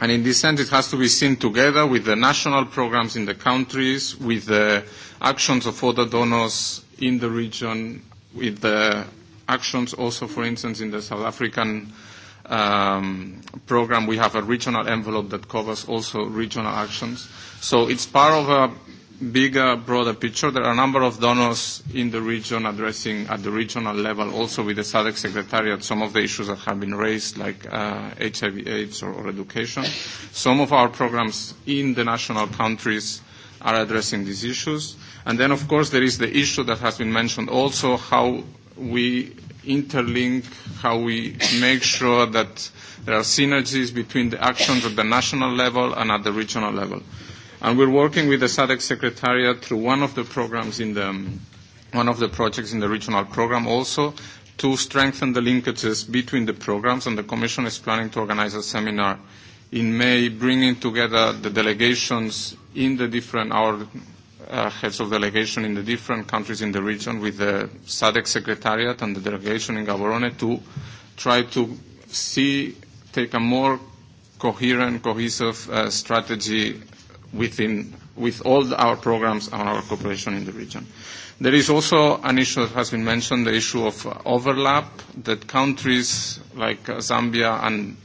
And in this sense, it has to be seen together with the national programs in the countries, with the actions of other donors in the region, with the actions also, for instance, in the South African program, we have a regional envelope that covers also regional actions. So it's part of a bigger, broader picture, there are a number of donors in the region addressing at the regional level, also with the SADC Secretariat, some of the issues that have been raised, like HIV/AIDS or education. Some of our programs in the national countries are addressing these issues. And then, of course, there is the issue that has been mentioned also, how we interlink, how we make sure that there are synergies between the actions at the national level and at the regional level. And we're working with the SADC Secretariat through one of the programs in the one of the projects in the regional program also to strengthen the linkages between the programs, and the Commission is planning to organize a seminar in May, bringing together the delegations in the different, our heads of delegation in the different countries in the region with the SADC Secretariat and the delegation in Gaborone to try to see, take a more coherent, cohesive strategy within with all our programs and our cooperation in the region. There is also an issue that has been mentioned, the issue of overlap, that countries like Zambia and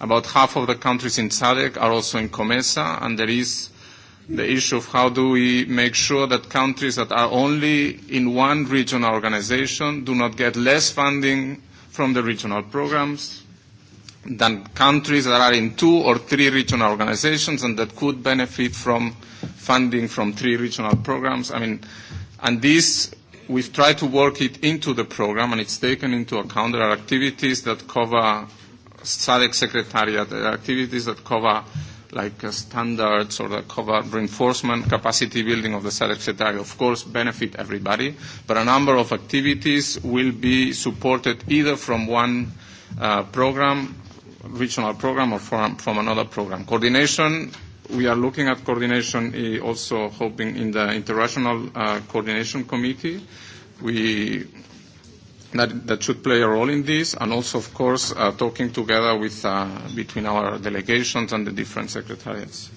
about half of the countries in SADC are also in COMESA, and there is the issue of how do we make sure that countries that are only in one regional organization do not get less funding from the regional programs than countries that are in two or three regional organizations and that could benefit from funding from three regional programs. I mean, and this, we've tried to work it into the program and it's taken into account. There are activities that cover SADC Secretariat, activities that cover like standards or that cover reinforcement, capacity building of the SADC Secretariat, of course, benefit everybody. But a number of activities will be supported either from one program regional program or from from another program. Coordination, we are looking at coordination also hoping in the International Coordination Committee. We that should play a role in this, and also, of course, talking together with between our delegations and the different secretariats.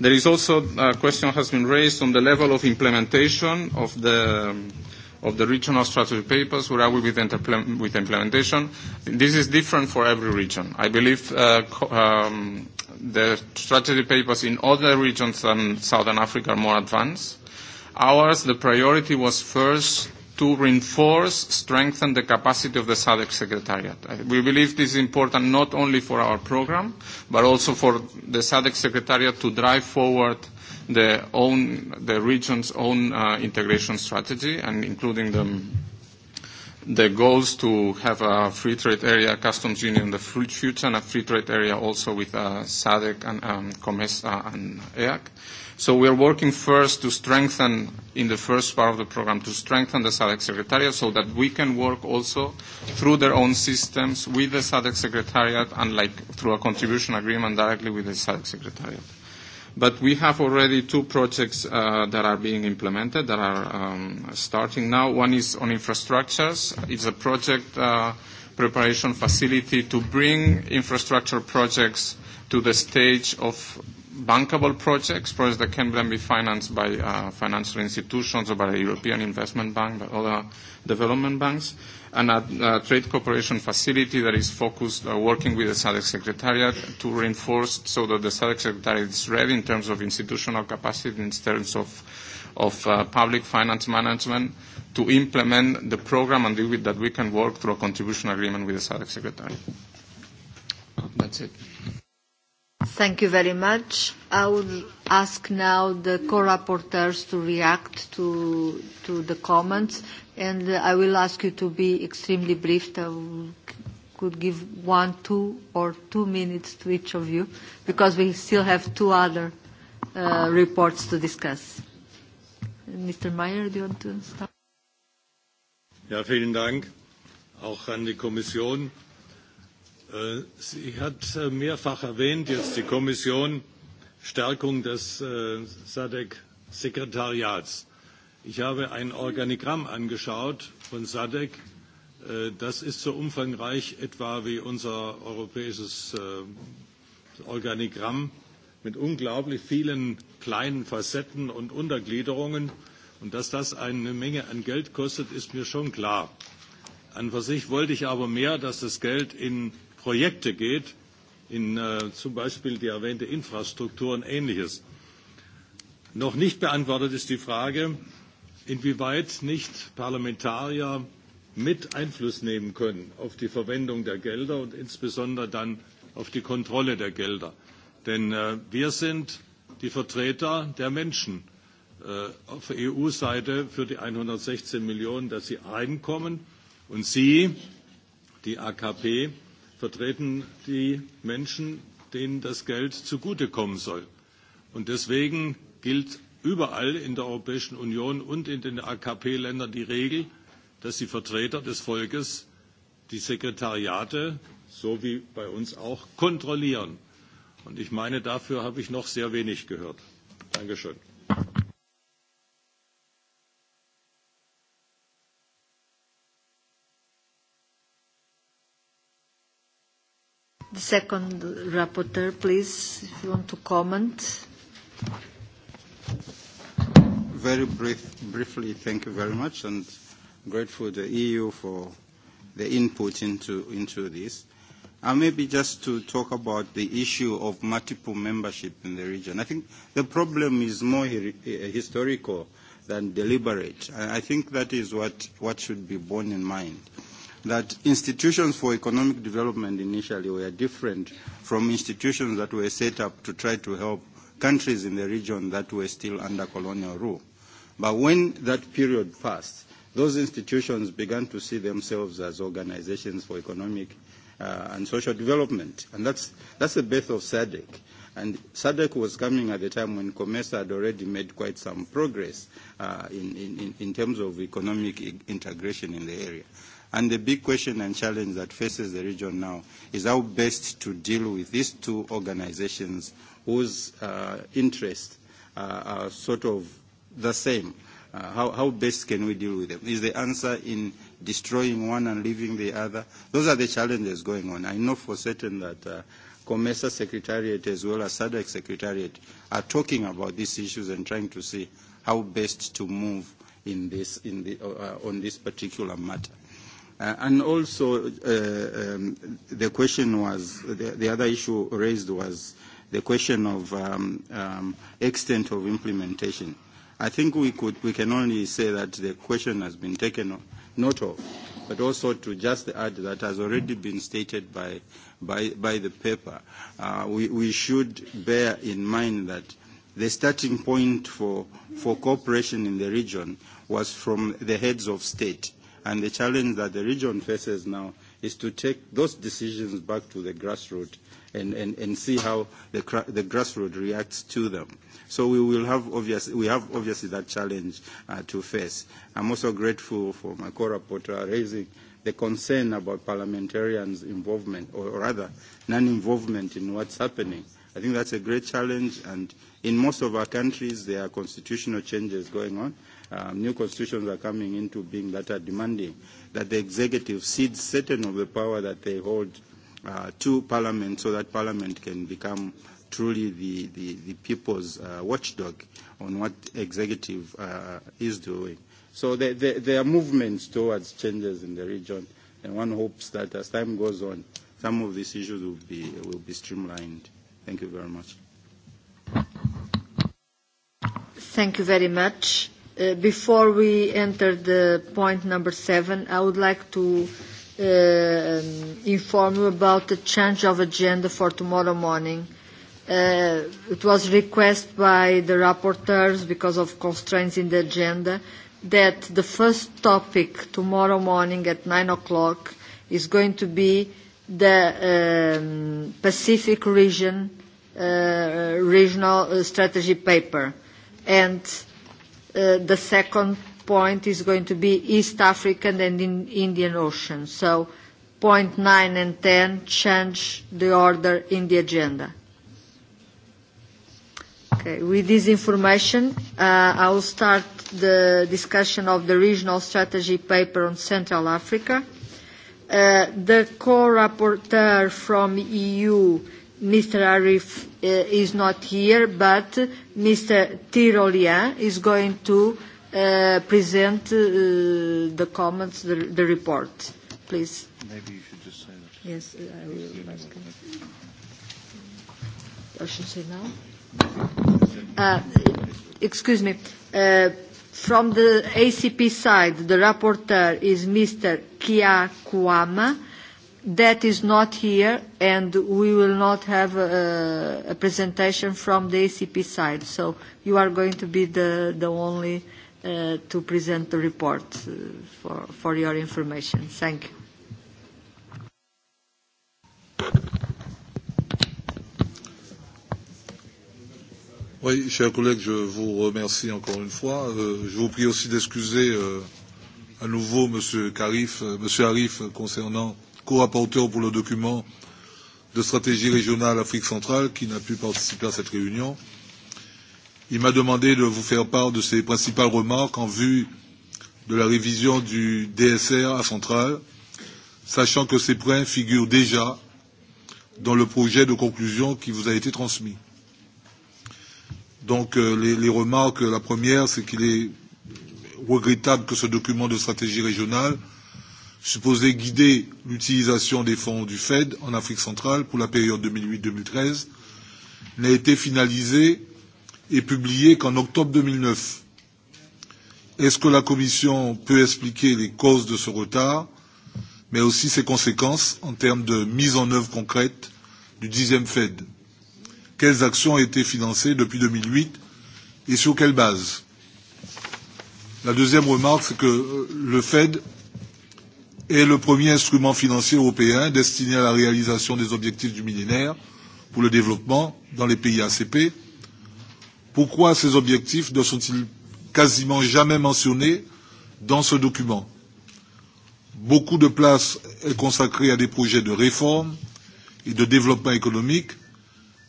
There is also a question has been raised on the level of implementation of the of the regional strategy papers where I will with implementation. This is different for every region. I believe the strategy papers in other regions than Southern Africa are more advanced. Ours, the priority was first to reinforce, strengthen the capacity of the SADC Secretariat. We believe this is important not only for our program, but also for the SADC Secretariat to drive forward the own, the region's own integration strategy, and including the goals to have a free trade area, customs union in the future, and a free trade area also with SADC and COMESA and EAC. So we are working first to strengthen, in the first part of the program, to strengthen the SADC Secretariat so that we can work also through their own systems with the SADC Secretariat and like through a contribution agreement directly with the SADC Secretariat. But we have already two projects that are being implemented, that are starting now. One is on infrastructures. It's a project preparation facility to bring infrastructure projects to the stage of bankable projects, projects that can then be financed by financial institutions or by the European Investment Bank, by other development banks, and a trade cooperation facility that is focused on working with the SADC Secretariat to reinforce so that the SADC Secretariat is ready in terms of institutional capacity, in terms of, of public finance management, to implement the program and with that we can work through a contribution agreement with the SADC Secretariat. That's it. Thank you very much. I would ask now the co-rapporteurs to react to to the comments, and I will ask you to be extremely brief. I could give one, two, or two minutes to each of you, because we still have two other reports to discuss. Mr. Meyer, do you want to start? Ja, vielen Dank auch an die Kommission. Sie hat mehrfach erwähnt, jetzt die Kommission, Stärkung des SADC-Sekretariats. Ich habe ein Organigramm angeschaut von SADC. Das ist so umfangreich etwa wie unser europäisches Organigramm mit unglaublich vielen kleinen Facetten und Untergliederungen. Und dass das eine Menge an Geld kostet, ist mir schon klar. An für wollte ich aber mehr, dass das Geld in Projekte geht, in zum Beispiel die erwähnte Infrastruktur und Ähnliches. Noch nicht beantwortet ist die Frage, inwieweit nicht Parlamentarier mit Einfluss nehmen können auf die Verwendung der Gelder und insbesondere dann auf die Kontrolle der Gelder. Denn wir sind die Vertreter der Menschen auf EU-Seite für die 116 Millionen, dass sie einkommen und Sie, die AKP, vertreten die Menschen, denen das Geld zugutekommen soll. Und deswegen gilt überall in der Europäischen Union und in den AKP-Ländern die Regel, dass die Vertreter des Volkes die Sekretariate, so wie bei uns auch, kontrollieren. Und ich meine, dafür habe ich noch sehr wenig gehört. Dankeschön. The second rapporteur, please, if you want to comment. Very brief, briefly, thank you very much, and grateful to the EU for the input into into this. And maybe just to talk about the issue of multiple membership in the region. I think the problem is more historical than deliberate. I think that is what what should be borne in mind that institutions for economic development initially were different from institutions that were set up to try to help countries in the region that were still under colonial rule. But when that period passed, those institutions began to see themselves as organizations for economic and social development. And that's, that's the birth of SADC. And SADC was coming at the time when COMESA had already made quite some progress in, in, in terms of economic integration in the area. And the big question and challenge that faces the region now is how best to deal with these two organizations whose interests are sort of the same. How best can we deal with them? Is the answer in destroying one and leaving the other? Those are the challenges going on. I know for certain that COMESA Secretariat as well as SADC Secretariat are talking about these issues and trying to see how best to move in this in on this particular matter. And also the question was, the other issue raised was the question of extent of implementation. I think we could, we can only say that the question has been taken note of, but also to just add that has already been stated by by by the paper. We should bear in mind that the starting point for for cooperation in the region was from the heads of state and the challenge that the region faces now is to take those decisions back to the grassroots and, and, and see how the, the grassroots reacts to them. So we will have obvious, we have obviously that challenge to face. I'm also grateful for my co reporter raising the concern about parliamentarians' involvement, or rather non-involvement in what's happening. I think that's a great challenge, and in most of our countries there are constitutional changes going on, new constitutions are coming into being that are demanding that the executive cede certain of the power that they hold to Parliament so that Parliament can become truly the, the, the people's watchdog on what executive is doing. So there are movements towards changes in the region, and one hopes that as time goes on, some of these issues will be, will be streamlined. Thank you very much. Thank you very much. Before we enter the point number seven, I would like to inform you about the change of agenda for tomorrow morning. It was requested by the rapporteurs because of constraints in the agenda that the first topic tomorrow morning at 9 o'clock is going to be the Pacific Region Regional Strategy Paper. And The second point is going to be East African and Indian Ocean. So point 9 and 10 change the order in the agenda. Okay, with this information, I will start the discussion of the regional strategy paper on Central Africa. The co-rapporteur from EU, Mr. Arif is not here, but Mr. Tirolian is going to present the comments, the report. Please. Maybe you should just say that. Yes, I will I should say now. Excuse me. From the ACP side, the rapporteur is Mr. Kia Kuama That is not here, and we will not have a presentation from the ACP side. So you are going to be the only to present the report for your information. Thank you. Oui, chers collègues, je vous remercie encore une fois. Je vous prie aussi d'excuser à nouveau Monsieur Carif, Monsieur Arif concernant co-rapporteur pour le document de stratégie régionale Afrique centrale, qui n'a pu participer à cette réunion. Il m'a demandé de vous faire part de ses principales remarques en vue de la révision du DSR à Centrale, sachant que ces points figurent déjà dans le projet de conclusion qui vous a été transmis. Donc les remarques, la première, c'est qu'il est regrettable que ce document de stratégie régionale supposé guider l'utilisation des fonds du Fed en Afrique centrale pour la période 2008-2013 n'a été finalisé et publié qu'en octobre 2009. Est-ce que la Commission peut expliquer les causes de ce retard, mais aussi ses conséquences en termes de mise en œuvre concrète du dixième Fed Quelles actions ont été financées depuis 2008 et sur quelle base La deuxième remarque, c'est que le Fed est le premier instrument financier européen destiné à la réalisation des objectifs du millénaire pour le développement dans les pays ACP. Pourquoi ces objectifs ne sont-ils quasiment jamais mentionnés dans ce document Beaucoup de place est consacrée à des projets de réforme et de développement économique,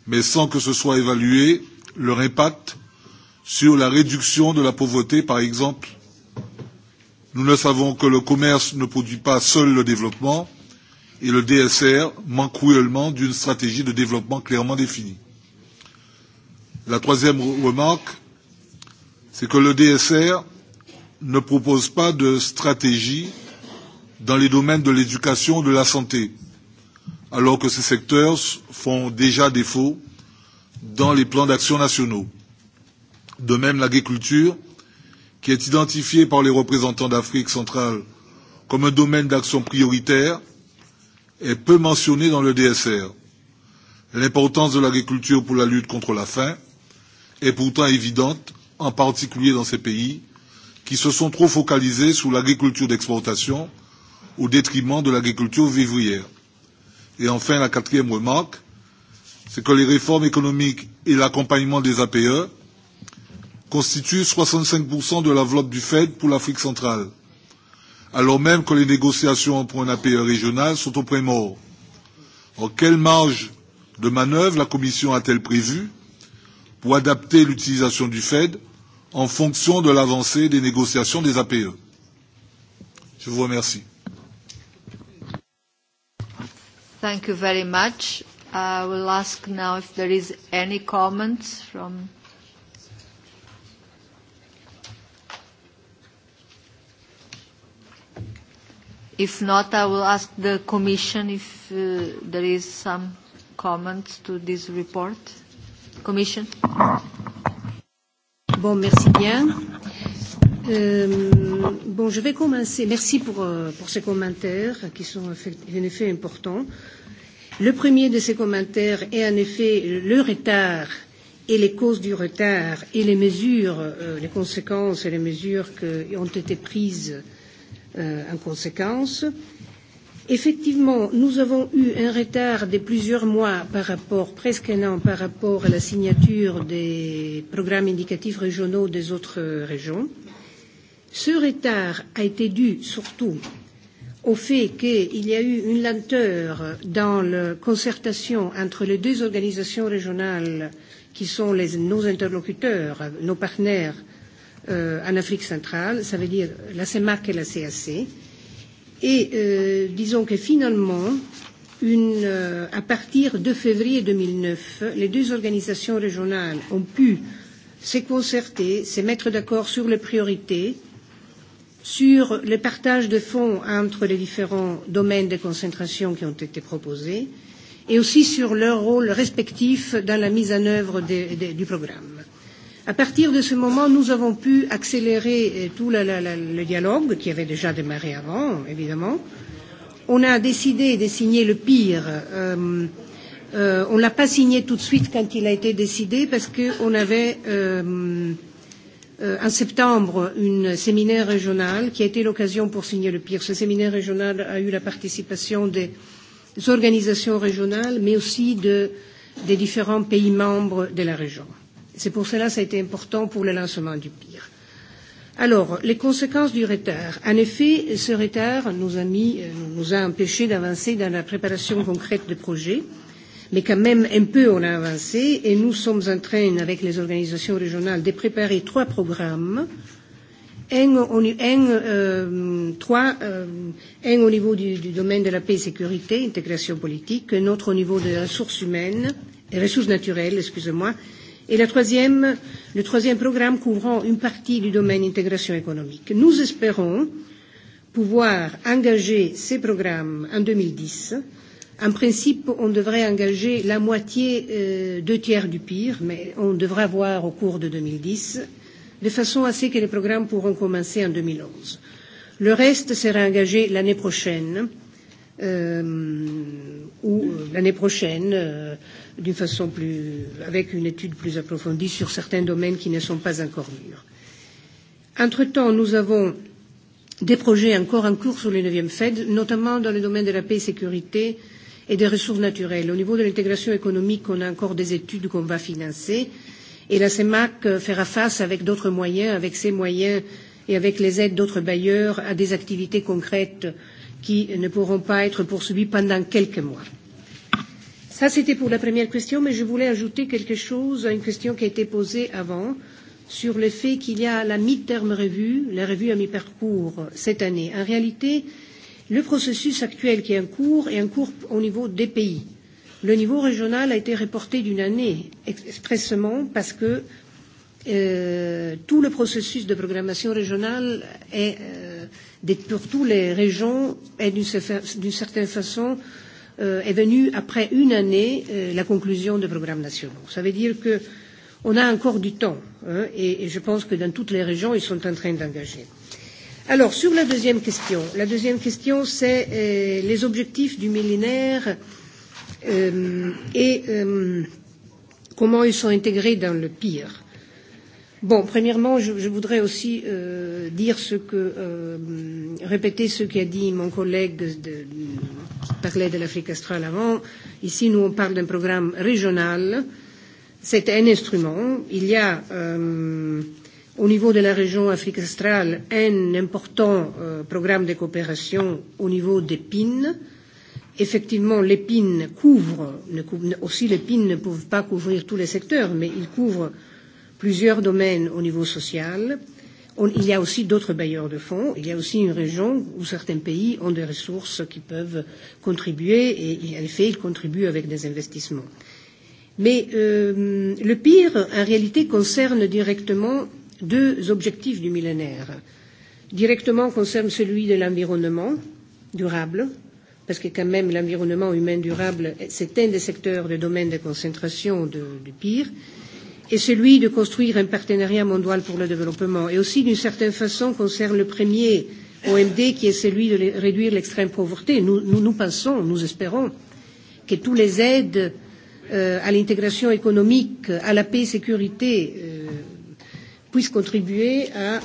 mais sans que ce soit évalué leur impact sur la réduction de la pauvreté, par exemple, Nous ne savons que le commerce ne produit pas seul le développement et le DSR manque cruellement d'une stratégie de développement clairement définie. La troisième remarque, c'est que le DSR ne propose pas de stratégie dans les domaines de l'éducation et de la santé, alors que ces secteurs font déjà défaut dans les plans d'action nationaux. De même, l'agriculture qui est identifié par les représentants d'Afrique centrale comme un domaine d'action prioritaire, est peu mentionné dans le DSR. L'importance de l'agriculture pour la lutte contre la faim est pourtant évidente, en particulier dans ces pays qui se sont trop focalisés sur l'agriculture d'exportation au détriment de l'agriculture vivrière. Et enfin, la quatrième remarque, c'est que les réformes économiques et l'accompagnement des APE constitue 65% de l'enveloppe du Fed pour l'Afrique centrale, alors même que les négociations pour un APE régional sont au mort. En quelle marge de manœuvre la Commission a-t-elle prévu pour adapter l'utilisation du Fed en fonction de l'avancée des négociations des APE Je vous remercie. Thank you very I will ask now if there is any comments from If not, I will ask the Commission if there is some comments to this report. Commission. Bon, merci bien. Bon, je vais commencer. Merci pour pour ces commentaires qui sont en effet importants. Le premier de ces commentaires est en effet le retard et les causes du retard et les mesures, les conséquences et les mesures qui ont été prises en conséquence. Effectivement, nous avons eu un retard de plusieurs mois par rapport, presque un an, par rapport à la signature des programmes indicatifs régionaux des autres régions. Ce retard a été dû surtout au fait qu'il y a eu une lenteur dans la concertation entre les deux organisations régionales qui sont nos interlocuteurs, nos partenaires en Afrique centrale, ça veut dire la CEMAC et la CAC. Et disons que finalement, à partir de février 2009, les deux organisations régionales ont pu se concerter, se mettre d'accord sur les priorités, sur le partage de fonds entre les différents domaines de concentration qui ont été proposés, et aussi sur leur rôle respectif dans la mise en œuvre du programme. À partir de ce moment, nous avons pu accélérer tout le dialogue, qui avait déjà démarré avant, évidemment. On a décidé de signer le pire. On ne l'a pas signé tout de suite quand il a été décidé, parce qu'on avait en septembre un séminaire régional qui a été l'occasion pour signer le pire. Ce séminaire régional a eu la participation des organisations régionales, mais aussi des différents pays membres de la région. C'est pour cela que ça a été important pour le lancement du PIR. Alors, les conséquences du retard. En effet, ce retard nous a, mis, nous a empêchés d'avancer dans la préparation concrète des projets, mais quand même un peu on a avancé et nous sommes en train, avec les organisations régionales, de préparer trois programmes, un, un, trois, un au niveau du, domaine de la paix et sécurité, intégration politique, un autre au niveau des ressources humaines, et ressources naturelles, excusez-moi, et la troisième, le troisième programme couvrant une partie du domaine intégration économique. Nous espérons pouvoir engager ces programmes en 2010. En principe, on devrait engager la moitié, deux tiers du pire, mais on devra voir au cours de 2010, de façon à ce que les programmes pourront commencer en 2011. Le reste sera engagé l'année prochaine, ou l'année prochaine, d'une façon plus, avec une étude plus approfondie sur certains domaines qui ne sont pas encore mûrs. Entre-temps, nous avons des projets encore en cours sur le 9e FED, notamment dans le domaine de la paix et sécurité et des ressources naturelles. Au niveau de l'intégration économique, on a encore des études qu'on va financer. Et la CEMAC fera face avec d'autres moyens, avec ses moyens et avec les aides d'autres bailleurs à des activités concrètes qui ne pourront pas être poursuivies pendant quelques mois. Ça, c'était pour la première question, mais je voulais ajouter quelque chose à une question qui a été posée avant sur le fait qu'il y a la mi terme revue, la revue à mi-parcours cette année. En réalité, le processus actuel qui est en cours est en cours au niveau des pays. Le niveau régional a été reporté d'une année expressément parce que tout le processus de programmation régionale est, pour toutes les régions est d'une certaine façon est venue après une année la conclusion des programmes nationaux. Ça veut dire qu'on a encore du temps et je pense que dans toutes les régions, ils sont en train d'engager. Alors, sur la deuxième question, la deuxième question, c'est les objectifs du millénaire et comment ils sont intégrés dans le pire. Bon, premièrement, je voudrais aussi dire ce que, répéter ce qu'a dit mon collègue parlait de l'Afrique australe avant. Ici, nous, on parle d'un programme régional. C'est un instrument. Il y a au niveau de la région Afrique australe un important programme de coopération au niveau des PIN. Effectivement, les PIN couvrent, aussi les PIN ne peuvent pas couvrir tous les secteurs, mais ils couvrent plusieurs domaines au niveau social Il y a aussi d'autres bailleurs de fonds. Il y a aussi une région où certains pays ont des ressources qui peuvent contribuer et, en effet, ils contribuent avec des investissements. Mais le pire, en réalité, concerne directement deux objectifs du millénaire. Directement concerne celui de l'environnement durable, parce que quand même l'environnement humain durable, c'est un des secteurs de domaine de concentration du pire et celui de construire un partenariat mondial pour le développement et aussi d'une certaine façon concerne le premier OMD qui est celui de réduire l'extrême pauvreté. Nous, nous, pensons, nous espérons que toutes les aides à l'intégration économique, à la paix et sécurité puissent contribuer à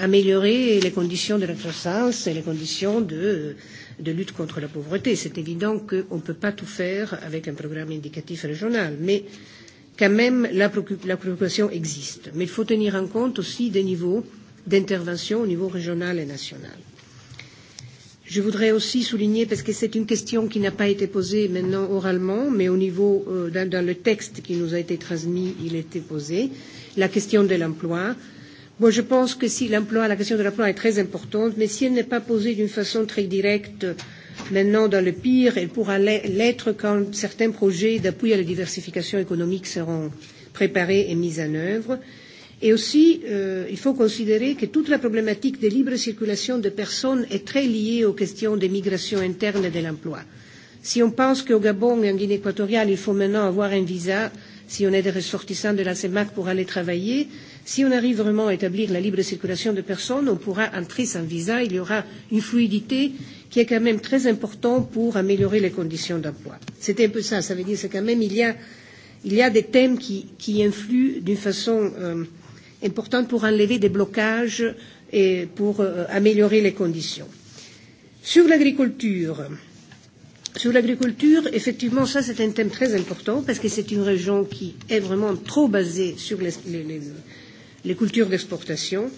améliorer les conditions de la croissance et les conditions de de lutte contre la pauvreté. C'est évident qu'on ne peut pas tout faire avec un programme indicatif régional, mais quand même la préoccupation existe. Mais il faut tenir en compte aussi des niveaux d'intervention au niveau régional et national. Je voudrais aussi souligner, parce que c'est une question qui n'a pas été posée maintenant oralement, mais au niveau, dans le texte qui nous a été transmis, il a été posé, la question de l'emploi. Moi, je pense que si l'emploi, la question de l'emploi est très importante, mais si elle n'est pas posée d'une façon très directe maintenant dans le pire, elle pourra l'être quand certains projets d'appui à la diversification économique seront préparés et mis en œuvre. Et aussi, il faut considérer que toute la problématique de libre circulation de personnes est très liée aux questions des migrations internes et de l'emploi. Si on pense qu'au Gabon et en Guinée équatoriale, il faut maintenant avoir un visa si on est des ressortissants de la CEMAC pour aller travailler, si on arrive vraiment à établir la libre circulation de personnes, on pourra entrer sans visa, il y aura une fluidité qui est quand même très important pour améliorer les conditions d'emploi. C'est un peu ça, ça veut dire que quand même il y a, il y a des thèmes qui, qui influent d'une façon importante pour enlever des blocages et pour améliorer les conditions. Sur l'agriculture, Sur l'agriculture, effectivement, ça c'est un thème très important parce que c'est une région qui est vraiment trop basée sur les, les cultures d'exportation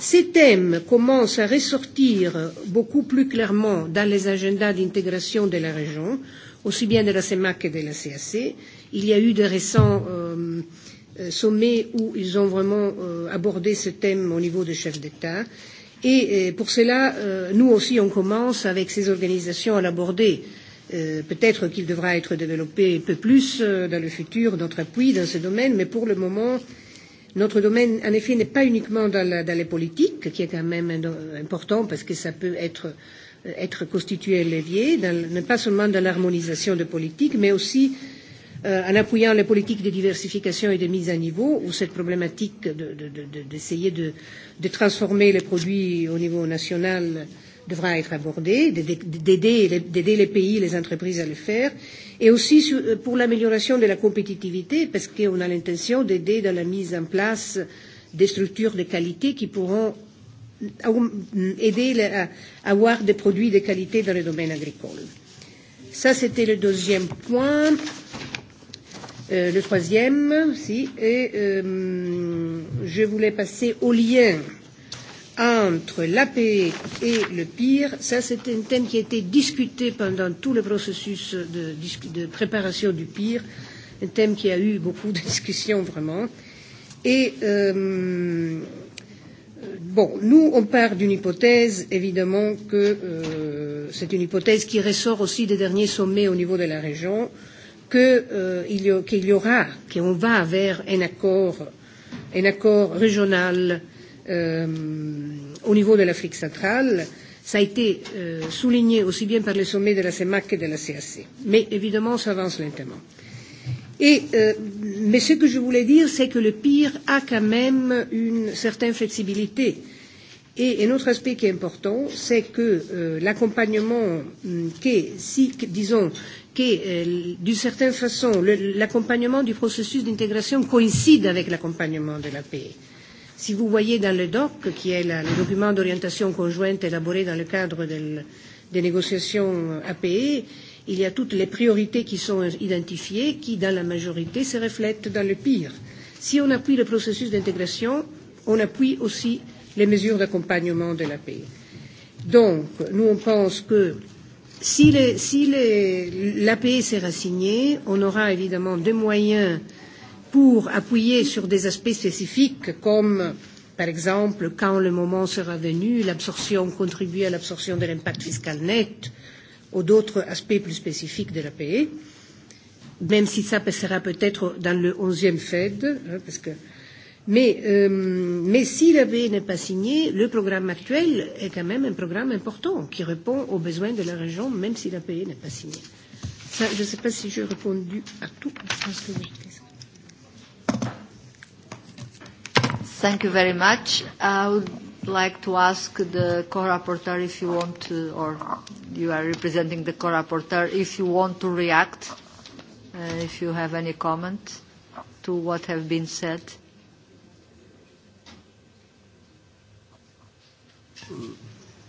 Ces thèmes commencent à ressortir beaucoup plus clairement dans les agendas d'intégration de la région, aussi bien de la CEMAC que de la CAC. Il y a eu de récents sommets où ils ont vraiment abordé ce thème au niveau des chefs d'État. Et pour cela, nous aussi, on commence avec ces organisations à l'aborder. Peut-être qu'il devra être développé un peu plus dans le futur, notre appui dans ce domaine, mais pour le moment, Notre domaine, en effet, n'est pas uniquement dans les politiques, qui est quand même important parce que ça peut être être constitué un levier, mais pas seulement dans l'harmonisation de politiques, mais aussi en appuyant les politiques de diversification et de mise à niveau, où cette problématique d'essayer de transformer les produits au niveau national devra être abordé, d'aider les pays, les entreprises à le faire, et aussi pour l'amélioration de la compétitivité, parce qu'on a l'intention d'aider dans la mise en place des structures de qualité qui pourront aider à avoir des produits de qualité dans le domaine agricole. Ça, c'était le deuxième point. Le troisième, si, et je voulais passer au lien entre la paix et le pire. ça c'était un thème qui a été discuté pendant tout le processus de, de préparation du pire, un thème qui a eu beaucoup de discussions vraiment. Et bon, nous on part d'une hypothèse évidemment que c'est une hypothèse qui ressort aussi des derniers sommets au niveau de la région, qu'il euh, y, y aura, qu'on va vers un accord, un accord régional au niveau de l'Afrique centrale. Ça a été souligné aussi bien par les sommets de la CEMAC que de la CAC. Mais évidemment, ça avance lentement. Mais ce que je voulais dire, c'est que le pire a quand même une certaine flexibilité. Et un autre aspect qui est important, c'est que l'accompagnement qui, si, disons, que d'une certaine façon, l'accompagnement du processus d'intégration coïncide avec l'accompagnement de la paix. Si vous voyez dans le DOC, qui est le document d'orientation conjointe élaboré dans le cadre des négociations APE, il y a toutes les priorités qui sont identifiées, qui, dans la majorité, se reflètent dans le pire. Si on appuie le processus d'intégration, on appuie aussi les mesures d'accompagnement de la paix. Donc, nous, on pense que si l'APE sera signée, on aura évidemment des moyens pour appuyer sur des aspects spécifiques comme par exemple quand le moment sera venu l'absorption contribue à l'absorption de l'impact fiscal net ou d'autres aspects plus spécifiques de la PE, même si ça passera peut-être dans le 11e Fed. Parce que... mais, mais si la PE n'est pas signée, le programme actuel est quand même un programme important qui répond aux besoins de la région, même si la PE n'est pas signée. je ne sais pas si j'ai répondu à tout. Je pense que oui. Thank you very much. I would like to ask the co-rapporteur if you want to, or you are representing the co-rapporteur, if you want to react, if you have any comment to what have been said.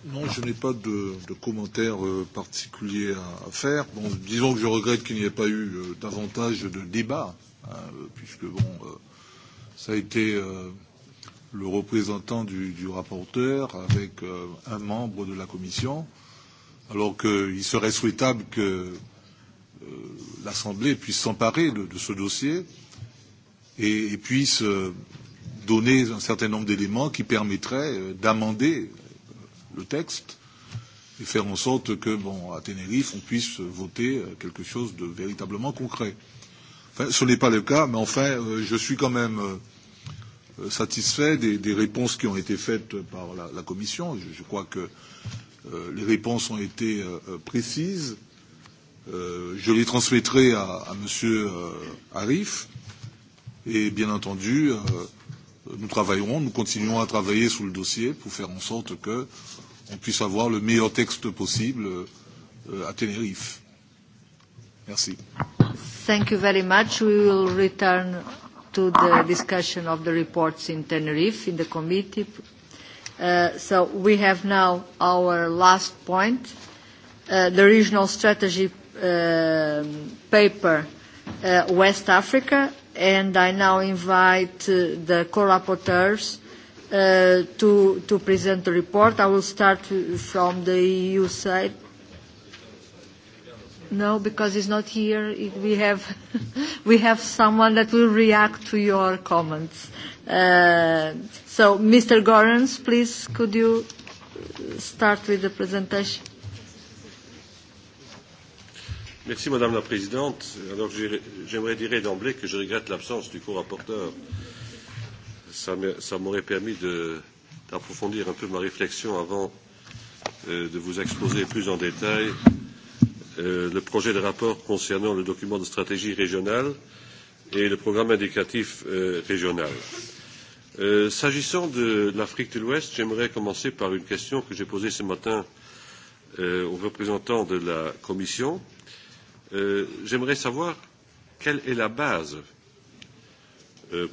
Non, je n'ai pas de, de commentaire particulier à, faire. Bon, disons que je regrette qu'il n'y ait pas eu davantage de débat, puisque bon, ça a été le représentant du, du rapporteur avec un membre de la commission, alors qu'il serait souhaitable que l'Assemblée puisse s'emparer de, de ce dossier et, puisse donner un certain nombre d'éléments qui permettraient d'amender le texte et faire en sorte que, bon, à Tenerife, on puisse voter quelque chose de véritablement concret. Enfin, ce n'est pas le cas, mais enfin, je suis quand même satisfait des réponses qui ont été faites par la Commission. Je crois que les réponses ont été précises. Je les transmettrai à M. Arif. Et bien entendu, nous travaillerons, nous continuons à travailler sur le dossier pour faire en sorte qu'on puisse avoir le meilleur texte possible à Tenerife. Merci. Thank you very much. We will return to the discussion of the reports in Tenerife in the committee. So we have now our last point, the regional strategy paper West Africa, and I now invite the co-rapporteurs to present the report. I will start from the EU side No, because he's not here. We have, we have someone that will react to your comments. So, Mr. Gorens, please, could you start with the presentation? Merci, Madame la Présidente. Alors, j'aimerais dire d'emblée que je regrette l'absence du co-rapporteur. Ça m'aurait permis d'approfondir un peu ma réflexion avant de vous exposer plus en détail le projet de rapport concernant le document de stratégie régionale et le programme indicatif régional. S'agissant de l'Afrique de l'Ouest, j'aimerais commencer par une question que j'ai posée ce matin aux représentants de la Commission. J'aimerais savoir quelle est la base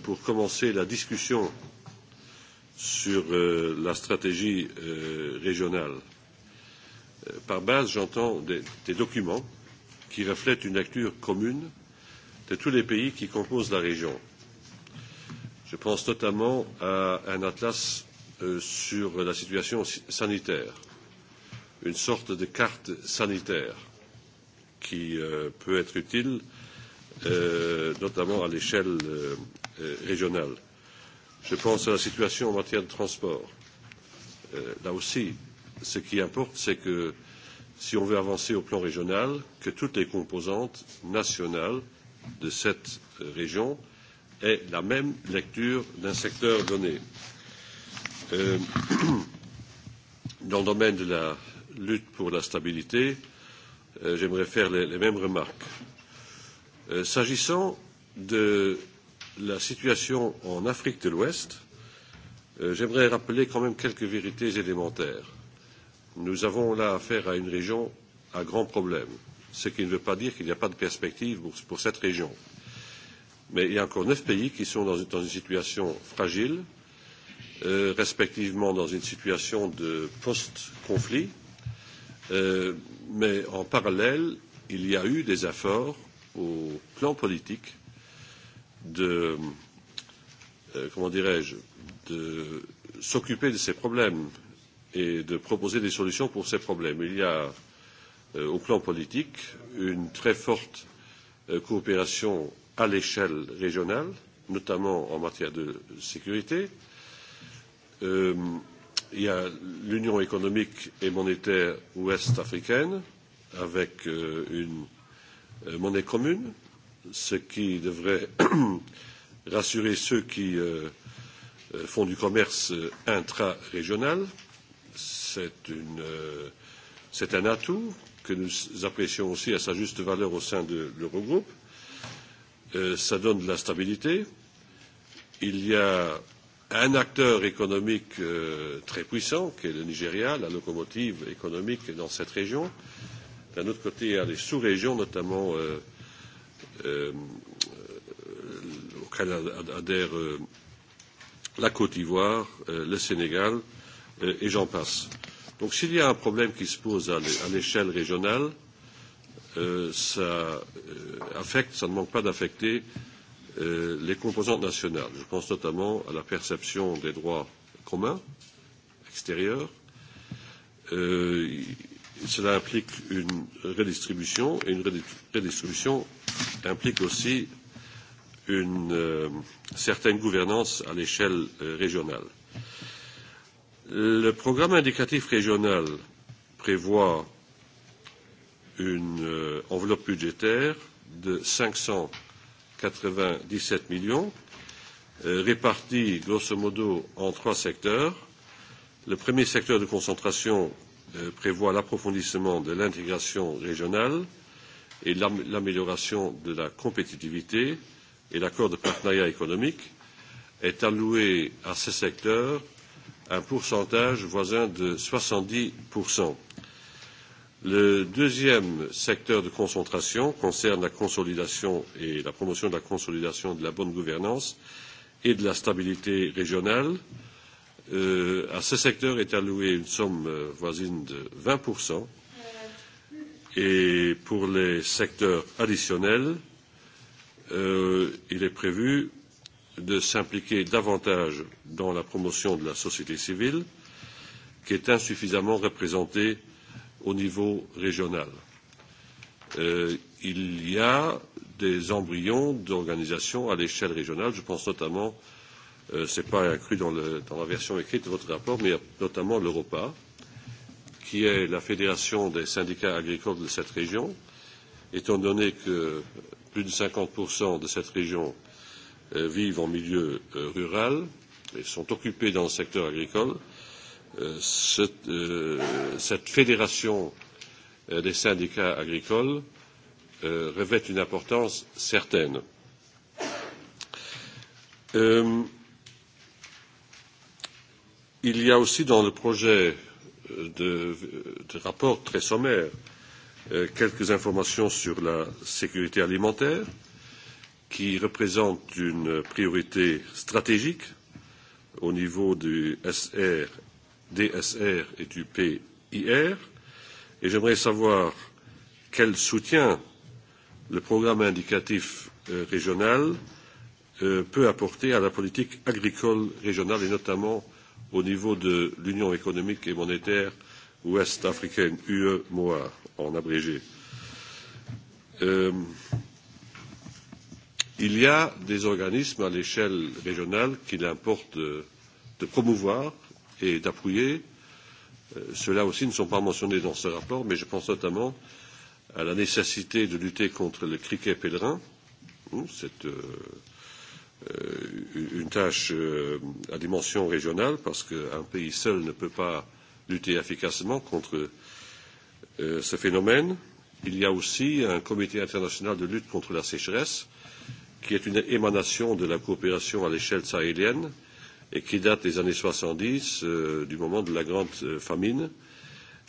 pour commencer la discussion sur la stratégie régionale par base, j'entends des documents qui reflètent une lecture commune de tous les pays qui composent la région. Je pense notamment à un atlas sur la situation sanitaire, une sorte de carte sanitaire qui peut être utile, notamment à l'échelle régionale. Je pense à la situation en matière de transport. Là aussi, ce qui importe, c'est que si on veut avancer au plan régional, que toutes les composantes nationales de cette région aient la même lecture d'un secteur donné. Dans le domaine de la lutte pour la stabilité, j'aimerais faire les mêmes remarques. S'agissant de la situation en Afrique de l'Ouest, j'aimerais rappeler quand même quelques vérités élémentaires nous avons là affaire à une région à grands problèmes, ce qui ne veut pas dire qu'il n'y a pas de perspective pour cette région. Mais il y a encore neuf pays qui sont dans une situation fragile, respectivement dans une situation de post-conflit, mais en parallèle, il y a eu des efforts au plan politique de, comment dirais-je, de s'occuper de ces problèmes et de proposer des solutions pour ces problèmes. Il y a au plan politique une très forte coopération à l'échelle régionale, notamment en matière de sécurité. Il y a l'Union économique et monétaire ouest africaine avec une monnaie commune, ce qui devrait rassurer ceux qui font du commerce intra régional c'est un atout que nous apprécions aussi à sa juste valeur au sein de l'Eurogroupe. Ça donne de la stabilité. Il y a un acteur économique très puissant, qui est le Nigeria, la locomotive économique dans cette région. D'un autre côté, il y a les sous-régions, notamment auxquelles adhèrent la Côte d'Ivoire, le Sénégal et j'en passe. Donc s'il y a un problème qui se pose à l'échelle régionale, ça affecte, ça ne manque pas d'affecter les composantes nationales. Je pense notamment à la perception des droits communs extérieurs. Cela implique une redistribution et une redistribution implique aussi une certaine gouvernance à l'échelle régionale. Le programme indicatif régional prévoit une enveloppe budgétaire de 597 millions, répartie grosso modo en trois secteurs. Le premier secteur de concentration prévoit l'approfondissement de l'intégration régionale et l'amélioration de la compétitivité et l'accord de partenariat économique est alloué à ce secteur un pourcentage voisin de 70%. Le deuxième secteur de concentration concerne la consolidation et la promotion de la consolidation de la bonne gouvernance et de la stabilité régionale. À ce secteur est allouée une somme voisine de 20%. Et pour les secteurs additionnels, il est prévu de s'impliquer davantage dans la promotion de la société civile, qui est insuffisamment représentée au niveau régional. Il y a des embryons d'organisations à l'échelle régionale, je pense notamment ce n'est pas inclus dans la version écrite de votre rapport, mais notamment l'Europa, qui est la fédération des syndicats agricoles de cette région, étant donné que plus de 50 de cette région vivent en milieu rural et sont occupés dans le secteur agricole. Cette fédération des syndicats agricoles revêt une importance certaine. Il y a aussi dans le projet de rapport très sommaire quelques informations sur la sécurité alimentaire qui représente une priorité stratégique au niveau du SR, DSR et du PIR. Et j'aimerais savoir quel soutien le programme indicatif régional peut apporter à la politique agricole régionale et notamment au niveau de l'Union économique et monétaire ouest africaine, UE-MOA en abrégé. Il y a des organismes à l'échelle régionale qu'il importe de promouvoir et d'appuyer. Ceux-là aussi ne sont pas mentionnés dans ce rapport, mais je pense notamment à la nécessité de lutter contre le criquet pèlerin. C'est une tâche à dimension régionale parce qu'un pays seul ne peut pas lutter efficacement contre ce phénomène. Il y a aussi un comité international de lutte contre la sécheresse qui est une émanation de la coopération à l'échelle sahélienne et qui date des années 70, du moment de la grande famine,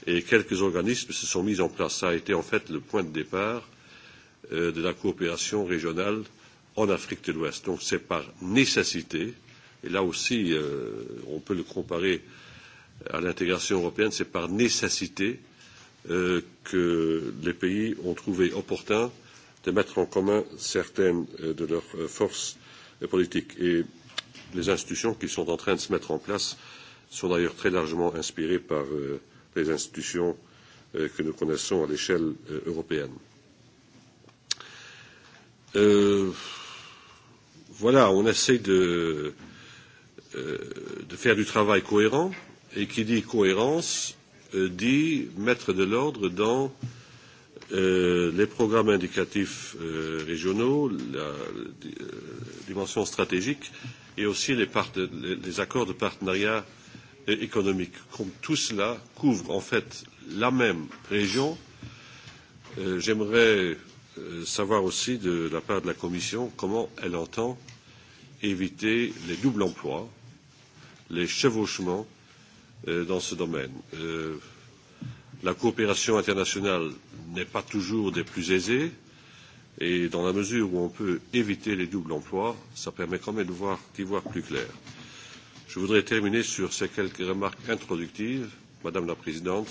et quelques organismes se sont mis en place. Ça a été en fait le point de départ de la coopération régionale en Afrique de l'Ouest. Donc c'est par nécessité, et là aussi on peut le comparer à l'intégration européenne, c'est par nécessité que les pays ont trouvé opportun de mettre en commun certaines de leurs forces politiques. Et les institutions qui sont en train de se mettre en place sont d'ailleurs très largement inspirées par les institutions que nous connaissons à l'échelle européenne. Voilà, on essaie de faire du travail cohérent et qui dit cohérence dit mettre de l'ordre dans les programmes indicatifs régionaux, la dimension stratégique et aussi les accords de partenariat économique. Comme tout cela couvre en fait la même région, j'aimerais savoir aussi de la part de la Commission comment elle entend éviter les doubles emplois, les chevauchements dans ce domaine la coopération internationale n'est pas toujours des plus aisées et dans la mesure où on peut éviter les doubles emplois, ça permet quand même d'y voir plus clair. Je voudrais terminer sur ces quelques remarques introductives, Madame la Présidente,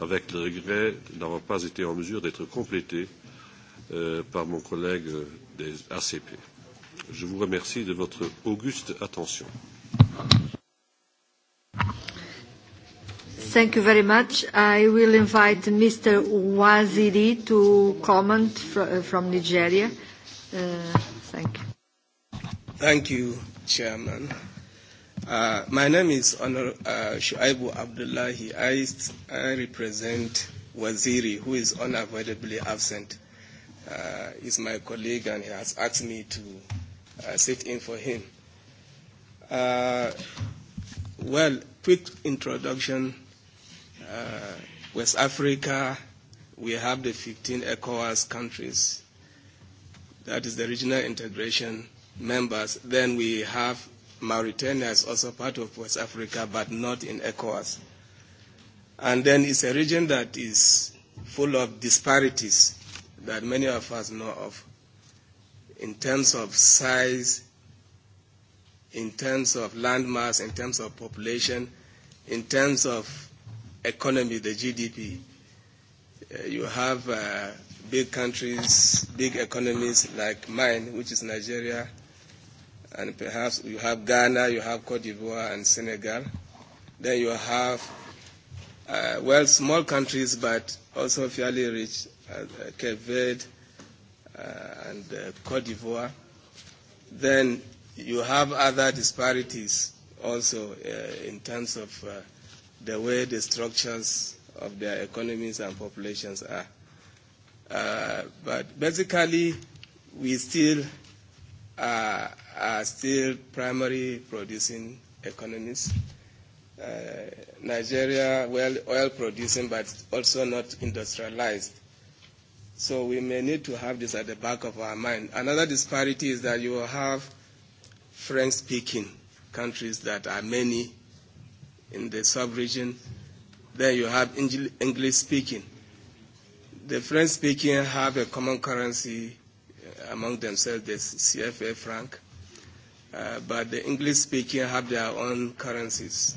avec le regret n'avoir pas été en mesure d'être complété par mon collègue des ACP. Je vous remercie de votre auguste attention. Thank you very much. I will invite Mr. Waziri to comment from Nigeria. Thank you. Thank you, Chairman. My name is Shuaibu Abdullahi. I represent Waziri, who is unavoidably absent. Is my colleague, and he has asked me to sit in for him. Well, quick introduction West Africa, we have the 15 ECOWAS countries. That is the regional integration members. Then we have Mauritania is also part of West Africa, but not in ECOWAS. And then it's a region that is full of disparities that many of us know of in terms of size, in terms of landmass, in terms of population, in terms of economy, the GDP. You have big countries, big economies like mine, which is Nigeria, and perhaps you have Ghana, you have Cote d'Ivoire and Senegal. Then you have, well, small countries, but also fairly rich, Cape Verde and Cote d'Ivoire. Then you have other disparities also in terms of the way the structures of their economies and populations are. Uh, but basically, we still are are still primary producing economies. Uh, Nigeria, well, oil producing, but also not industrialized. So we may need to have this at the back of our mind. Another disparity is that you will have French-speaking countries that are many in the sub-region. Then you have English-speaking. The French-speaking have a common currency among themselves, the CFA franc, but the English-speaking have their own currencies.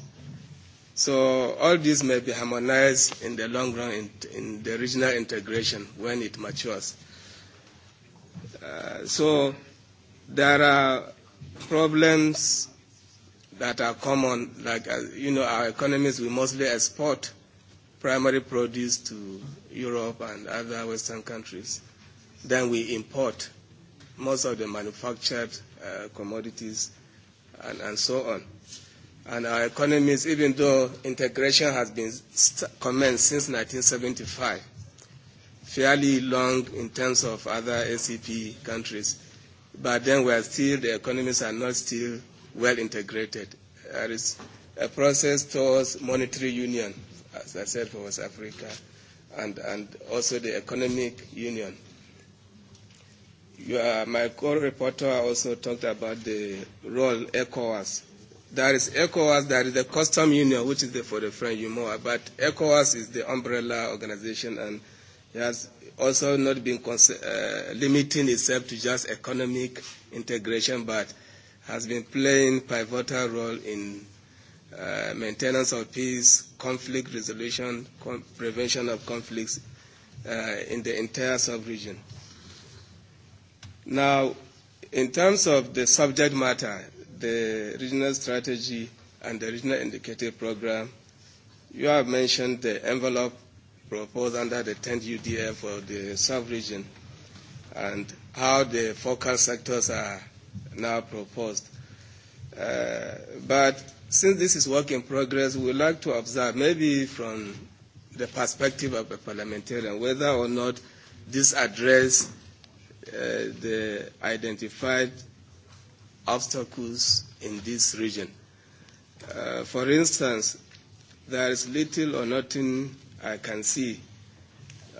So all this may be harmonized in the long run in the regional integration when it matures. So there are problems that are common, like, you know, our economies, we mostly export primary produce to Europe and other Western countries. Then we import most of the manufactured commodities and, and so on. And our economies, even though integration has been commenced since 1975, fairly long in terms of other ACP countries, but then we are still, the economies are not still well integrated. There is a process towards monetary union, as I said, for West Africa, and, and also the economic union. my co-reporter also talked about the role ECOWAS. There is ECOWAS, there is the custom union, which is the, for the French, you but ECOWAS is the umbrella organization and has also not been limiting itself to just economic integration, but has been playing pivotal role in maintenance of peace, conflict resolution, prevention of conflicts in the entire sub-region. Now, in terms of the subject matter, the regional strategy and the regional indicative program, you have mentioned the envelope proposed under the 10th UDF for the sub-region and how the focal sectors are now proposed. But since this is work in progress, we would like to observe, maybe from the perspective of a parliamentarian, whether or not this address the identified obstacles in this region. For instance, there is little or nothing I can see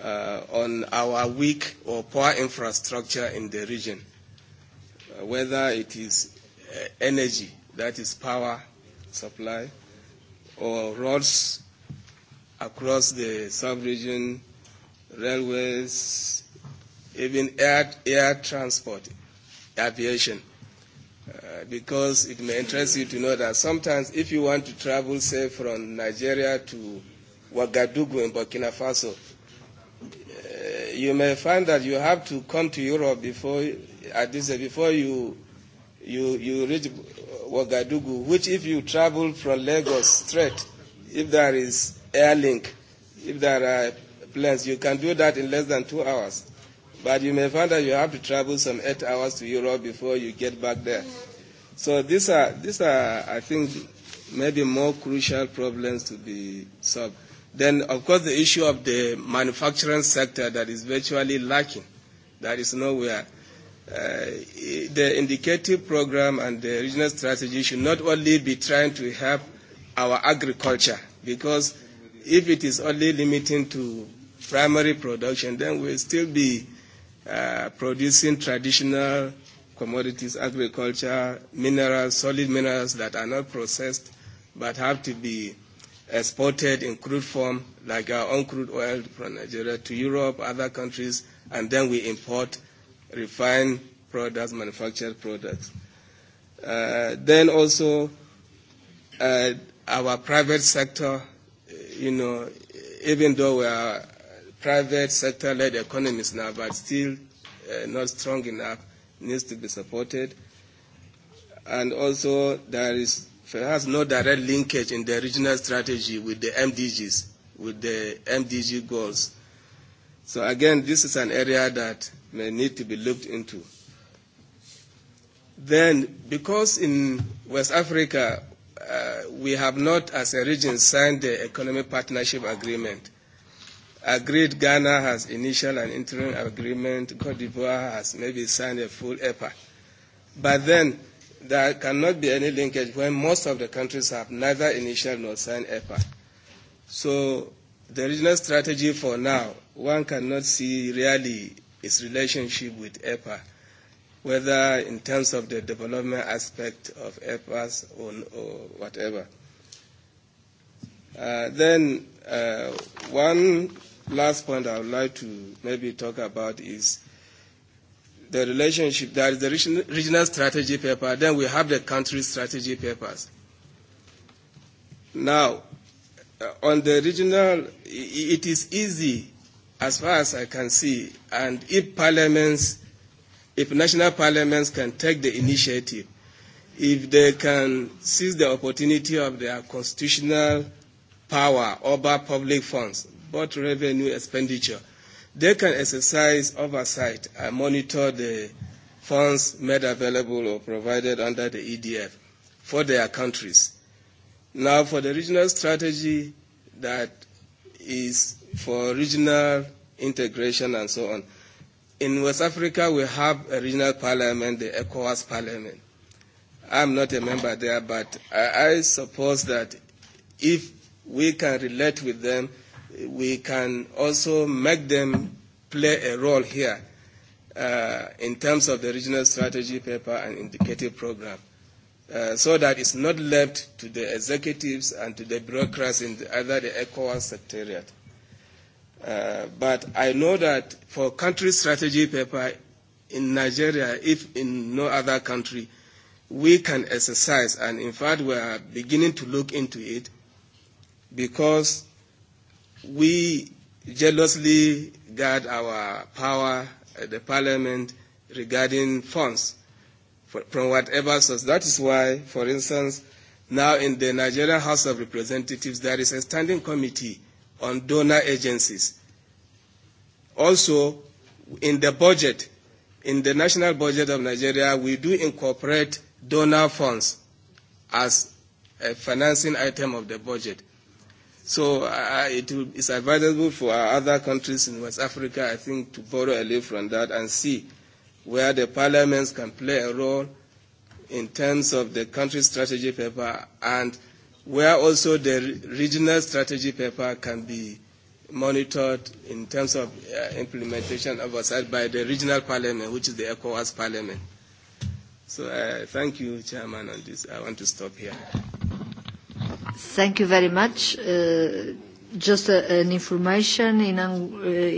on our weak or poor infrastructure in the region whether it is energy, that is power supply, or roads across the sub-region, railways, even air, air transport, aviation. because it may interest you to know that sometimes if you want to travel, say, from Nigeria to Ouagadougou in Burkina Faso, you may find that you have to come to Europe before, at day, before you, you, you reach Ouagadougou, which if you travel from Lagos straight, if there is air link, if there are planes, you can do that in less than two hours. But you may find that you have to travel some eight hours to Europe before you get back there. So these are, these are, I think, maybe more crucial problems to be solved. Then, of course, the issue of the manufacturing sector that is virtually lacking, that is nowhere. The indicative program and the regional strategy should not only be trying to help our agriculture, because if it is only limiting to primary production, then we'll still be producing traditional commodities, agriculture, minerals, solid minerals that are not processed but have to be exported in crude form, like our own crude oil from Nigeria to Europe, other countries, and then we import refined products, manufactured products. Then also our private sector, you know, even though we are private sector-led economies now, but still not strong enough, needs to be supported. And also there is has no direct linkage in the regional strategy with the MDGs, with the MDG goals. So again, this is an area that may need to be looked into. Then, because in West Africa, we have not, as a region, signed the Economic Partnership Agreement. Agreed, Ghana has initial and interim agreement. Cote d'Ivoire has maybe signed a full EPA. But then, there cannot be any linkage when most of the countries have neither initial nor signed EPA. So the regional strategy for now, one cannot see really its relationship with EPA, whether in terms of the development aspect of EPAs or, or whatever. Uh, then uh, one last point I would like to maybe talk about is the relationship, there is the regional strategy paper, then we have the country strategy papers. Now, on the regional, it is easy as far as I can see, and if parliaments, if national parliaments can take the initiative, if they can seize the opportunity of their constitutional power over public funds, both revenue expenditure, they can exercise oversight and monitor the funds made available or provided under the EDF for their countries. Now, for the regional strategy that is for regional integration and so on, in West Africa we have a regional parliament, the ECOWAS parliament. I'm not a member there, but I, I suppose that if we can relate with them, we can also make them play a role here in terms of the regional strategy paper and indicative program, so that it's not left to the executives and to the bureaucrats in either the ECOWAS secretariat. But I know that for country strategy paper in Nigeria, if in no other country, we can exercise, and in fact we are beginning to look into it, because we jealously guard our power at the Parliament regarding funds from whatever source. That is why, for instance, now in the Nigerian House of Representatives, there is a standing committee on donor agencies. Also, in the budget, in the national budget of Nigeria, we do incorporate donor funds as a financing item of the budget. So it is advisable for other countries in West Africa, I think, to borrow a little from that and see where the parliaments can play a role in terms of the country strategy paper and where also the regional strategy paper can be monitored in terms of implementation oversight by the regional parliament, which is the ECOWAS parliament. So thank you, Chairman, on this. I want to stop here. Thank you very much. Just an information, in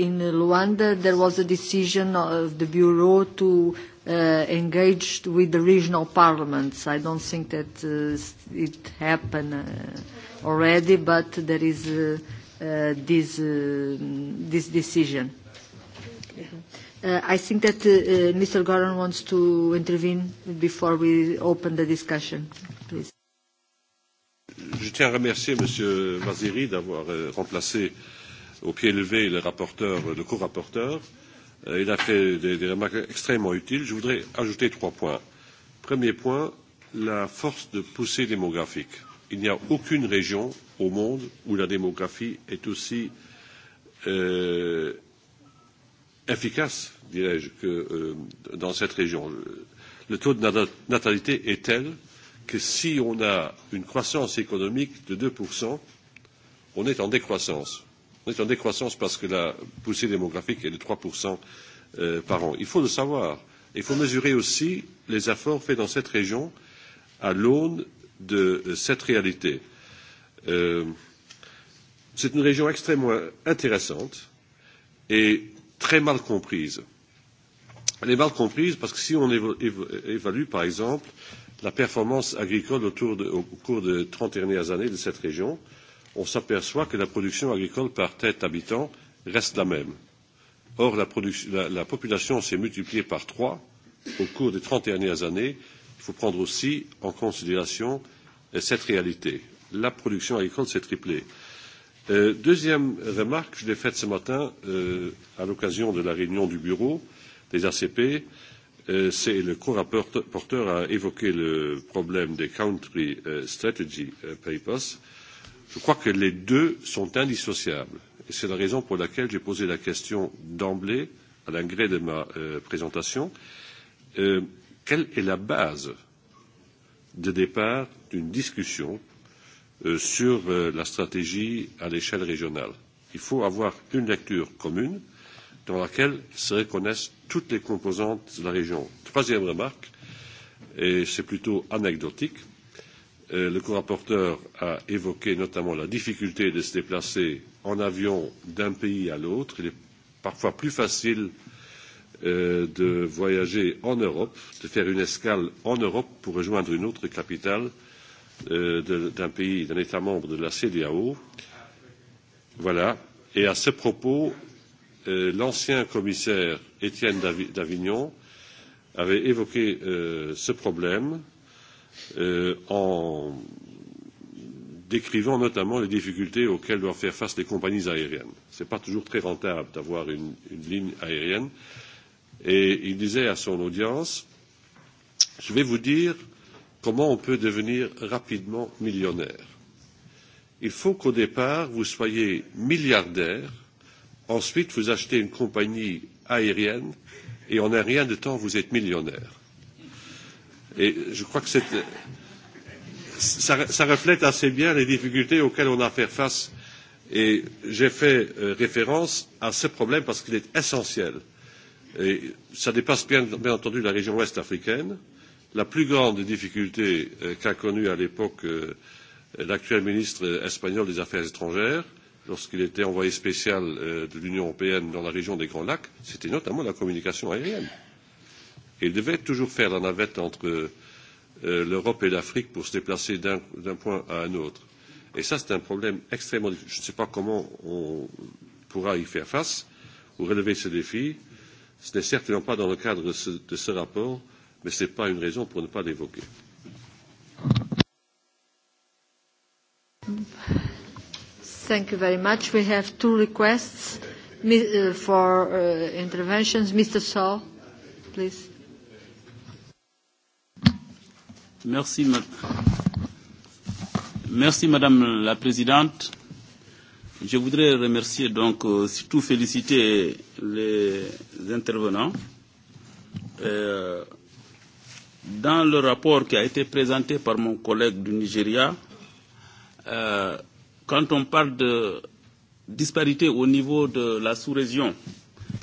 in Luanda there was a decision of the Bureau to engage with the regional parliaments. I don't think that it happened already, but there is this this decision. I think that Mr. Goran wants to intervene before we open the discussion. Please. Je tiens à remercier M. Maziri d'avoir remplacé au pied levé le rapporteur, le co-rapporteur. Il a fait des remarques extrêmement utiles. Je voudrais ajouter trois points. Premier point, la force de poussée démographique. Il n'y a aucune région au monde où la démographie est aussi efficace, dirais-je, que dans cette région. Le taux de natalité est tel que si on a une croissance économique de 2%, on est en décroissance. On est en décroissance parce que la poussée démographique est de 3% par an. Il faut le savoir. Il faut mesurer aussi les efforts faits dans cette région à l'aune de cette réalité. C'est une région extrêmement intéressante et très mal comprise. Elle est mal comprise parce que si on évalue, par exemple, la performance agricole au cours des 30 dernières années de cette région, on s'aperçoit que la production agricole par tête habitant reste la même. Or, la, la, la population s'est multipliée par trois au cours des 30 dernières années. Il faut prendre aussi en considération cette réalité. La production agricole s'est triplée. deuxième remarque, je l'ai faite ce matin à l'occasion de la réunion du bureau des ACP c'est le co-rapporteur a évoqué le problème des country strategy papers. Je crois que les deux sont indissociables. Et c'est la raison pour laquelle j'ai posé la question d'emblée, à l'ingré de ma présentation, quelle est la base de départ d'une discussion sur la stratégie à l'échelle régionale Il faut avoir une lecture commune dans laquelle se reconnaissent toutes les composantes de la région. Troisième remarque, et c'est plutôt anecdotique, le corapporteur a évoqué notamment la difficulté de se déplacer en avion d'un pays à l'autre. Il est parfois plus facile de voyager en Europe, de faire une escale en Europe pour rejoindre une autre capitale d'un pays, d'un État membre de la CDAO. Voilà. Et à ce propos, l'ancien commissaire Étienne d'Avignon avait évoqué ce problème en décrivant notamment les difficultés auxquelles doivent faire face les compagnies aériennes. Ce n'est pas toujours très rentable d'avoir une ligne aérienne. Et il disait à son audience, je vais vous dire comment on peut devenir rapidement millionnaire. Il faut qu'au départ, vous soyez milliardaire Ensuite, vous achetez une compagnie aérienne et en un rien de temps, vous êtes millionnaire. Et je crois que ça reflète assez bien les difficultés auxquelles on a à faire face. Et j'ai fait référence à ce problème parce qu'il est essentiel. Et ça dépasse bien entendu la région ouest africaine. La plus grande difficulté qu'a connue à l'époque l'actuel ministre espagnol des Affaires étrangères, lorsqu'il était envoyé spécial de l'Union européenne dans la région des Grands Lacs, c'était notamment la communication aérienne. il devait toujours faire la navette entre l'Europe et l'Afrique pour se déplacer d'un point à un autre. Et ça, c'est un problème extrêmement difficile. Je ne sais pas comment on pourra y faire face ou relever ce défi. Ce n'est certainement pas dans le cadre de ce rapport, mais ce n'est pas une raison pour ne pas l'évoquer. Thank you very much. We have two requests for interventions. Mr. Saul, please. Merci, Merci, Madame la Présidente. Je voudrais remercier, donc, surtout féliciter les intervenants. Dans le rapport qui a été présenté par mon collègue du Nigeria, Quand on parle de disparité au niveau de la sous-région,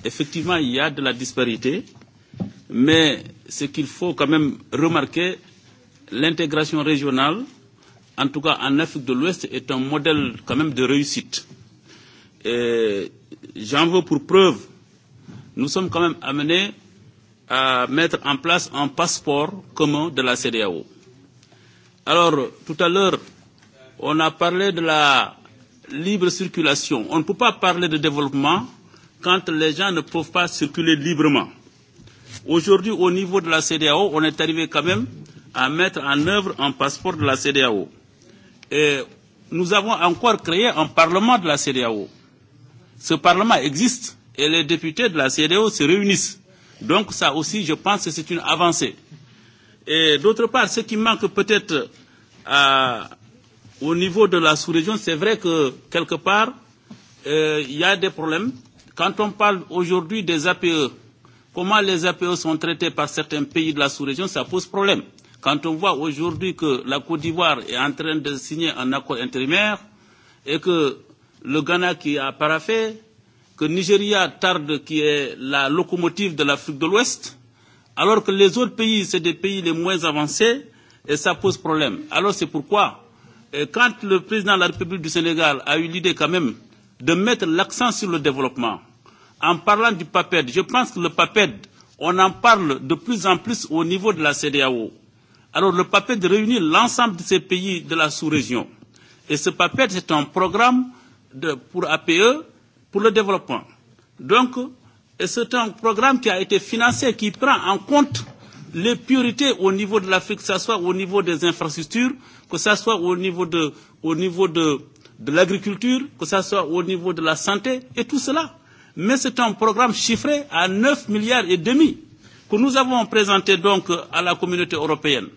effectivement, il y a de la disparité, mais ce qu'il faut quand même remarquer, l'intégration régionale, en tout cas en Afrique de l'Ouest, est un modèle quand même de réussite. J'en veux pour preuve, nous sommes quand même amenés à mettre en place un passeport commun de la CDAO. Alors, tout à l'heure, On a parlé de la libre circulation. On ne peut pas parler de développement quand les gens ne peuvent pas circuler librement. Aujourd'hui, au niveau de la CDAO, on est arrivé quand même à mettre en œuvre un passeport de la CDAO. Et nous avons encore créé un parlement de la CDAO. Ce parlement existe et les députés de la CDAO se réunissent. Donc ça aussi, je pense que c'est une avancée. Et d'autre part, ce qui manque peut-être à Au niveau de la sous-région, c'est vrai que quelque part, il y a des problèmes. Quand on parle aujourd'hui des APE, comment les APE sont traités par certains pays de la sous-région, ça pose problème. Quand on voit aujourd'hui que la Côte d'Ivoire est en train de signer un accord intérimaire et que le Ghana qui a paraffé, que Nigeria tarde qui est la locomotive de l'Afrique de l'Ouest, alors que les autres pays, c'est des pays les moins avancés et ça pose problème. Alors c'est pourquoi quand le président de la République du Sénégal a eu l'idée quand même de mettre l'accent sur le développement, en parlant du PAPED, je pense que le PAPED, on en parle de plus en plus au niveau de la CDAO. Alors le PAPED réunit l'ensemble de ces pays de la sous-région. Et ce PAPED, c'est un programme de, pour APE, pour le développement. Donc, c'est un programme qui a été financé, qui prend en compte les priorités au niveau de l'Afrique, que ce soit au niveau des infrastructures, que ce soit au niveau de, au niveau de, de l'agriculture, que ce soit au niveau de la santé et tout cela. Mais c'est un programme chiffré à 9 milliards et demi que nous avons présenté donc à la communauté européenne.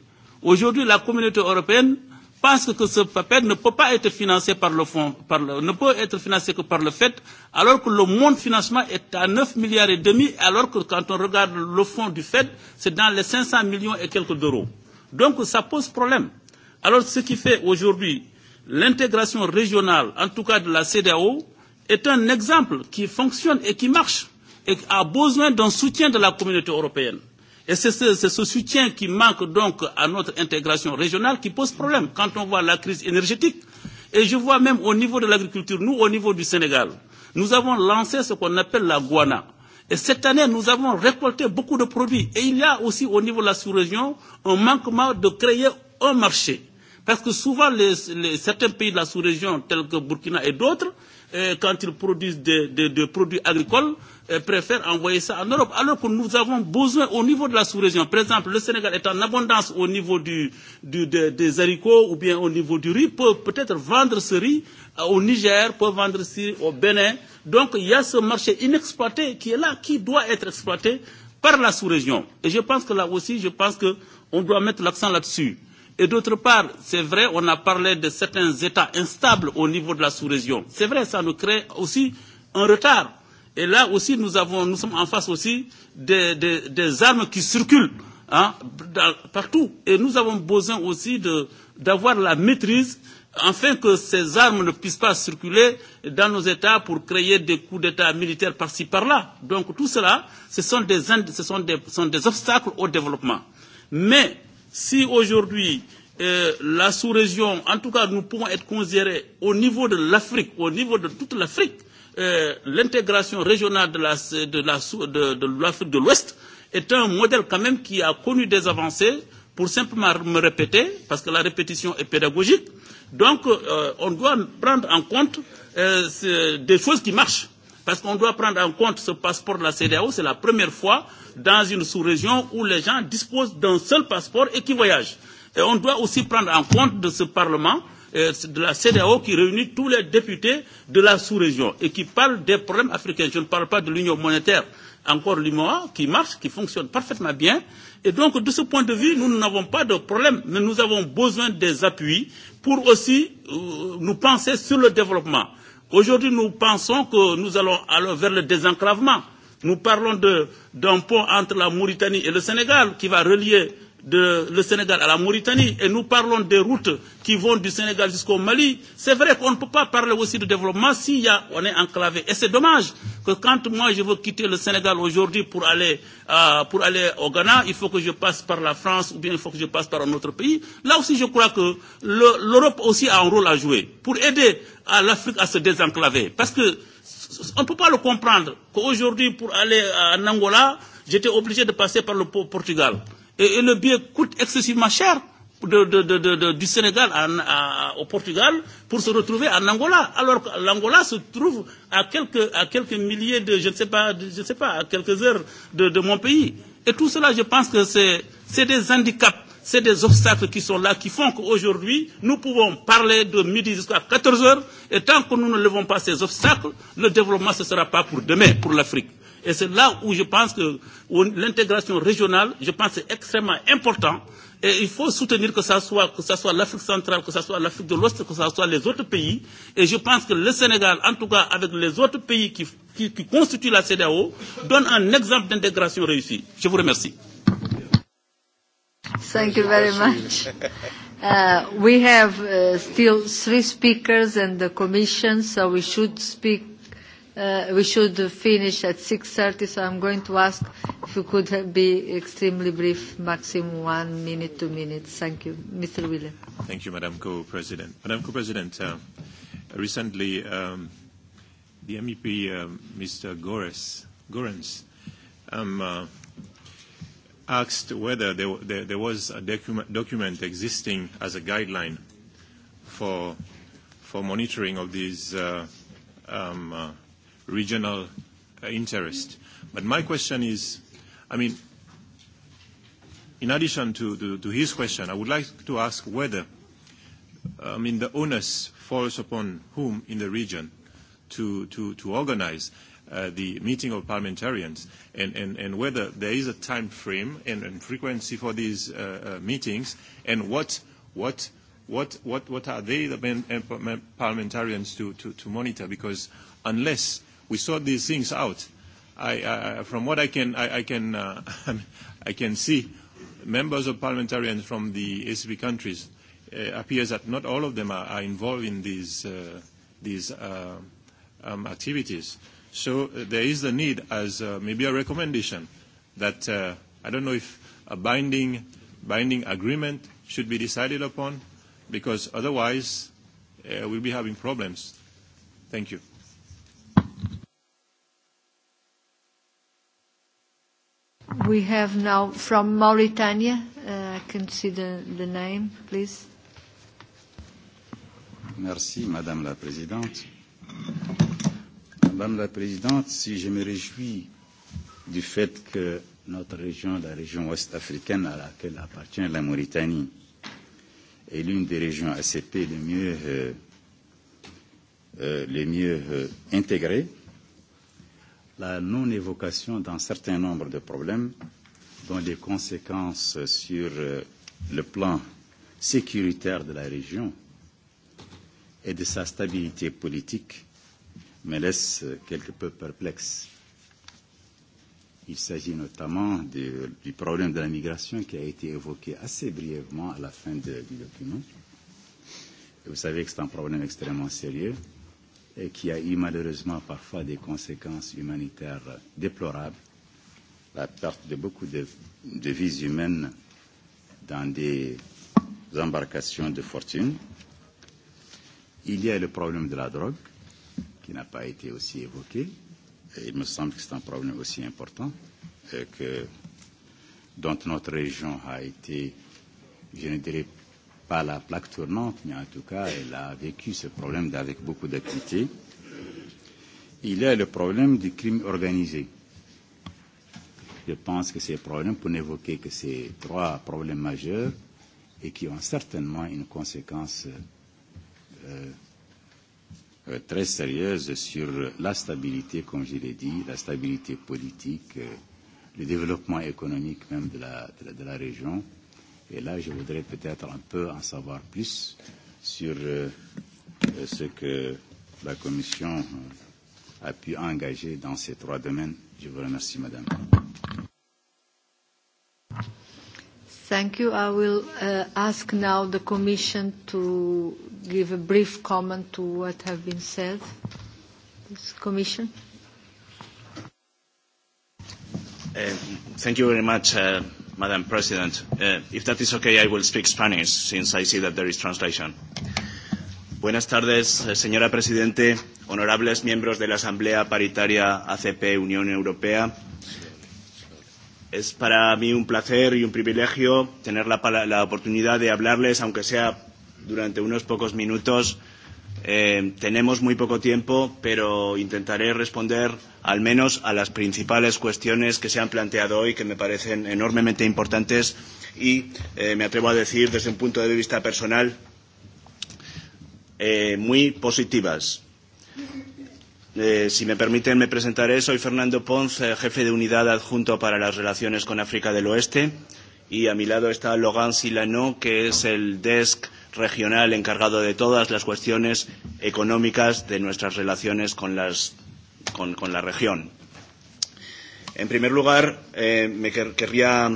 Aujourd'hui, la communauté européenne pense que ce papier ne peut pas être financé par le fonds, ne peut être financé que par le FED alors que le monde financement est à 9 milliards et demi, alors que quand on regarde le fonds du FED, c'est dans les 500 millions et quelques d'euros. Donc ça pose problème. Alors ce qui fait aujourd'hui l'intégration régionale, en tout cas de la CDAO, est un exemple qui fonctionne et qui marche et a besoin d'un soutien de la communauté européenne. Et c'est ce ce soutien qui manque donc à notre intégration régionale qui pose problème quand on voit la crise énergétique. Et je vois même au niveau de l'agriculture, nous au niveau du Sénégal, nous avons lancé ce qu'on appelle la guana. Et cette année, nous avons récolté beaucoup de produits. Et il y a aussi au niveau de la sous-région un manquement de créer un marché. Parce que souvent, les, les, certains pays de la sous-région, tels que Burkina et d'autres, quand ils produisent des, des, des produits agricoles, préfère envoyer ça en Europe, alors que nous avons besoin au niveau de la sous-région. Par exemple, le Sénégal est en abondance au niveau du, des haricots ou bien au niveau du riz, peut peut-être vendre ce riz au Niger, peut vendre ce riz au Bénin. Donc il y a ce marché inexploité qui est là, qui doit être exploité par la sous-région. Et je pense que là aussi, je pense qu'on doit mettre l'accent là-dessus. Et d'autre part, c'est vrai, on a parlé de certains États instables au niveau de la sous-région. C'est vrai, ça nous crée aussi un retard Et là aussi, nous, avons, nous sommes en face aussi des, des, armes qui circulent hein, partout. Et nous avons besoin aussi d'avoir la maîtrise afin que ces armes ne puissent pas circuler dans nos États pour créer des coups d'État militaires par-ci, par-là. Donc tout cela, ce sont des, ce sont des, sont des obstacles au développement. Mais si aujourd'hui la sous-région, en tout cas nous pouvons être considérés au niveau de l'Afrique, au niveau de toute l'Afrique, l'intégration régionale de l'Afrique de l'Ouest est un modèle quand même qui a connu des avancées, pour simplement me répéter, parce que la répétition est pédagogique. Donc, on doit prendre en compte des choses qui marchent. Parce qu'on doit prendre en compte ce passeport de la CDAO, c'est la première fois dans une sous-région où les gens disposent d'un seul passeport et qui voyagent. Et on doit aussi prendre en compte de ce Parlement de la CDAO qui réunit tous les députés de la sous-région et qui parle des problèmes africains. Je ne parle pas de l'union monétaire, encore l'UMOA, qui marche, qui fonctionne parfaitement bien. Et donc, de ce point de vue, nous n'avons pas de problème, mais nous avons besoin des appuis pour aussi nous penser sur le développement. Aujourd'hui, nous pensons que nous allons aller vers le désenclavement. Nous parlons d'un pont entre la Mauritanie et le Sénégal qui va relier de le Sénégal à la Mauritanie et nous parlons des routes qui vont du Sénégal jusqu'au Mali, c'est vrai qu'on ne peut pas parler aussi de développement si y a, on est enclavé. Et c'est dommage que quand moi je veux quitter le Sénégal aujourd'hui pour aller, pour aller au Ghana, il faut que je passe par la France ou bien il faut que je passe par un autre pays. Là aussi je crois que l'Europe aussi a un rôle à jouer pour aider à l'Afrique à se désenclaver. Parce que on ne peut pas le comprendre qu'aujourd'hui pour aller en Angola, j'étais obligé de passer par le Portugal. Et, le billet coûte excessivement cher de, de, de, du Sénégal à, au Portugal pour se retrouver en Angola. Alors que l'Angola se trouve à quelques, à quelques milliers de, je ne sais pas, je sais pas, à quelques heures de, de mon pays. Et tout cela, je pense que c'est des handicaps, c'est des obstacles qui sont là, qui font qu'aujourd'hui, nous pouvons parler de midi jusqu'à 14 heures, et tant que nous ne levons pas ces obstacles, le développement, ne sera pas pour demain, pour l'Afrique. Et c'est là où je pense que l'intégration régionale, je pense, est extrêmement important. Et il faut soutenir que ça soit, que ça soit l'Afrique centrale, que ça soit l'Afrique de l'Ouest, que ça soit les autres pays. Et je pense que le Sénégal, en tout cas avec les autres pays qui, qui, qui constituent la CDAO, donne un exemple d'intégration réussie. Je vous remercie. Thank you very much. Uh, we have uh, still three speakers and the commission, so we should speak We should finish at 6.30, so I'm going to ask if you could be extremely brief, maximum one minute, two minutes. Thank you. Mr. Williams. Thank you, Madam Co-President. Madam Co-President, recently the MEP, Mr. Gorens, um asked whether there was a document existing as a guideline for monitoring of these regional interest. But my question is, I mean, in addition to his question, I would like to ask whether, I mean, the onus falls upon whom in the region to to to organize the meeting of parliamentarians and whether there is a time frame and frequency for these meetings and what what what what what are they the parliamentarians to to monitor because unless we sort these things out. I, from what I can, I, can, I can see, members of parliamentarians from the ACP countries appears that not all of them are, involved in these, these activities. So there is the need, as maybe a recommendation, that I don't know if a binding, binding agreement should be decided upon, because otherwise we'll be having problems. Thank you. We have now from Mauritania. I can see the name, please. Merci, Madame la Présidente. Madame la Présidente, si je me réjouis du fait que notre région, la région ouest-africaine à laquelle appartient la Mauritanie, est l'une des régions ACP les mieux, les mieux intégrées, la non-évocation d'un certain nombre de problèmes dont les conséquences sur le plan sécuritaire de la région et de sa stabilité politique me laisse quelque peu perplexe. Il s'agit notamment du problème de la migration qui a été évoqué assez brièvement à la fin du document. Vous savez que c'est un problème extrêmement sérieux et qui a eu malheureusement parfois des conséquences humanitaires déplorables, la perte de beaucoup de vies humaines dans des embarcations de fortune. Il y a le problème de la drogue, qui n'a pas été aussi évoqué, et il me semble que c'est un problème aussi important que dont notre région a été, je ne dirais pas la plaque tournante, mais en tout cas, elle a vécu ce problème avec beaucoup d'acuité. Il y a le problème du crime organisé. Je pense que ces problèmes, pour n'évoquer que ces trois problèmes majeurs, et qui ont certainement une conséquence très sérieuse sur la stabilité, comme je l'ai dit, la stabilité politique, le développement économique même de la région Et là, je voudrais peut-être un peu en savoir plus sur ce que la Commission a pu engager dans ces trois domaines. Je vous remercie, Madame. Thank you. I will ask now the Commission to give a brief comment to what has been said. This Commission. Thank you very much. Madam President. If that is okay, I will speak Spanish, since I see that there is translation. Buenas tardes, señora Presidente, honorables miembros de la Asamblea Paritaria ACP-Unión Europea. Es para mí un placer y un privilegio tener la oportunidad de hablarles, aunque sea durante unos pocos minutos, Tenemos muy poco tiempo, pero intentaré responder al menos a las principales cuestiones que se han planteado hoy, que me parecen enormemente importantes y me atrevo a decir desde un punto de vista personal muy positivas. Si me permiten, me presentaré. Soy Fernando Ponce, jefe de unidad adjunto para las relaciones con África del Oeste y a mi lado está Logan Silano, que es el desk regional encargado de todas las cuestiones económicas de nuestras relaciones con la región. En primer lugar, me querría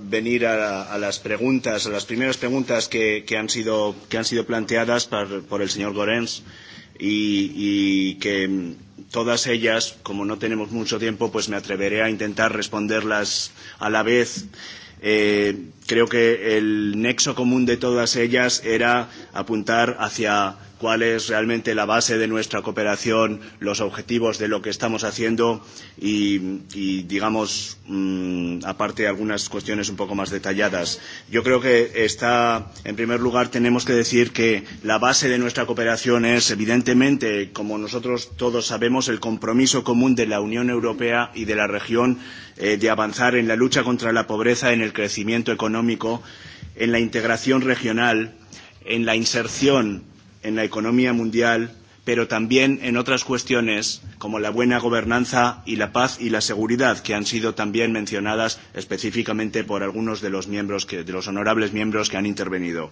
venir a las preguntas, a las primeras preguntas que han sido planteadas por el señor Gorenz y que todas ellas, como no tenemos mucho tiempo, pues me atreveré a intentar responderlas a la vez. Creo que el nexo común de todas ellas era apuntar hacia cuál es realmente la base de nuestra cooperación, los objetivos de lo que estamos haciendo y, digamos, aparte algunas cuestiones un poco más detalladas. Yo creo que está, en primer lugar, tenemos que decir que la base de nuestra cooperación es, evidentemente, como nosotros todos sabemos, el compromiso común de la Unión Europea y de la región de avanzar en la lucha contra la pobreza, en el crecimiento económico, en la integración regional, en la inserción en la economía mundial, pero también en otras cuestiones como la buena gobernanza y la paz y la seguridad, que han sido también mencionadas específicamente por algunos de los miembros de los honorables miembros que han intervenido.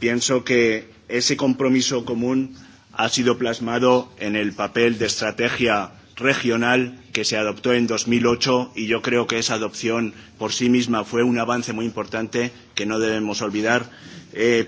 Pienso que ese compromiso común ha sido plasmado en el papel de estrategia regional que se adoptó en 2008 y yo creo que esa adopción por sí misma fue un avance muy importante que no debemos olvidar,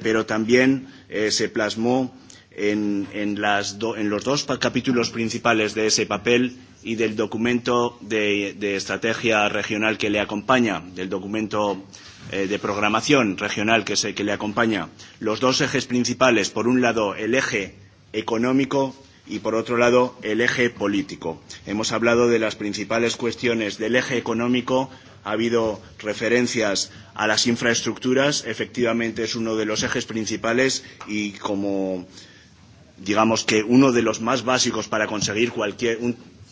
pero también se plasmó en los dos capítulos principales de ese papel y del documento de estrategia regional que le acompaña, del documento de programación regional que le acompaña. Los dos ejes principales, por un lado, el eje económico y, por otro lado, el eje político. Hemos hablado de las principales cuestiones del eje económico. Ha habido referencias a las infraestructuras. Efectivamente, es uno de los ejes principales y, como digamos que uno de los más básicos para conseguir cualquier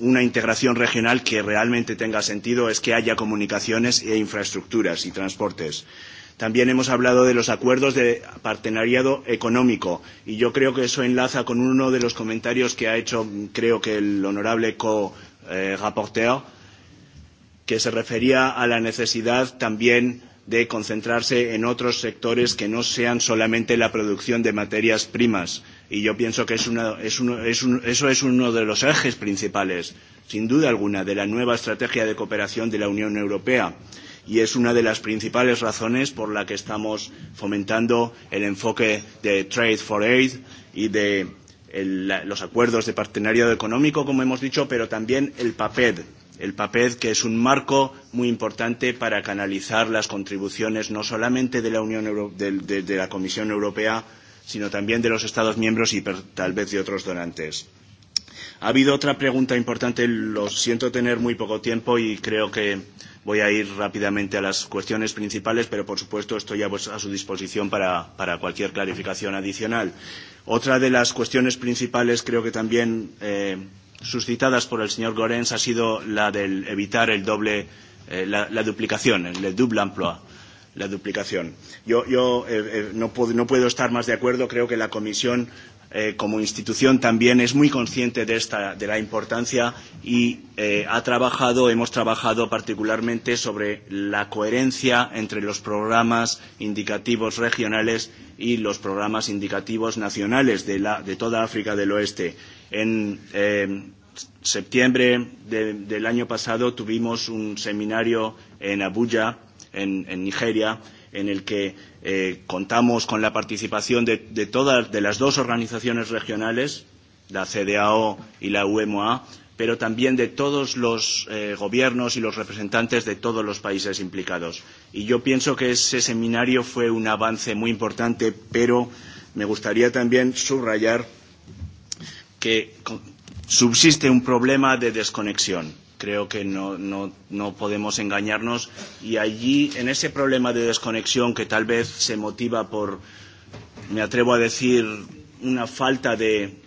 una integración regional que realmente tenga sentido es que haya comunicaciones e infraestructuras y transportes. También hemos hablado de los acuerdos de partenariado económico y yo creo que eso enlaza con uno de los comentarios que ha hecho, creo que el honorable co-rapporteur, que se refería a la necesidad también de concentrarse en otros sectores que no sean solamente la producción de materias primas. Y yo pienso que eso es uno de los ejes principales, sin duda alguna, de la nueva estrategia de cooperación de la Unión Europea y es una de las principales razones por la que estamos fomentando el enfoque de Trade for Aid y de los acuerdos de partenariado económico, como hemos dicho, pero también el papel el papel que es un marco muy importante para canalizar las contribuciones no solamente de la Unión de la Comisión Europea, sino también de los Estados miembros y tal vez de otros donantes. Ha habido otra pregunta importante, lo siento tener muy poco tiempo y creo que voy a ir rápidamente a las cuestiones principales, pero por supuesto estoy a su disposición para cualquier clarificación adicional. Otra de las cuestiones principales, creo que también suscitadas por el señor Gorenz, ha sido la de evitar el doble, la duplicación, el double emploi la duplicación. Yo no puedo estar más de acuerdo. Creo que la Comisión como institución también es muy consciente de la importancia y ha trabajado hemos trabajado particularmente sobre la coherencia entre los programas indicativos regionales y los programas indicativos nacionales de toda África del Oeste en septiembre del año pasado tuvimos un seminario en Abuya en Nigeria en el que contamos con la participación de todas de las dos organizaciones regionales, la CDAO y la UMOA, pero también de todos los gobiernos y los representantes de todos los países implicados. Y yo pienso que ese seminario fue un avance muy importante, pero me gustaría también subrayar que subsiste un problema de desconexión creo que no, no, no podemos engañarnos y allí en ese problema de desconexión que tal vez se motiva por, me atrevo a decir, una falta de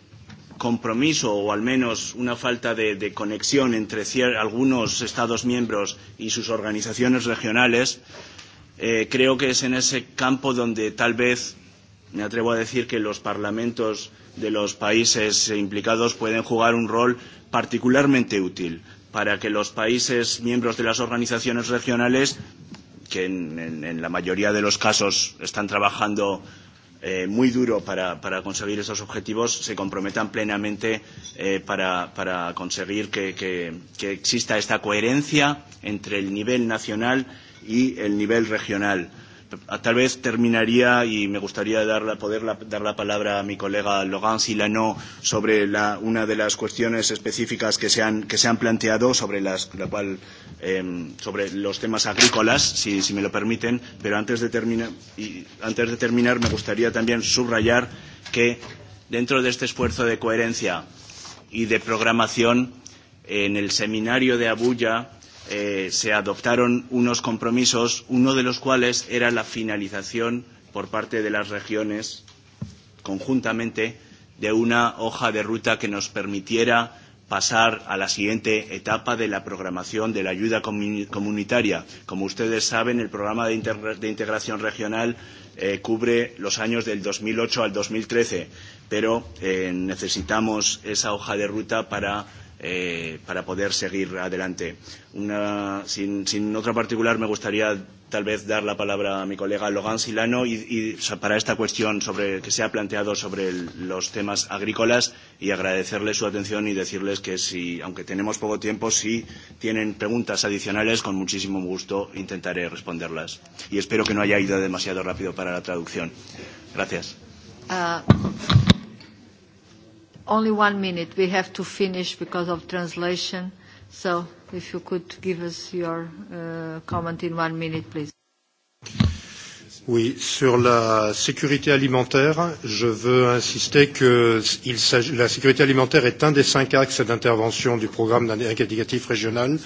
compromiso o al menos una falta de, de conexión entre algunos Estados miembros y sus organizaciones regionales, creo que es en ese campo donde tal vez me atrevo a decir que los parlamentos de los países implicados pueden jugar un rol particularmente útil para que los países miembros de las organizaciones regionales, que en la mayoría de los casos están trabajando muy duro para conseguir esos objetivos, se comprometan plenamente para conseguir que exista esta coherencia entre el nivel nacional y el nivel regional Tal vez terminaría y me gustaría dar, poder dar la palabra a mi colega Logan Silano sobre la, una de las cuestiones específicas que se han, que se han planteado sobre, las, la cual, sobre los temas agrícolas, si, si me lo permiten. Pero antes de, terminar, y antes de terminar me gustaría también subrayar que dentro de este esfuerzo de coherencia y de programación en el seminario de Abuya se adoptaron unos compromisos, uno de los cuales era la finalización por parte de las regiones conjuntamente de una hoja de ruta que nos permitiera pasar a la siguiente etapa de la programación de la ayuda comunitaria. Como ustedes saben, el programa de integración regional cubre los años del 2008 al 2013, pero necesitamos esa hoja de ruta para para poder seguir adelante. Sin otra particular, me gustaría tal vez dar la palabra a mi colega Logan Silano para esta cuestión sobre que se ha planteado sobre los temas agrícolas y agradecerles su atención y decirles que si, aunque tenemos poco tiempo, si tienen preguntas adicionales, con muchísimo gusto intentaré responderlas. Y espero que no haya ido demasiado rápido para la traducción. Gracias. Only one minute. We have to finish because of translation. So if you could give us your comment in one minute, please. Oui, sur la sécurité alimentaire, je veux insister que la sécurité alimentaire est un des cinq axes d'intervention du programme d'indicatif régional.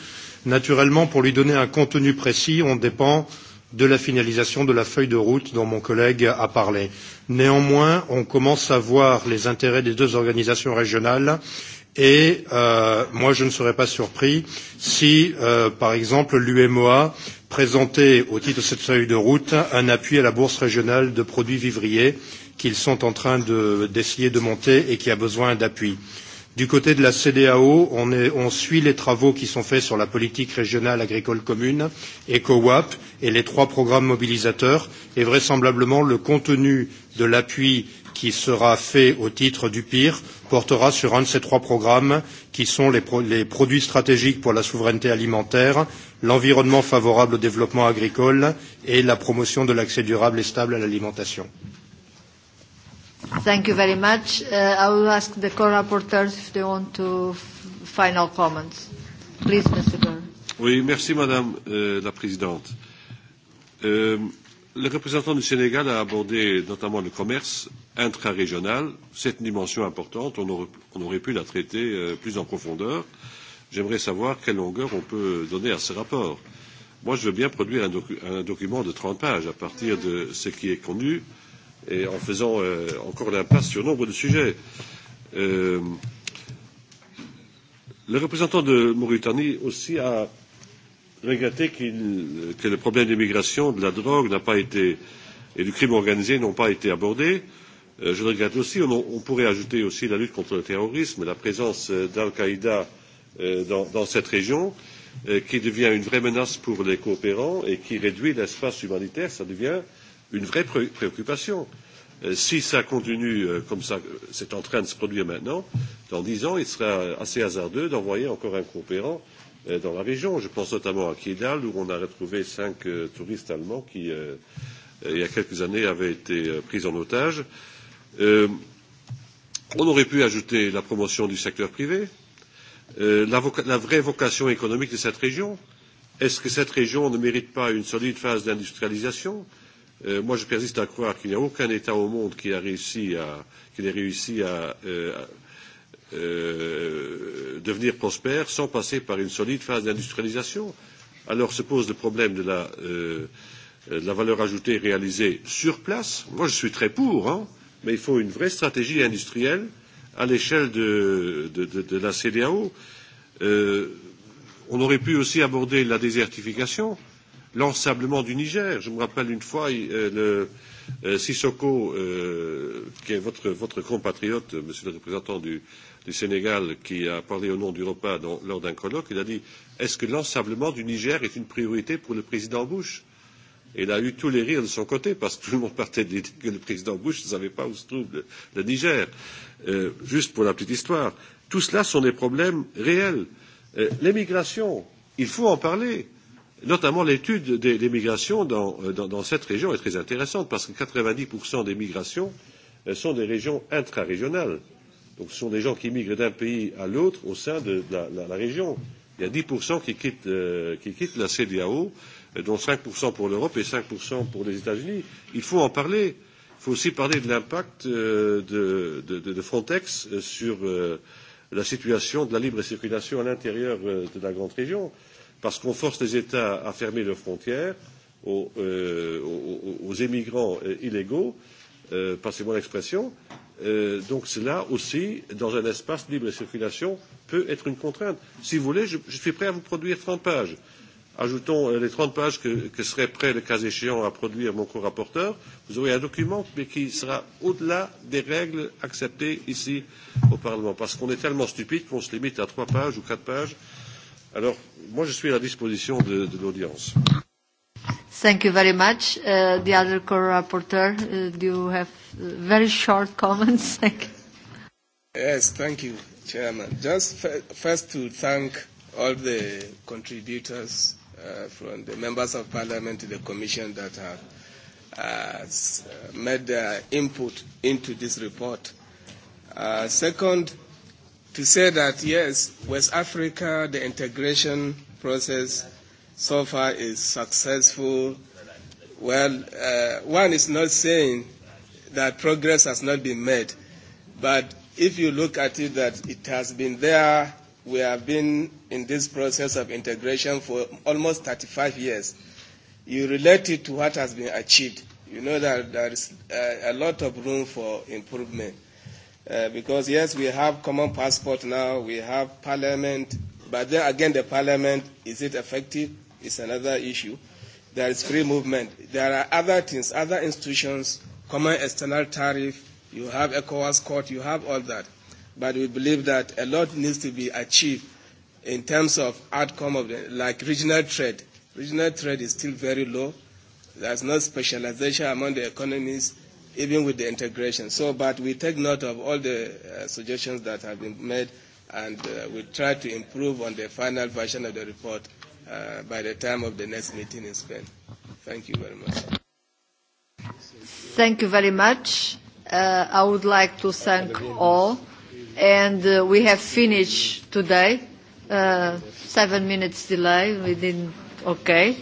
Naturellement, pour lui donner un contenu précis, on dépend de la finalisation de la feuille de route dont mon collègue a parlé. Néanmoins, on commence à voir les intérêts des deux organisations régionales et moi je ne serais pas surpris si, par exemple, l'UMOA présentait au titre de cette feuille de route un appui à la Bourse régionale de produits vivriers qu'ils sont en train d'essayer de monter et qui a besoin d'appui. Du côté de la CDAO, on suit les travaux qui sont faits sur la politique régionale agricole commune, ECOWAP, et les trois programmes mobilisateurs, et vraisemblablement le contenu de l'appui qui sera fait au titre du PIR portera sur un de ces trois programmes, qui sont les produits stratégiques pour la souveraineté alimentaire, l'environnement favorable au développement agricole et la promotion de l'accès durable et stable à l'alimentation. Thank you very much. I will ask the co-rapporteurs if they want to final comments. Please, Mr. Oui, merci Madame la Présidente. Le représentant du Sénégal a abordé notamment le commerce intra-régional, cette dimension importante. On aurait pu la traiter plus en profondeur. J'aimerais savoir quelle longueur on peut donner à ce rapport. Moi, je veux bien produire un document de 30 pages à partir de ce qui est connu et en faisant encore l'impasse sur nombre de sujets. Le représentant de Mauritanie aussi a regretté que le problème de l'immigration, de la drogue n'a pas été et du crime organisé n'ont pas été abordés. Je le regrette aussi. On pourrait ajouter aussi la lutte contre le terrorisme, la présence d'Al-Qaïda dans cette région, qui devient une vraie menace pour les coopérants et qui réduit l'espace humanitaire. Ça devient une vraie préoccupation. Si ça continue comme c'est en train de se produire maintenant, dans dix ans, il sera assez hasardeux d'envoyer encore un coopérant dans la région. Je pense notamment à Kiedal, où on a retrouvé cinq touristes allemands qui, il y a quelques années, avaient été pris en otage. On aurait pu ajouter la promotion du secteur privé, la vraie vocation économique de cette région. Est-ce que cette région ne mérite pas une solide phase d'industrialisation moi, je persiste à croire qu'il n'y a aucun État au monde qui a réussi à, qui ait réussi à devenir prospère sans passer par une solide phase d'industrialisation. Alors se pose le problème de la, de la valeur ajoutée réalisée sur place. Moi, je suis très pour, hein, mais il faut une vraie stratégie industrielle à l'échelle de, de, de, de la CDAO. Euh, on aurait pu aussi aborder la désertification l'ensablement du Niger. Je me rappelle une fois, le Sissoko, qui est votre compatriote, monsieur le représentant du Sénégal, qui a parlé au nom d'Europa lors d'un colloque, il a dit Est-ce que l'ensablement du Niger est une priorité pour le président Bush Il a eu tous les rires de son côté, parce que tout le monde partait de l'idée que le président Bush ne savait pas où se trouve le Niger. Juste pour la petite histoire, tout cela sont des problèmes réels. L'émigration, il faut en parler. Notamment l'étude des migrations dans cette région est très intéressante parce que 90% des migrations sont des régions intrarégionales. Donc ce sont des gens qui migrent d'un pays à l'autre au sein de la région. Il y a 10% qui quittent la CDAO, dont 5% pour l'Europe et 5% pour les États-Unis. Il faut en parler. Il faut aussi parler de l'impact de Frontex sur la situation de la libre circulation à l'intérieur de la grande région parce qu'on force les États à fermer leurs frontières aux émigrants illégaux, passez moi l'expression, donc cela aussi, dans un espace libre circulation, peut être une contrainte. Si vous voulez, je suis prêt à vous produire 30 pages. Ajoutons les 30 pages que serait prêt, le cas échéant, à produire mon co-rapporteur. Vous aurez un document, mais qui sera au-delà des règles acceptées ici au Parlement. Parce qu'on est tellement stupide qu'on se limite à 3 pages ou 4 pages Alors, moi, je suis à la disposition de, de l'audience. Thank you very much. Uh, the other co-rapporteur, uh, do you have very short comments? yes, thank you, Chairman. Just first to thank all the contributors uh, from the members of parliament to the commission that have uh, made their input into this report. Uh, second, to say that, yes, West Africa, the integration process so far is successful. Well, one is not saying that progress has not been made, but if you look at it that it has been there, we have been in this process of integration for almost 35 years. You relate it to what has been achieved. You know that there is a lot of room for improvement because yes, we have common passport now, we have parliament, but then again the parliament, is it effective? It's another issue. There is free movement. There are other things, other institutions, common external tariff, you have ECOWAS court, you have all that. But we believe that a lot needs to be achieved in terms of outcome of the, like regional trade. Regional trade is still very low. There's no specialization among the economies even with the integration. So, but we take note of all the suggestions that have been made, and we try to improve on the final version of the report by the time of the next meeting in Spain. Thank you very much. Thank you very much. I would like to thank all, and we have finished today. Seven minutes delay, we didn't. Okay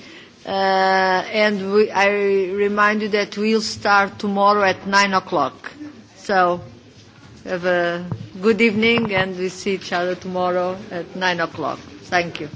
and we, I remind you that we'll start tomorrow at 9 o'clock. So have a good evening and we see each other tomorrow at 9 o'clock. Thank you.